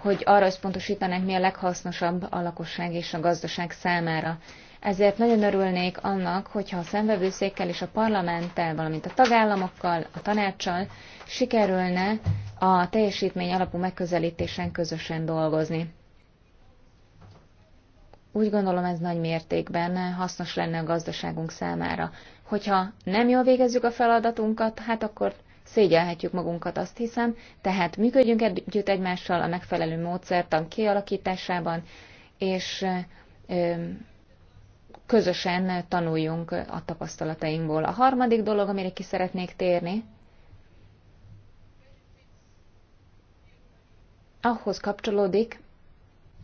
hogy arra összpontosítanánk, mi a leghasznosabb a lakosság és a gazdaság számára. Ezért nagyon örülnék annak, hogyha a szemvevőszékkel és a parlamenttel, valamint a tagállamokkal, a tanácssal sikerülne a teljesítmény alapú megközelítésen közösen dolgozni. Úgy gondolom ez nagy mértékben hasznos lenne a gazdaságunk számára. Hogyha nem jól végezzük a feladatunkat, hát akkor szégyelhetjük magunkat, azt hiszem, tehát működjünk együtt egymással a megfelelő módszertan kialakításában, és közösen tanuljunk a tapasztalatainkból. A harmadik dolog, amire ki szeretnék térni, ahhoz kapcsolódik,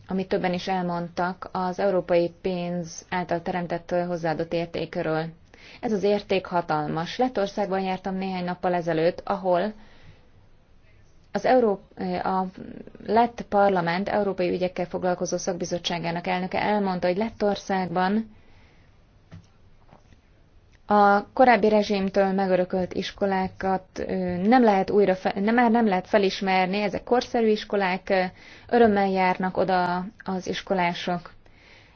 amit többen is elmondtak, az európai pénz által teremtett hozzáadott értékről. Ez az érték hatalmas. Lettországban jártam néhány nappal ezelőtt, ahol az Euró... a lett parlament európai ügyekkel foglalkozó szakbizottságának elnöke elmondta, hogy Lettországban a korábbi rezsimtől megörökölt iskolákat nem lehet újra, nem, már nem lehet felismerni, ezek korszerű iskolák, örömmel járnak oda az iskolások.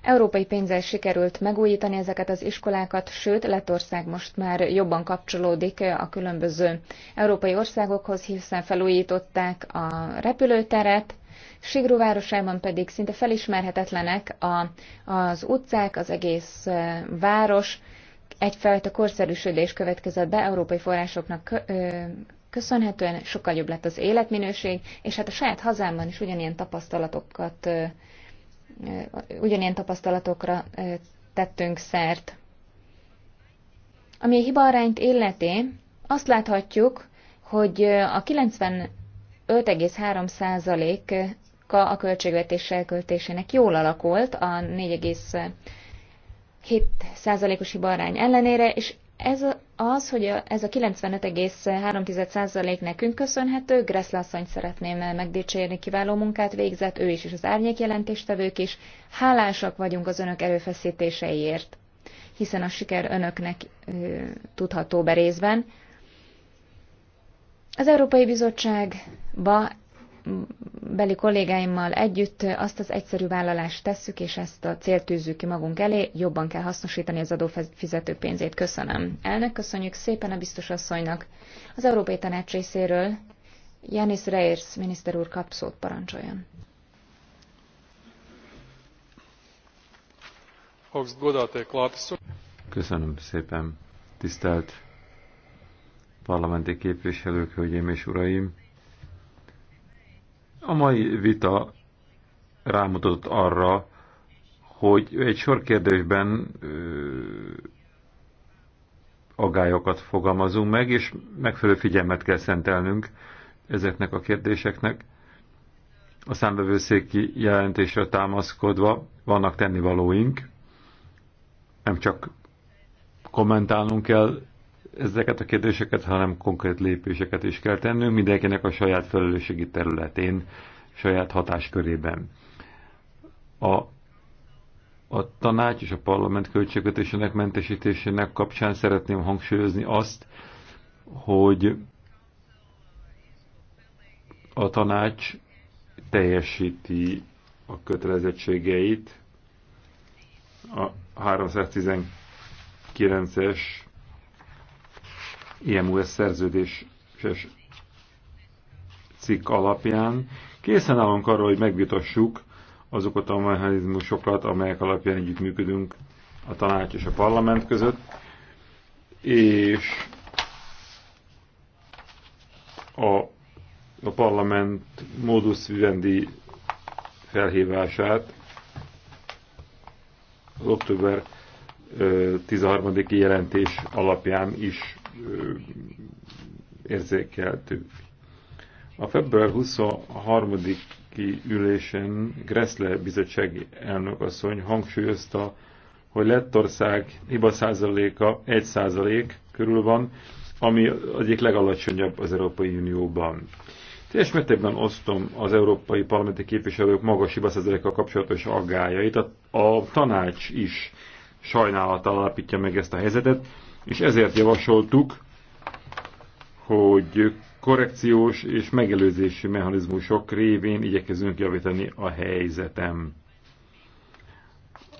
Európai pénzzel sikerült megújítani ezeket az iskolákat, sőt, Lettország most már jobban kapcsolódik a különböző európai országokhoz, hiszen felújították a repülőteret, Sigró városában pedig szinte felismerhetetlenek a, az utcák, az egész város, egyfajta korszerűsödés következett be európai forrásoknak köszönhetően, sokkal jobb lett az életminőség, és hát a saját hazámban is ugyanilyen tapasztalatokat, ugyanilyen tapasztalatokra tettünk szert. Ami a hibarányt illeti, azt láthatjuk, hogy a 95,3%-a a költségvetés elköltésének jól alakult a 4, 7%-os hibarány ellenére, és ez az, hogy ez a 95,3% nekünk köszönhető, Gressle szeretném megdicsérni, kiváló munkát végzett, ő is és az árnyék jelentéstevők is. Hálásak vagyunk az önök erőfeszítéseiért, hiszen a siker önöknek ö, tudható be részben. Az Európai Bizottságba beli kollégáimmal együtt azt az egyszerű vállalást tesszük, és ezt a célt tűzzük ki magunk elé, jobban kell hasznosítani az adófizető pénzét. Köszönöm. Elnök, köszönjük szépen a biztos asszonynak. Az Európai Tanács részéről Janis Reyers miniszter úr kap szót parancsoljon.
Köszönöm szépen, tisztelt parlamenti képviselők, hölgyeim és uraim! A mai vita rámutatott arra, hogy egy sor kérdésben ö, agályokat fogalmazunk meg, és megfelelő figyelmet kell szentelnünk ezeknek a kérdéseknek. A számbevőszéki jelentésre támaszkodva vannak tennivalóink, nem csak kommentálnunk kell ezeket a kérdéseket, hanem konkrét lépéseket is kell tennünk, mindenkinek a saját felelősségi területén, saját hatáskörében. A, a tanács és a parlament költségvetésének mentesítésének kapcsán szeretném hangsúlyozni azt, hogy a tanács teljesíti a kötelezettségeit a 319-es IMUS szerződéses cikk alapján. Készen állunk arra, hogy megvitassuk azokat a mechanizmusokat, amelyek alapján együttműködünk a tanács és a parlament között, és a, a parlament modus vivendi felhívását az október 13. i jelentés alapján is érzékeltük. A február 23-i ülésen Gressle bizottsági elnökasszony hangsúlyozta, hogy Lettország hiba százaléka 1 százalék körül van, ami egyik legalacsonyabb az Európai Unióban. Teljes mértékben osztom az európai parlamenti képviselők magas százalékkal kapcsolatos aggájait. A, a tanács is sajnálattal alapítja meg ezt a helyzetet és ezért javasoltuk, hogy korrekciós és megelőzési mechanizmusok révén igyekezünk javítani a helyzetem.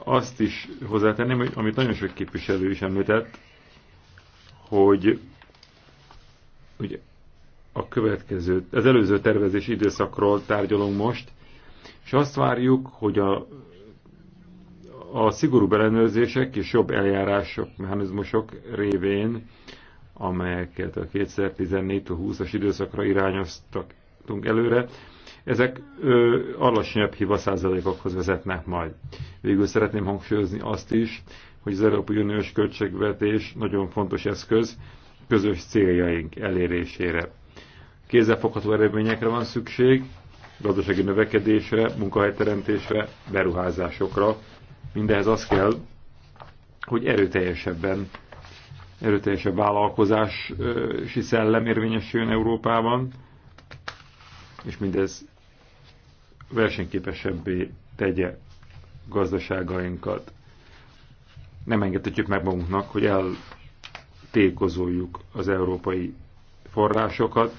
Azt is hozzátenném, hogy amit nagyon sok képviselő is említett, hogy ugye a következő, az előző tervezési időszakról tárgyalunk most, és azt várjuk, hogy a a szigorú ellenőrzések és jobb eljárások, mechanizmusok révén, amelyeket a 2014-20-as időszakra irányoztunk előre, ezek ö, alacsonyabb hiba százalékokhoz vezetnek majd. Végül szeretném hangsúlyozni azt is, hogy az Európai Uniós költségvetés nagyon fontos eszköz közös céljaink elérésére. Kézzelfogható eredményekre van szükség, gazdasági növekedésre, munkahelyteremtésre, beruházásokra, Mindehez az kell, hogy erőteljesebben, erőteljesebb vállalkozási szellem érvényesüljön Európában, és mindez versenyképesebbé tegye gazdaságainkat. Nem engedhetjük meg magunknak, hogy eltékozoljuk az európai forrásokat,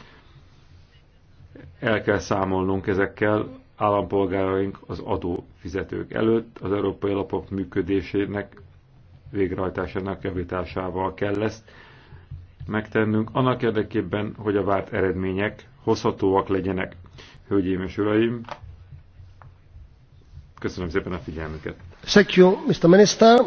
el kell számolnunk ezekkel állampolgáraink az adófizetők előtt az európai alapok működésének végrehajtásának javításával kell ezt megtennünk, annak érdekében, hogy a várt eredmények hozhatóak legyenek. Hölgyeim és Uraim, köszönöm szépen a figyelmüket.
Thank you, Mr. Minister.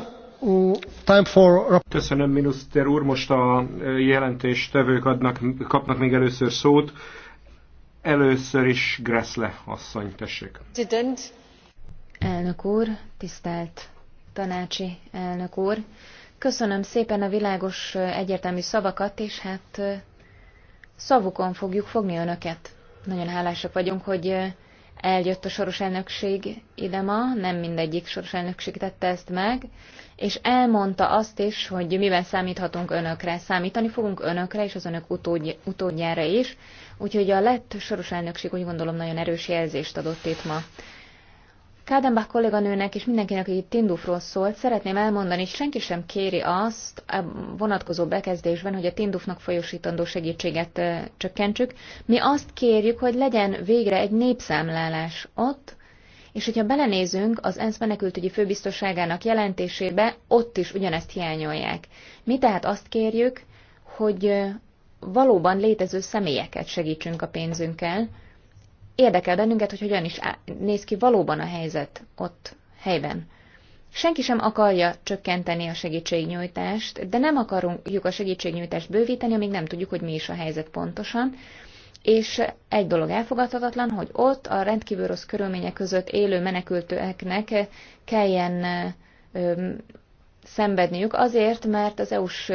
Mm, time for... Köszönöm, miniszter úr. Most a eh, jelentéstevők adnak, kapnak még először szót. Először is Gressle asszony, tessék.
Elnök úr, tisztelt tanácsi elnök úr, köszönöm szépen a világos egyértelmű szavakat, és hát szavukon fogjuk fogni önöket. Nagyon hálásak vagyunk, hogy eljött a soros elnökség ide ma, nem mindegyik soros elnökség tette ezt meg, és elmondta azt is, hogy miben számíthatunk önökre. Számítani fogunk önökre és az önök utódj, utódjára is, úgyhogy a lett soros elnökség úgy gondolom nagyon erős jelzést adott itt ma. Kádenbach kolléganőnek és mindenkinek, aki Tindufról szólt, szeretném elmondani, senki sem kéri azt a vonatkozó bekezdésben, hogy a Tindufnak folyosítandó segítséget csökkentsük. Mi azt kérjük, hogy legyen végre egy népszámlálás ott, és hogyha belenézünk az ENSZ menekültügyi főbiztosságának jelentésébe, ott is ugyanezt hiányolják. Mi tehát azt kérjük, hogy valóban létező személyeket segítsünk a pénzünkkel, érdekel bennünket, hogy hogyan is néz ki valóban a helyzet ott helyben. Senki sem akarja csökkenteni a segítségnyújtást, de nem akarunk a segítségnyújtást bővíteni, amíg nem tudjuk, hogy mi is a helyzet pontosan. És egy dolog elfogadhatatlan, hogy ott a rendkívül rossz körülmények között élő menekültőeknek kelljen ö, szenvedniük azért, mert az EU-s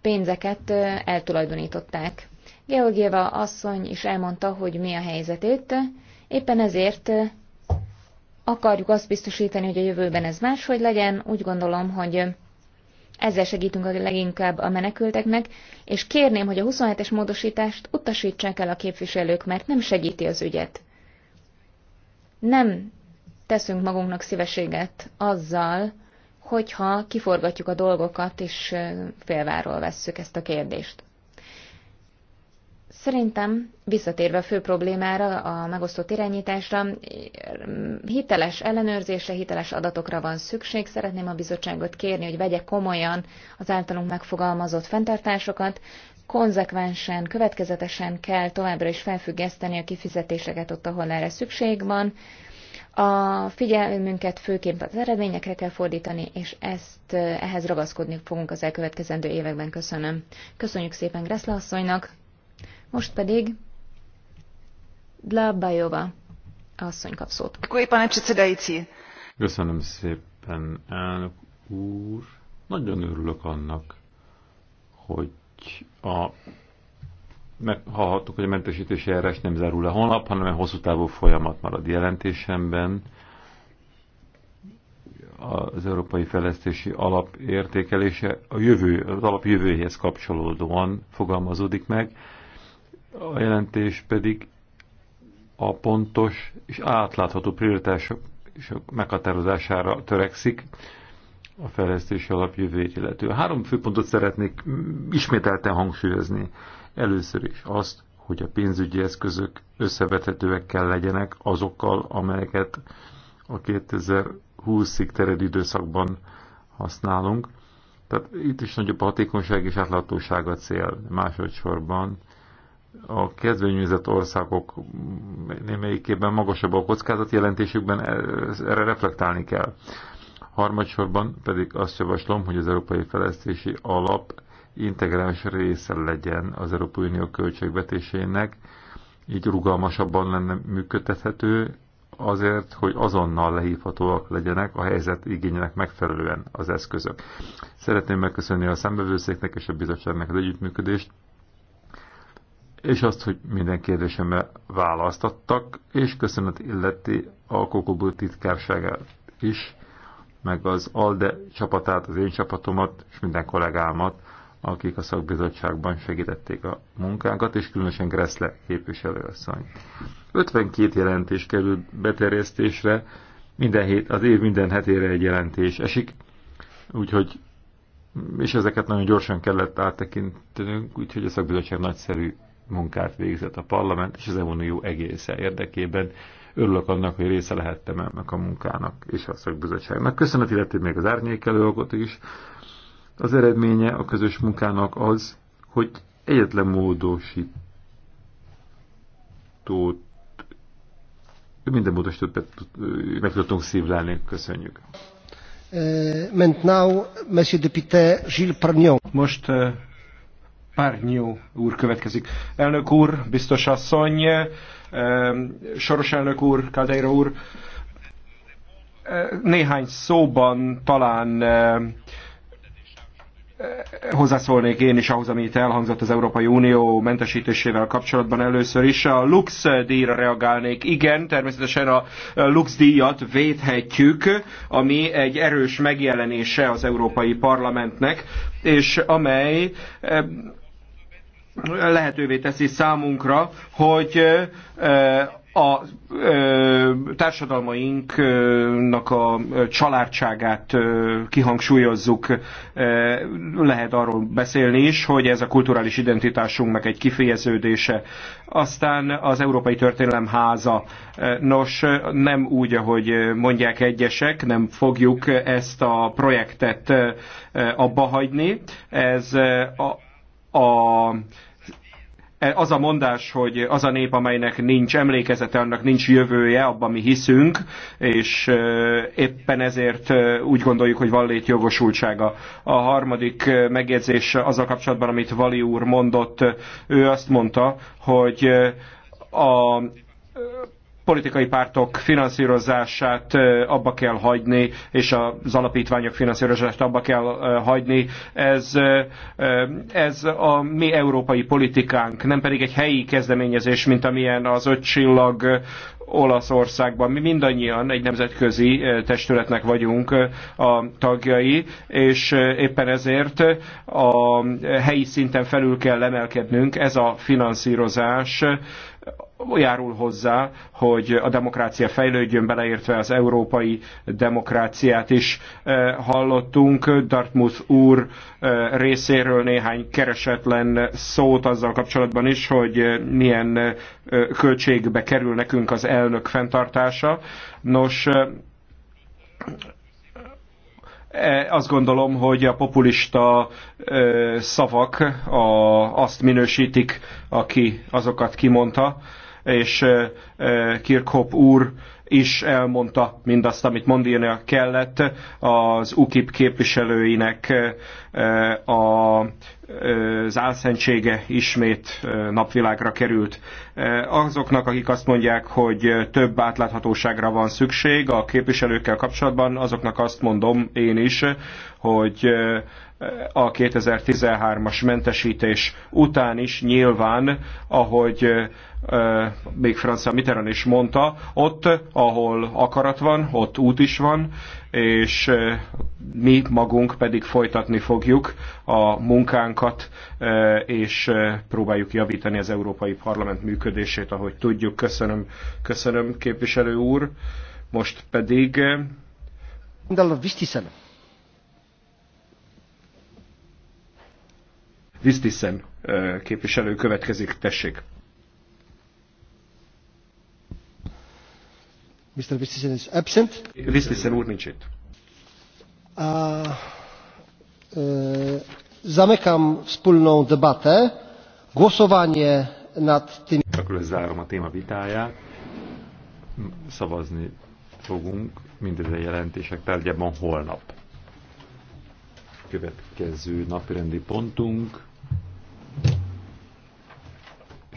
pénzeket eltulajdonították. Georgieva asszony is elmondta, hogy mi a helyzetét. Éppen ezért eh, akarjuk azt biztosítani, hogy a jövőben ez máshogy legyen. Úgy gondolom, hogy eh, ezzel segítünk a leginkább a menekülteknek, és kérném, hogy a 27-es módosítást utasítsák el a képviselők, mert nem segíti az ügyet. Nem teszünk magunknak szíveséget azzal, hogyha kiforgatjuk a dolgokat, és eh, félváról vesszük ezt a kérdést. Szerintem visszatérve a fő problémára, a megosztott irányításra, hiteles ellenőrzésre, hiteles adatokra van szükség. Szeretném a bizottságot kérni, hogy vegye komolyan az általunk megfogalmazott fenntartásokat, konzekvensen, következetesen kell továbbra is felfüggeszteni a kifizetéseket ott, ahol erre szükség van. A figyelmünket főként az eredményekre kell fordítani, és ezt ehhez ragaszkodni fogunk az elkövetkezendő években. Köszönöm. Köszönjük szépen Greszla asszonynak. Most pedig Dlabajova asszony kap szót.
Köszönöm szépen, elnök úr. Nagyon örülök annak, hogy a meghallhattuk, hogy a mentesítési eljárás nem zárul le holnap, hanem egy hosszú távú folyamat marad jelentésemben. Az Európai Fejlesztési Alap értékelése a jövő, az alap jövőjéhez kapcsolódóan fogalmazódik meg a jelentés pedig a pontos és átlátható prioritások és a meghatározására törekszik a fejlesztési jövőjét illető. Három főpontot szeretnék ismételten hangsúlyozni. Először is azt, hogy a pénzügyi eszközök összevethetőek kell legyenek azokkal, amelyeket a 2020-ig tered időszakban használunk. Tehát itt is nagyobb hatékonyság és átláthatóság a cél. Másodszorban a kedvezményezett országok némelyikében magasabb a kockázat jelentésükben, e, erre reflektálni kell. Harmadsorban pedig azt javaslom, hogy az Európai Fejlesztési Alap integráns része legyen az Európai Unió költségvetésének, így rugalmasabban lenne működtethető, azért, hogy azonnal lehívhatóak legyenek a helyzet igényének megfelelően az eszközök. Szeretném megköszönni a szembevőszéknek és a bizottságnak az együttműködést, és azt, hogy minden kérdésemre választattak, és köszönet illeti a Kokobu titkárságát is, meg az ALDE csapatát, az én csapatomat, és minden kollégámat, akik a szakbizottságban segítették a munkánkat, és különösen Greszle képviselőasszony. 52 jelentés került beterjesztésre, minden hét, az év minden hetére egy jelentés esik, úgyhogy és ezeket nagyon gyorsan kellett áttekintenünk, úgyhogy a szakbizottság nagyszerű munkát végzett a parlament és az Unió egészen érdekében. Örülök annak, hogy része lehettem ennek a munkának és a szakbizottságnak. Köszönet illeti még az árnyék előalkot is. Az eredménye a közös munkának az, hogy egyetlen módosítót minden módosítót meg tudtunk szívlelni. Köszönjük.
Ment Monsieur Deputé Gilles Parnion. Most eh, Párnyó úr következik. Elnök úr, biztos asszony, Soros elnök úr, Kádeira úr, néhány szóban talán hozzászólnék én is ahhoz, amit elhangzott az Európai Unió mentesítésével kapcsolatban először is. A Lux díjra reagálnék. Igen, természetesen a Lux díjat védhetjük, ami egy erős megjelenése az Európai Parlamentnek, és amely lehetővé teszi számunkra, hogy a társadalmainknak a családságát kihangsúlyozzuk, lehet arról beszélni is, hogy ez a kulturális identitásunknak egy kifejeződése. Aztán az Európai Történelem Háza. Nos, nem úgy, ahogy mondják egyesek, nem fogjuk ezt a projektet abba hagyni. Ez a, a az a mondás, hogy az a nép, amelynek nincs emlékezete, annak nincs jövője, abban mi hiszünk, és éppen ezért úgy gondoljuk, hogy van jogosultsága A harmadik megjegyzés azzal kapcsolatban, amit Vali úr mondott, ő azt mondta, hogy a politikai pártok finanszírozását abba kell hagyni, és az alapítványok finanszírozását abba kell hagyni. Ez, ez a mi európai politikánk, nem pedig egy helyi kezdeményezés, mint amilyen az öt csillag Olaszországban. Mi mindannyian egy nemzetközi testületnek vagyunk a tagjai, és éppen ezért a helyi szinten felül kell emelkednünk. Ez a finanszírozás járul hozzá, hogy a demokrácia fejlődjön, beleértve az európai demokráciát is. Eh, hallottunk Dartmouth úr eh, részéről néhány keresetlen szót azzal kapcsolatban is, hogy eh, milyen költségbe kerül nekünk az elnök fenntartása. Nos, azt gondolom, hogy a populista szavak azt minősítik, aki azokat kimondta és Kirkhope úr is elmondta mindazt, amit mondania kellett az UKIP képviselőinek a, az álszentsége ismét napvilágra került. Azoknak, akik azt mondják, hogy több átláthatóságra van szükség a képviselőkkel kapcsolatban, azoknak azt mondom én is, hogy a 2013-as mentesítés után is nyilván, ahogy még Francia Mitterrand is mondta, ott, ahol akarat van, ott út is van, és mi magunk pedig folytatni fogjuk a munkánkat, és próbáljuk javítani az Európai Parlament működését, ahogy tudjuk. Köszönöm, köszönöm képviselő úr. Most pedig... Mindallah, Vistisen képviselő következik, tessék.
Mr. Vistisen is absent. Vistisen úr nincs itt. Uh, uh, zamykam
wspólną debatę. Głosowanie nad
tym... Akkor zárom a téma vitáját. Szavazni fogunk a jelentések tárgyában holnap következő napirendi pontunk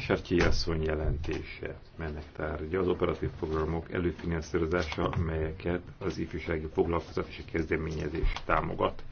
Sertyi asszony jelentése, mennek tárgya az operatív programok előfinanszírozása, melyeket az ifjúsági
foglalkozat és a kezdeményezés támogat.